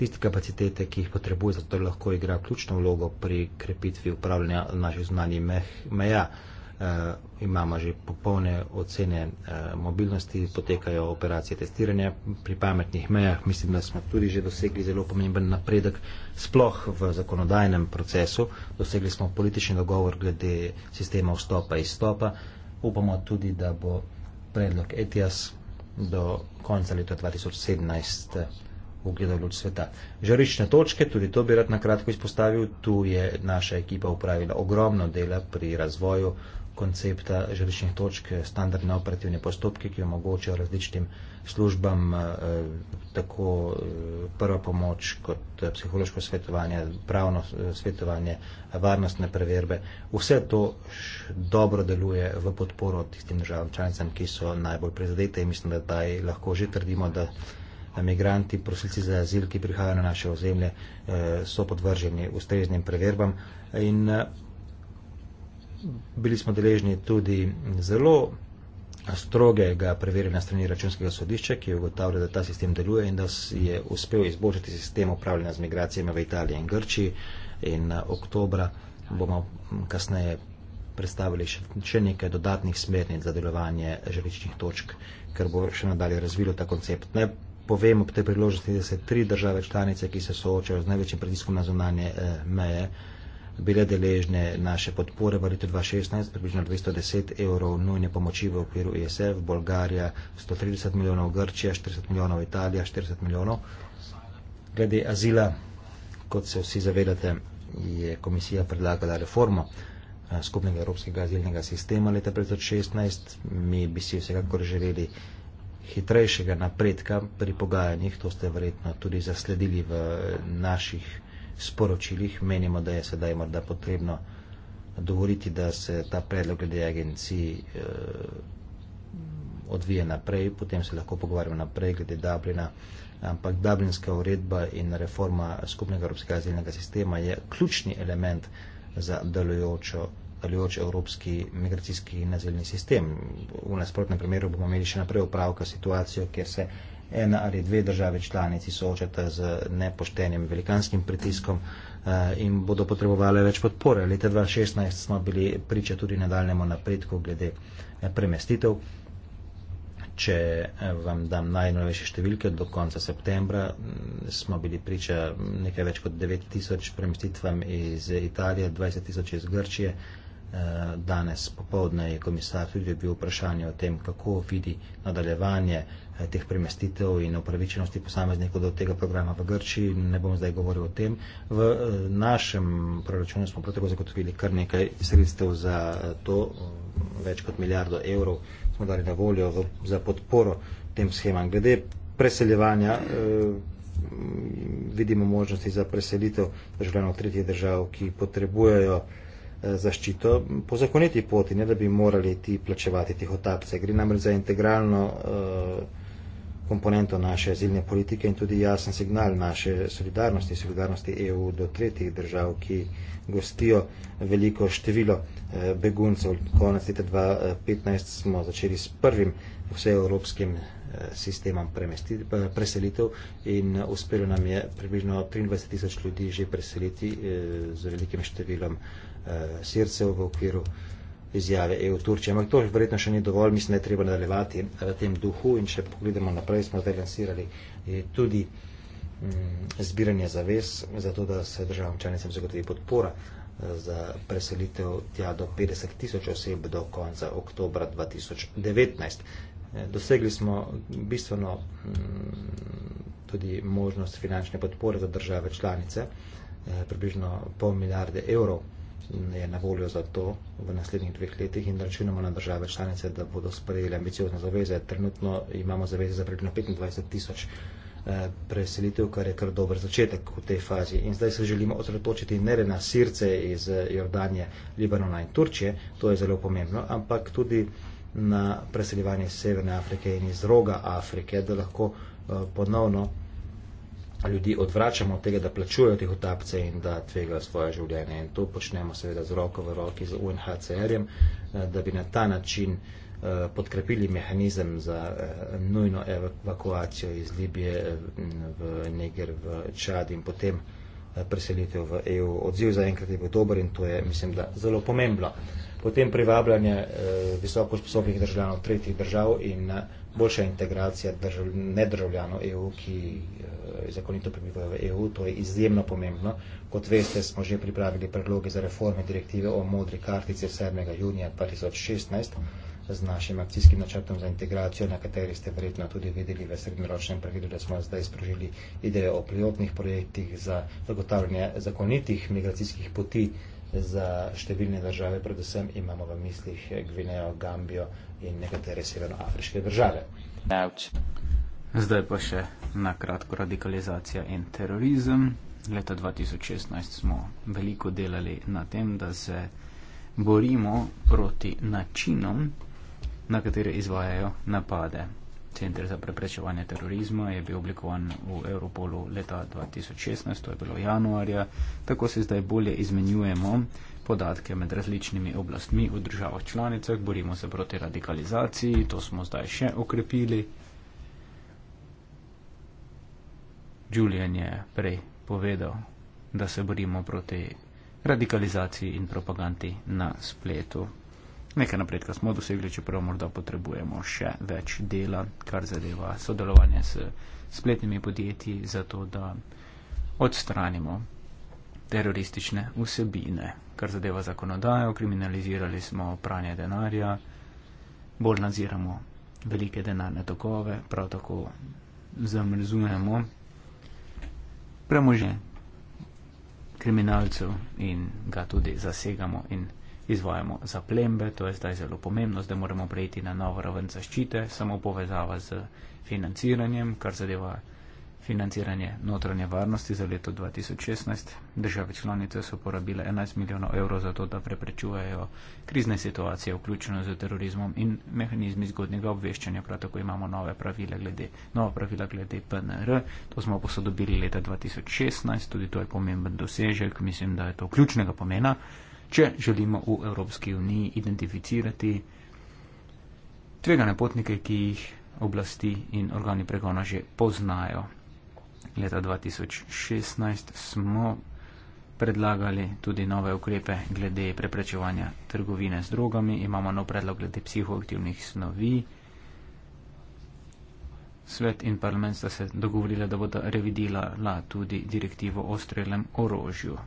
tiste kapacitete, ki jih potrebuje, zato lahko igra ključno vlogo pri krepitvi upravljanja naših zunanjih meja. Uh, imamo že popolne ocene uh, mobilnosti, potekajo operacije testiranja pri pametnih mejah. Mislim, da smo tudi že dosegli zelo pomemben napredek sploh v zakonodajnem procesu. Dosegli smo politični dogovor glede sistema vstopa in izstopa. Upamo tudi, da bo predlog ETIAS do konca leta 2017 eh, ugledal luč sveta. Žarične točke, tudi to bi rad na kratko izpostavil, tu je naša ekipa upravila ogromno dela pri razvoju koncepta žrtvičnih točk, eh, standardne operativne postopke, ki omogočajo različnim službam eh, tako eh, prva pomoč kot psihološko svetovanje, pravno svetovanje, varnostne preverbe. Vse to dobro deluje v podporo tistim državam članicam, ki so najbolj prizadete in mislim, da taj lahko že trdimo, da Migranti, prosilci za azil, ki prihajajo na naše ozemlje, so podvrženi ustreznim preverbam in bili smo deležni tudi zelo strogega preverjanja strani računskega sodišča, ki je ugotavljal, da ta sistem deluje in da je uspel izboljšati sistem upravljanja z migracijami v Italiji in Grčiji. In eh, oktobra bomo kasneje predstavili še nekaj dodatnih smernic za delovanje želičnih točk, ker bo še nadalje razvilo ta koncept. Ne povem ob tej priložnosti, da se tri države članice, ki se soočajo z največjim pritiskom na zunanje eh, meje, eh, bile deležne naše podpore v letu 2016, približno 210 evrov nujne pomoči v okviru ESF, Bolgarija 130 milijonov, Grčija 40 milijonov, Italija 40 milijonov. Glede azila, kot se vsi zavedate, je komisija predlagala reformo eh, skupnega evropskega azilnega sistema leta 2016. Mi bi si vsekakor želeli hitrejšega napredka pri pogajanjih, to ste verjetno tudi zasledili v eh, naših sporočilih. Menimo, da je sedaj morda potrebno dovoliti, da se ta predlog glede agencij eh, odvije naprej, potem se lahko pogovarjamo naprej glede Dublina. Ampak Dublinska uredba in reforma skupnega evropskega azilnega sistema je ključni element za delujočo delujoč evropski migracijski in azilni sistem. V nasprotnem primeru bomo imeli še naprej upravka situacijo, kjer se ena ali dve države članici soočata z nepoštenim velikanskim pritiskom eh, in bodo potrebovali več podpore. Leta 2016 smo bili priča tudi nadaljnemu napredku glede eh, premestitev. Če eh, vam dam najnovejše številke, do konca septembra mm, smo bili priča nekaj več kot 9000 premestitvam iz Italije, 20 tisoč iz Grčije. Danes popovdne je komisar tudi bil vprašanje o tem, kako vidi nadaljevanje Eh, teh premestitev in upravičenosti posameznikov do tega programa v Grčiji, ne bom zdaj govoril o tem. V eh, našem proračunu smo prav tako zagotovili kar nekaj sredstev za eh, to, več kot milijardo evrov smo dali na voljo v, za podporo tem schemam. Glede preseljevanja vidimo možnosti za preselitev državljanov tretjih držav, ki potrebujejo zaščito po zakoniti poti, ne da bi morali ti plačevati tih otapce. Gre namreč za integralno uh, komponento naše zilne politike in tudi jasen signal naše solidarnosti, solidarnosti EU do tretjih držav, ki gostijo veliko število eh, beguncev. Konec leta 2015 eh, smo začeli s prvim vseevropskim eh, sistemom preselitev in uspelo nam je približno 23 tisoč ljudi že preseliti z velikim številom sircev v okviru izjave EU Turčije. Ampak to verjetno še ni dovolj, mislim, da je treba nadaljevati eh, v tem duhu in če pogledamo naprej, smo zdaj lansirali eh, tudi mm, zbiranje zavez, zato da se državam članicam zagotovi podpora eh, za preselitev tja do 50 tisoč oseb do konca oktobra 2019. Dosegli smo bistveno mm, tudi možnost finančne podpore za države članice, približno pol milijarde evrov je na voljo za to v naslednjih dveh letih in računamo na države članice, da bodo sprejeli ambiciozne zaveze. Trenutno imamo zaveze za približno 25 tisoč eh, preselitev, kar je kar dober začetek v tej fazi. In zdaj se želimo osredotočiti ne le na Sirce iz eh, Jordanije, Libanona in Turčije, to je zelo pomembno, ampak tudi na preseljevanje iz Severne Afrike in iz Roga Afrike, da lahko eh, ponovno ljudi odvračamo od tega, da plačujejo te hotapce in da tvegajo svoje življenje. In to počnemo seveda z roko v roki z UNHCR-jem, eh, da bi na ta način eh, podkrepili mehanizem za eh, nujno evakuacijo iz Libije v Neger, v Čad in potem preselitev v EU. Odziv zaenkrat je bil dober in to je, mislim, da zelo pomembno potem privabljanje eh, visoko sposobnih državljanov tretjih držav in eh, boljša integracija držav, nedržavljanov EU, ki eh, zakonito prebivajo v EU. To je izjemno pomembno. Kot veste, smo že pripravili predloge za reforme direktive o modri kartici 7. junija 2016 z našim akcijskim načrtom za integracijo, na kateri ste verjetno tudi videli v srednjeročnem pregledu, da smo zdaj sprožili ideje o pilotnih projektih za zagotavljanje zakonitih migracijskih poti za številne države, predvsem imamo v mislih Gvinejo, Gambijo in nekatere severnoafriške države. Zdaj pa še na kratko radikalizacija in terorizem. Leta 2016 smo veliko delali na tem, da se borimo proti načinom, na katere izvajajo napade center za preprečevanje terorizma, je bil oblikovan v Europolu leta 2016, to je bilo januarja. Tako se zdaj bolje izmenjujemo podatke med različnimi oblastmi v državah članicah, borimo se proti radikalizaciji, to smo zdaj še okrepili. Julian je prej povedal, da se borimo proti radikalizaciji in propagandi na spletu nekaj napredka smo dosegli, čeprav morda potrebujemo še več dela, kar zadeva sodelovanje s spletnimi podjetji, zato da odstranimo teroristične vsebine. Kar zadeva zakonodajo, kriminalizirali smo pranje denarja, bolj nadziramo velike denarne tokove, prav tako zamrzujemo premožje kriminalcev in ga tudi zasegamo in zasegamo izvajamo zaplembe, to je zdaj zelo pomembno, zdaj moramo prejti na novo raven zaščite, samo povezava z financiranjem, kar zadeva financiranje notranje varnosti za leto 2016. Države članice so porabile 11 milijonov evrov za to, da preprečujejo krizne situacije, vključeno z terorizmom in mehanizmi zgodnjega obveščanja. Prav tako imamo nove pravile glede, nova pravila glede PNR. To smo posodobili leta 2016, tudi to je pomemben dosežek, mislim, da je to ključnega pomena če želimo v Evropski uniji identificirati tvegane potnike, ki jih oblasti in organi pregona že poznajo. Leta 2016 smo predlagali tudi nove ukrepe glede preprečevanja trgovine z drogami, imamo nov predlog glede psihoaktivnih snovi. Svet in parlament sta se dogovorila, da bodo revidirala tudi direktivo o strelem orožju.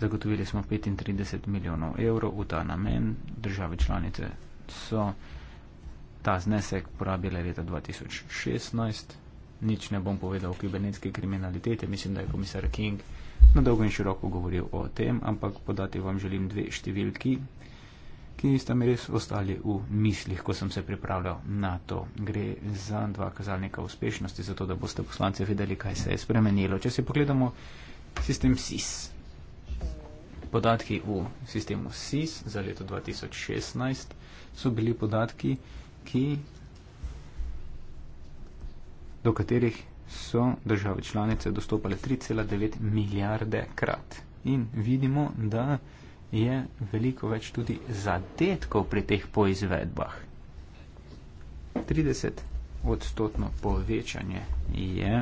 Zagotovili smo 35 milijonov evrov v ta namen. Države članice so ta znesek porabile leta 2016. Nič ne bom povedal o kibernetski kriminaliteti, mislim, da je komisar King na dolgo in široko govoril o tem, ampak podati vam želim dve številki, ki sta mi res ostali v mislih, ko sem se pripravljal na to. Gre za dva kazalnika uspešnosti, zato da boste poslance vedeli, kaj se je spremenilo. Če si pogledamo sistem SIS, podatki v sistemu SIS za leto 2016 so bili podatki, ki, do katerih so države članice dostopale 3,9 milijarde krat. In vidimo, da je veliko več tudi zadetkov pri teh poizvedbah. 30 odstotno povečanje je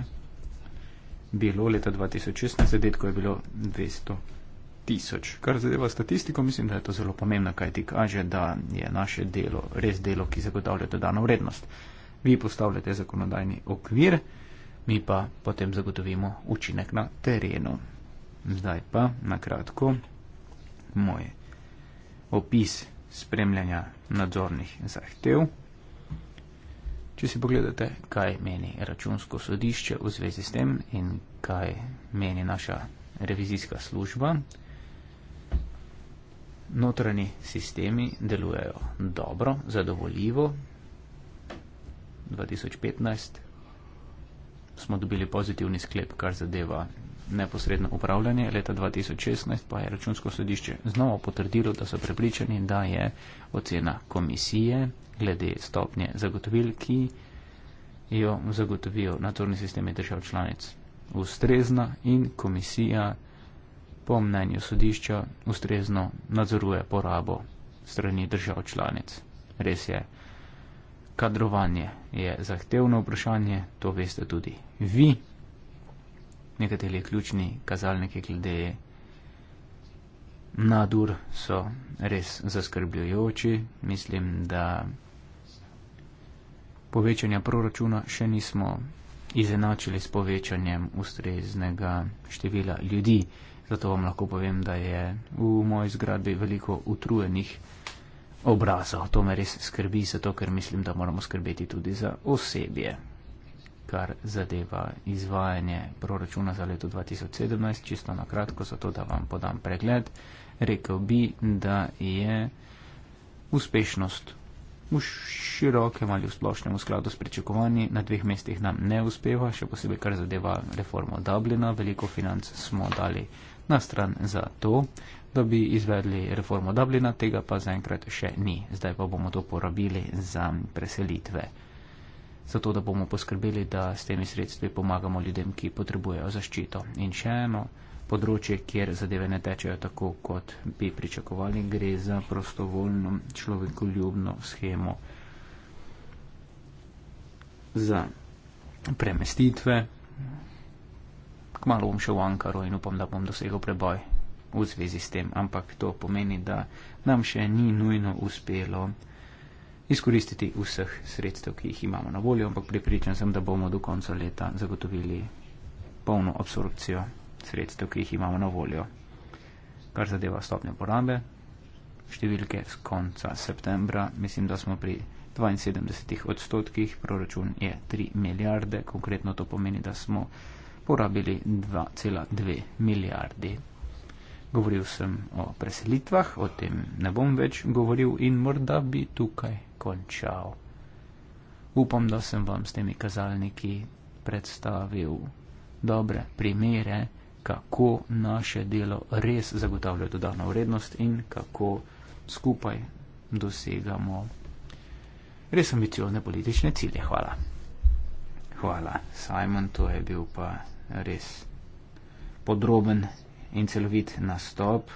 bilo leta 2016, zadetko je bilo 200 tisoč. Kar zadeva statistiko, mislim, da je to zelo pomembno, kaj ti kaže, da je naše delo res delo, ki zagotavlja dodano vrednost. Vi postavljate zakonodajni okvir, mi pa potem zagotovimo učinek na terenu. Zdaj pa na kratko moj opis spremljanja nadzornih zahtev. Če si pogledate, kaj meni računsko sodišče v zvezi s tem in kaj meni naša revizijska služba, notranji sistemi delujejo dobro, zadovoljivo. 2015 smo dobili pozitivni sklep, kar zadeva neposredno upravljanje, leta 2016 pa je računsko sodišče znova potrdilo, da so prepričani, da je ocena komisije glede stopnje zagotovil, ki jo zagotovijo nadzorni sistemi držav članic ustrezna in komisija po mnenju sodišča ustrezno nadzoruje porabo strani držav članic. Res je, kadrovanje je zahtevno vprašanje, to veste tudi vi. Nekateri ključni kazalniki glede nadur so res zaskrbljujoči. Mislim, da povečanja proračuna še nismo izenačili s povečanjem ustreznega števila ljudi. Zato vam lahko povem, da je v moji zgradbi veliko utrujenih obrazov. To me res skrbi, zato ker mislim, da moramo skrbeti tudi za osebje, kar zadeva izvajanje proračuna za leto 2017. Čisto na kratko, zato da vam podam pregled, rekel bi, da je uspešnost v širokem ali v splošnem v skladu s pričakovanji na dveh mestih nam ne uspeva, še posebej kar zadeva reformo Dublina. Veliko financ smo dali na stran za to, da bi izvedli reformo Dublina, tega pa zaenkrat še ni. Zdaj pa bomo to porabili za preselitve, zato da bomo poskrbeli, da s temi sredstvi pomagamo ljudem, ki potrebujejo zaščito. In še eno področje, kjer zadeve ne tečejo tako, kot bi pričakovali, gre za prostovoljno človekoljubno schemo za premestitve kmalo bom šel v Ankaro in upam, da bom dosegel preboj v zvezi s tem. Ampak to pomeni, da nam še ni nujno uspelo izkoristiti vseh sredstev, ki jih imamo na voljo, ampak pripričan sem, da bomo do konca leta zagotovili polno absorpcijo sredstev, ki jih imamo na voljo. Kar zadeva stopnje porabe, številke z konca septembra, mislim, da smo pri 72 odstotkih, proračun je 3 milijarde, konkretno to pomeni, da smo porabili 2,2 milijardi. Govoril sem o preselitvah, o tem ne bom več govoril in morda bi tukaj končal. Upam, da sem vam s temi kazalniki predstavil dobre primere, kako naše delo res zagotavlja dodano vrednost in kako skupaj dosegamo res ambiciozne politične cilje. Hvala. Hvala, Simon, to je bil pa res podroben in celovit nastop.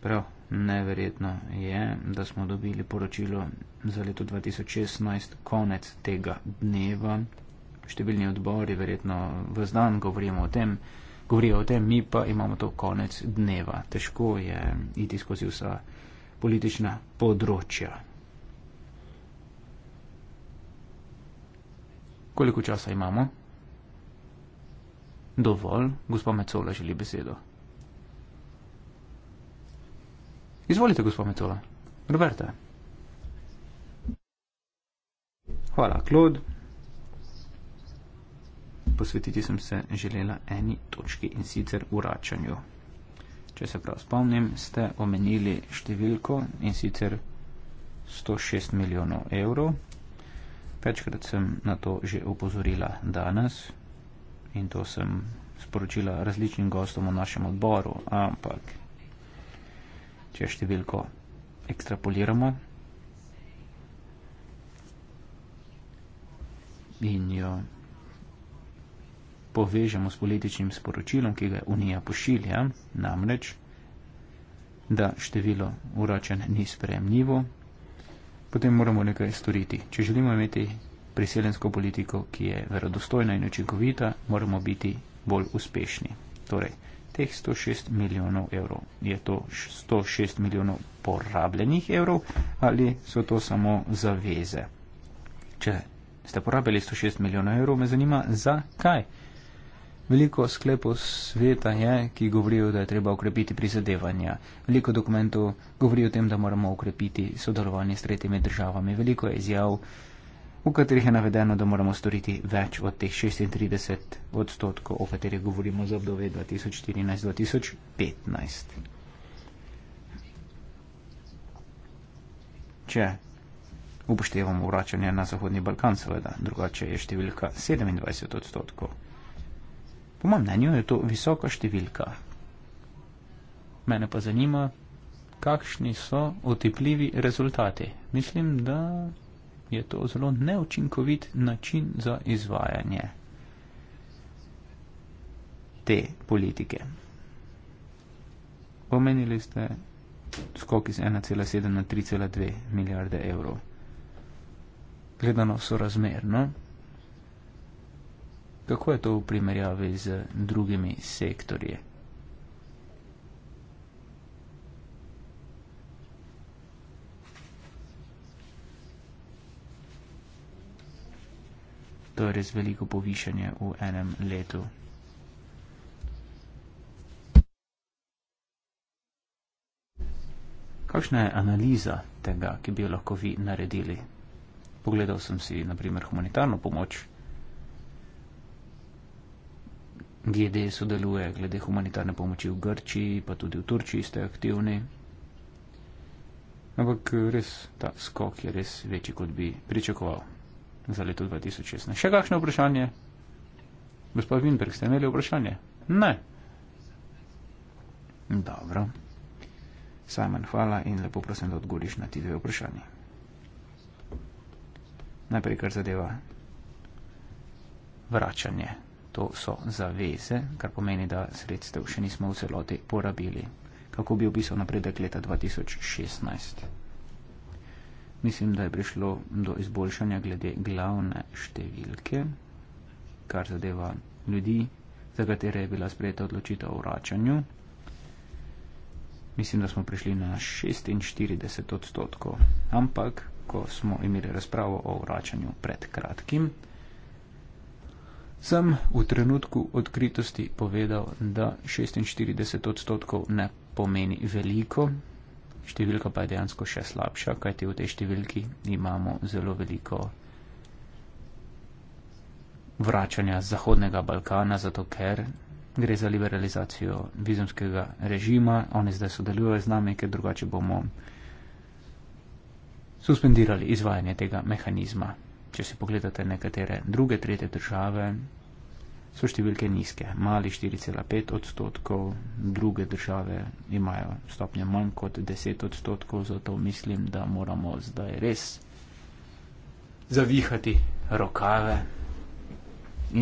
Prav neverjetno je, da smo dobili poročilo za leto 2016 konec tega dneva. Številni odbori verjetno v znan govorimo o tem, govorijo o tem, mi pa imamo to konec dneva. Težko je iti skozi vsa politična področja. Koliko časa imamo? Dovolj, gospod Mecola želi besedo. Izvolite, gospod Mecola. Roberta. Hvala, Klod. Posvetiti sem se želela eni točki in sicer vračanju. Če se prav spomnim, ste omenili številko in sicer 106 milijonov evrov večkrat sem na to že upozorila danes in to sem sporočila različnim gostom v našem odboru, ampak če številko ekstrapoliramo in jo povežemo s političnim sporočilom, ki ga je Unija pošilja, namreč, da število uračen ni spremljivo, potem moramo nekaj storiti. Če želimo imeti priseljensko politiko, ki je verodostojna in učinkovita, moramo biti bolj uspešni. Torej, teh 106 milijonov evrov, je to 106 milijonov porabljenih evrov ali so to samo zaveze? Če ste porabili 106 milijonov evrov, me zanima, zakaj? Veliko sklepov sveta je, ki govorijo, da je treba ukrepiti prizadevanja. Veliko dokumentov govori o tem, da moramo ukrepiti sodelovanje s tretjimi državami. Veliko je izjav, v katerih je navedeno, da moramo storiti več od teh 36 odstotkov, o katerih govorimo za obdobje 2014-2015. Če upoštevamo vračanje na Zahodni Balkan, seveda, drugače je številka 27 odstotkov. Po mojem mnenju je to visoka številka. Mene pa zanima, kakšni so otepljivi rezultati. Mislim, da je to zelo neučinkovit način za izvajanje te politike. Omenili ste skok iz 1,7 na 3,2 milijarde evrov. Gledano so razmerno. Kako je to v primerjavi z drugimi sektorji? To je res veliko povišanje v enem letu. Kakšna je analiza tega, ki bi jo lahko vi naredili? Pogledal sem si, naprimer, humanitarno pomoč. GD sodeluje glede humanitarne pomoči v Grčiji, pa tudi v Turčiji ste aktivni. Ampak res ta skok je res večji, kot bi pričakoval za leto 2016. Še kakšno vprašanje? Gospod Winberg, ste imeli vprašanje? Ne. Dobro. Simon, hvala in lepo prosim, da odgovoriš na ti dve vprašanji. Najprej, kar zadeva vračanje to so zaveze, kar pomeni, da sredstev še nismo v celoti porabili. Kako bi opisal napredek leta 2016? Mislim, da je prišlo do izboljšanja glede glavne številke, kar zadeva ljudi, za katere je bila sprejeta odločitev o vračanju. Mislim, da smo prišli na 46 odstotkov. Ampak, ko smo imeli razpravo o vračanju pred kratkim, sem v trenutku odkritosti povedal, da 46 odstotkov ne pomeni veliko, številka pa je dejansko še slabša, kajti v tej številki imamo zelo veliko vračanja z Zahodnega Balkana, zato ker gre za liberalizacijo vizumskega režima, oni zdaj sodelujejo z nami, ker drugače bomo suspendirali izvajanje tega mehanizma. Če si pogledate nekatere druge tretje države, so številke nizke, mali 4,5 odstotkov, druge države imajo stopnje manj kot 10 odstotkov, zato mislim, da moramo zdaj res zavihati rokave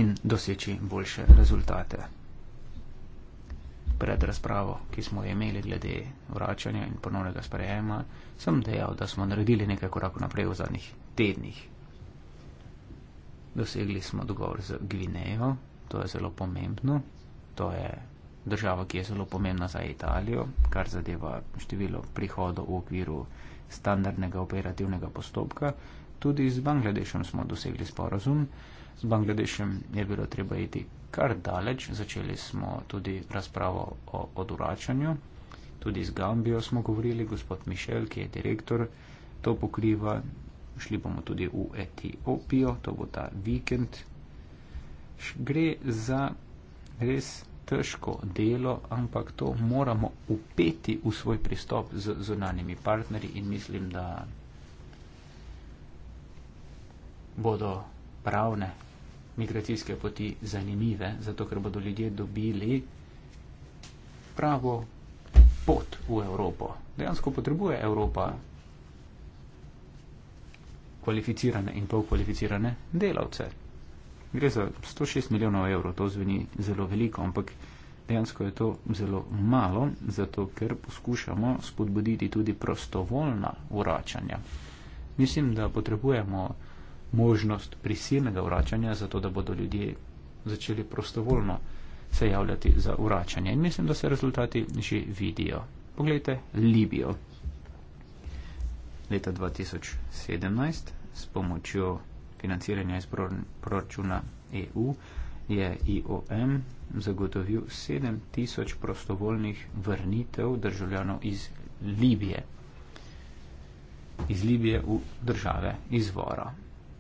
in doseči boljše rezultate. Pred razpravo, ki smo jo imeli glede vračanja in ponovnega sprejema, sem dejal, da smo naredili nekaj korakov naprej v zadnjih tednih dosegli smo dogovor z Gvinejo, to je zelo pomembno. To je država, ki je zelo pomembna za Italijo, kar zadeva število prihodov v okviru standardnega operativnega postopka. Tudi z Bangladešem smo dosegli sporazum. Z Bangladešem je bilo treba iti kar daleč, začeli smo tudi razpravo o odvračanju. Tudi z Gambijo smo govorili, gospod Mišel, ki je direktor, to pokriva Šli bomo tudi v Etiopijo, to bo ta vikend. Gre za res težko delo, ampak to moramo upeti v svoj pristop z zunanimi partnerji in mislim, da bodo pravne migracijske poti zanimive, zato ker bodo ljudje dobili pravo pot v Evropo. Dejansko potrebuje Evropa kvalificirane in polkvalificirane delavce. Gre za 106 milijonov evrov, to zveni zelo veliko, ampak dejansko je to zelo malo, zato ker poskušamo spodbuditi tudi prostovoljna vračanja. Mislim, da potrebujemo možnost prisilnega vračanja, zato da bodo ljudje začeli prostovoljno se javljati za vračanje. In mislim, da se rezultati že vidijo. Poglejte Libijo leta 2017 s pomočjo financiranja iz proračuna EU je IOM zagotovil 7000 prostovoljnih vrnitev državljanov iz Libije. Iz Libije v države izvora.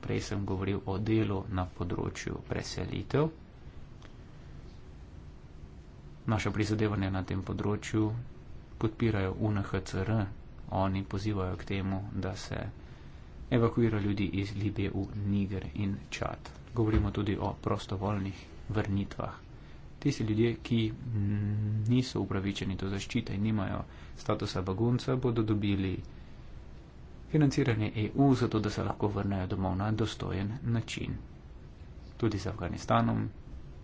Prej sem govoril o delu na področju preselitev. Naša prizadevanja na tem področju podpirajo UNHCR oni pozivajo k temu, da se evakuira ljudi iz Libije v Niger in Čad. Govorimo tudi o prostovoljnih vrnitvah. Tisti ljudje, ki niso upravičeni do zaščite in nimajo statusa begunca, bodo dobili financiranje EU, zato da se lahko vrnejo domov na dostojen način. Tudi z Afganistanom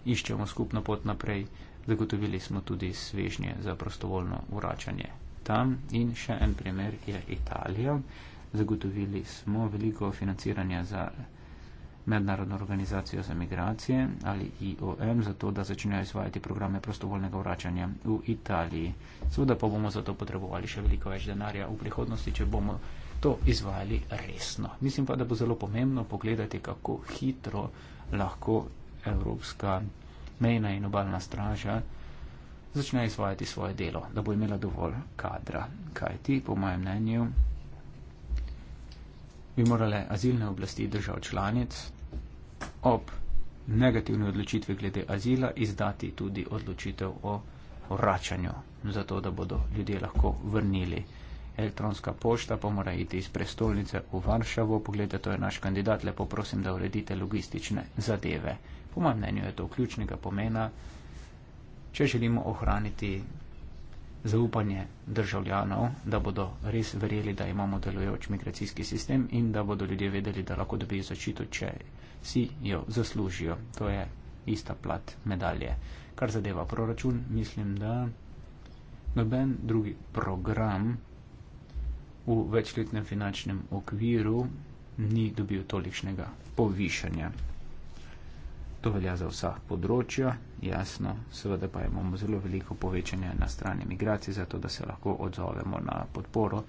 iščemo skupno pot naprej, zagotovili smo tudi svežnje za prostovoljno vračanje tam in še en primer je Italija. Zagotovili smo veliko financiranja za mednarodno organizacijo za migracije ali IOM, zato da začnejo izvajati programe prostovoljnega vračanja v Italiji. Seveda pa bomo zato potrebovali še veliko več denarja v prihodnosti, če bomo to izvajali resno. Mislim pa, da bo zelo pomembno pogledati, kako hitro lahko Evropska mejna in obalna straža začne izvajati svoje delo, da bo imela dovolj kadra. Kaj ti, po mojem mnenju, bi morale azilne oblasti držav članic ob negativni odločitvi glede azila izdati tudi odločitev o vračanju, zato da bodo ljudje lahko vrnili. Elektronska pošta pa mora iti iz prestolnice v Varšavo. Poglejte, to je naš kandidat. Lepo prosim, da uredite logistične zadeve. Po mojem mnenju je to ključnega pomena če želimo ohraniti zaupanje državljanov, da bodo res verjeli, da imamo delujoč migracijski sistem in da bodo ljudje vedeli, da lahko dobijo zaščito, če si jo zaslužijo. To je ista plat medalje. Kar zadeva proračun, mislim, da noben drugi program v večletnem finančnem okviru ni dobil tolikšnega povišanja. To velja za vsa področja, jasno, seveda pa imamo zelo veliko povečanje na strani migracij, zato da se lahko odzovemo na podporo,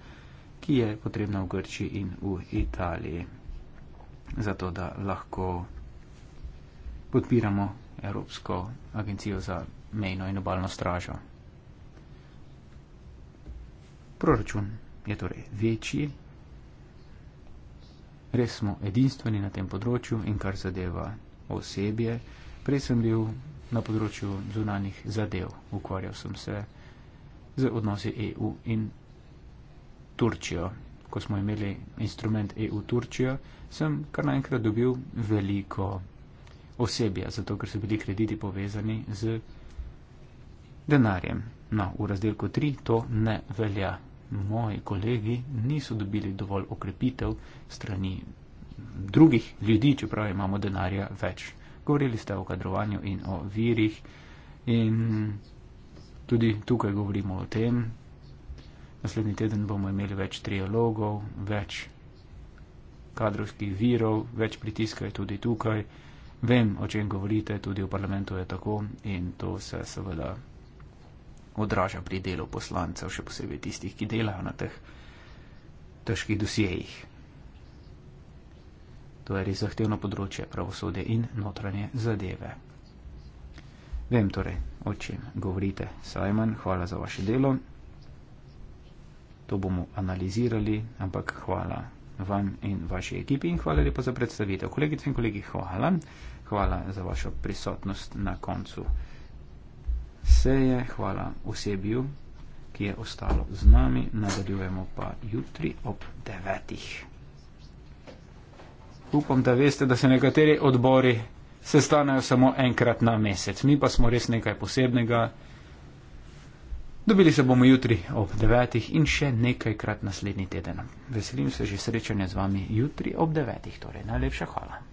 ki je potrebna v Grči in v Italiji, zato da lahko podpiramo Evropsko agencijo za mejno in obalno stražo. Proračun je torej večji. Res smo edinstveni na tem področju in kar zadeva osebje. Prej sem bil na področju zunanih zadev, ukvarjal sem se z odnosi EU in Turčijo. Ko smo imeli instrument EU-Turčijo, sem kar naenkrat dobil veliko osebja, zato ker so bili krediti povezani z denarjem. No, v razdelku 3 to ne velja. Moji kolegi niso dobili dovolj okrepitev strani drugih ljudi, čeprav imamo denarja več. Govorili ste o kadrovanju in o virih in tudi tukaj govorimo o tem. Naslednji teden bomo imeli več trialogov, več kadrovskih virov, več pritiska je tudi tukaj. Vem, o čem govorite, tudi v parlamentu je tako in to se seveda odraža pri delu poslancev, še posebej tistih, ki delajo na teh težkih dosjejih. To je res zahtevno področje pravosodje in notranje zadeve. Vem torej, o čem govorite, Simon, hvala za vaše delo. To bomo analizirali, ampak hvala vam in vaši ekipi in hvala lepo za predstavitev. Kolegice in kolegi, hvala. Hvala za vašo prisotnost na koncu seje. Hvala osebju, ki je ostalo z nami. Nadaljujemo pa jutri ob devetih upam, da veste, da se nekateri odbori sestanejo samo enkrat na mesec. Mi pa smo res nekaj posebnega. Dobili se bomo jutri ob devetih in še nekajkrat naslednji teden. Veselim se že srečanja z vami jutri ob devetih. Torej, najlepša hvala.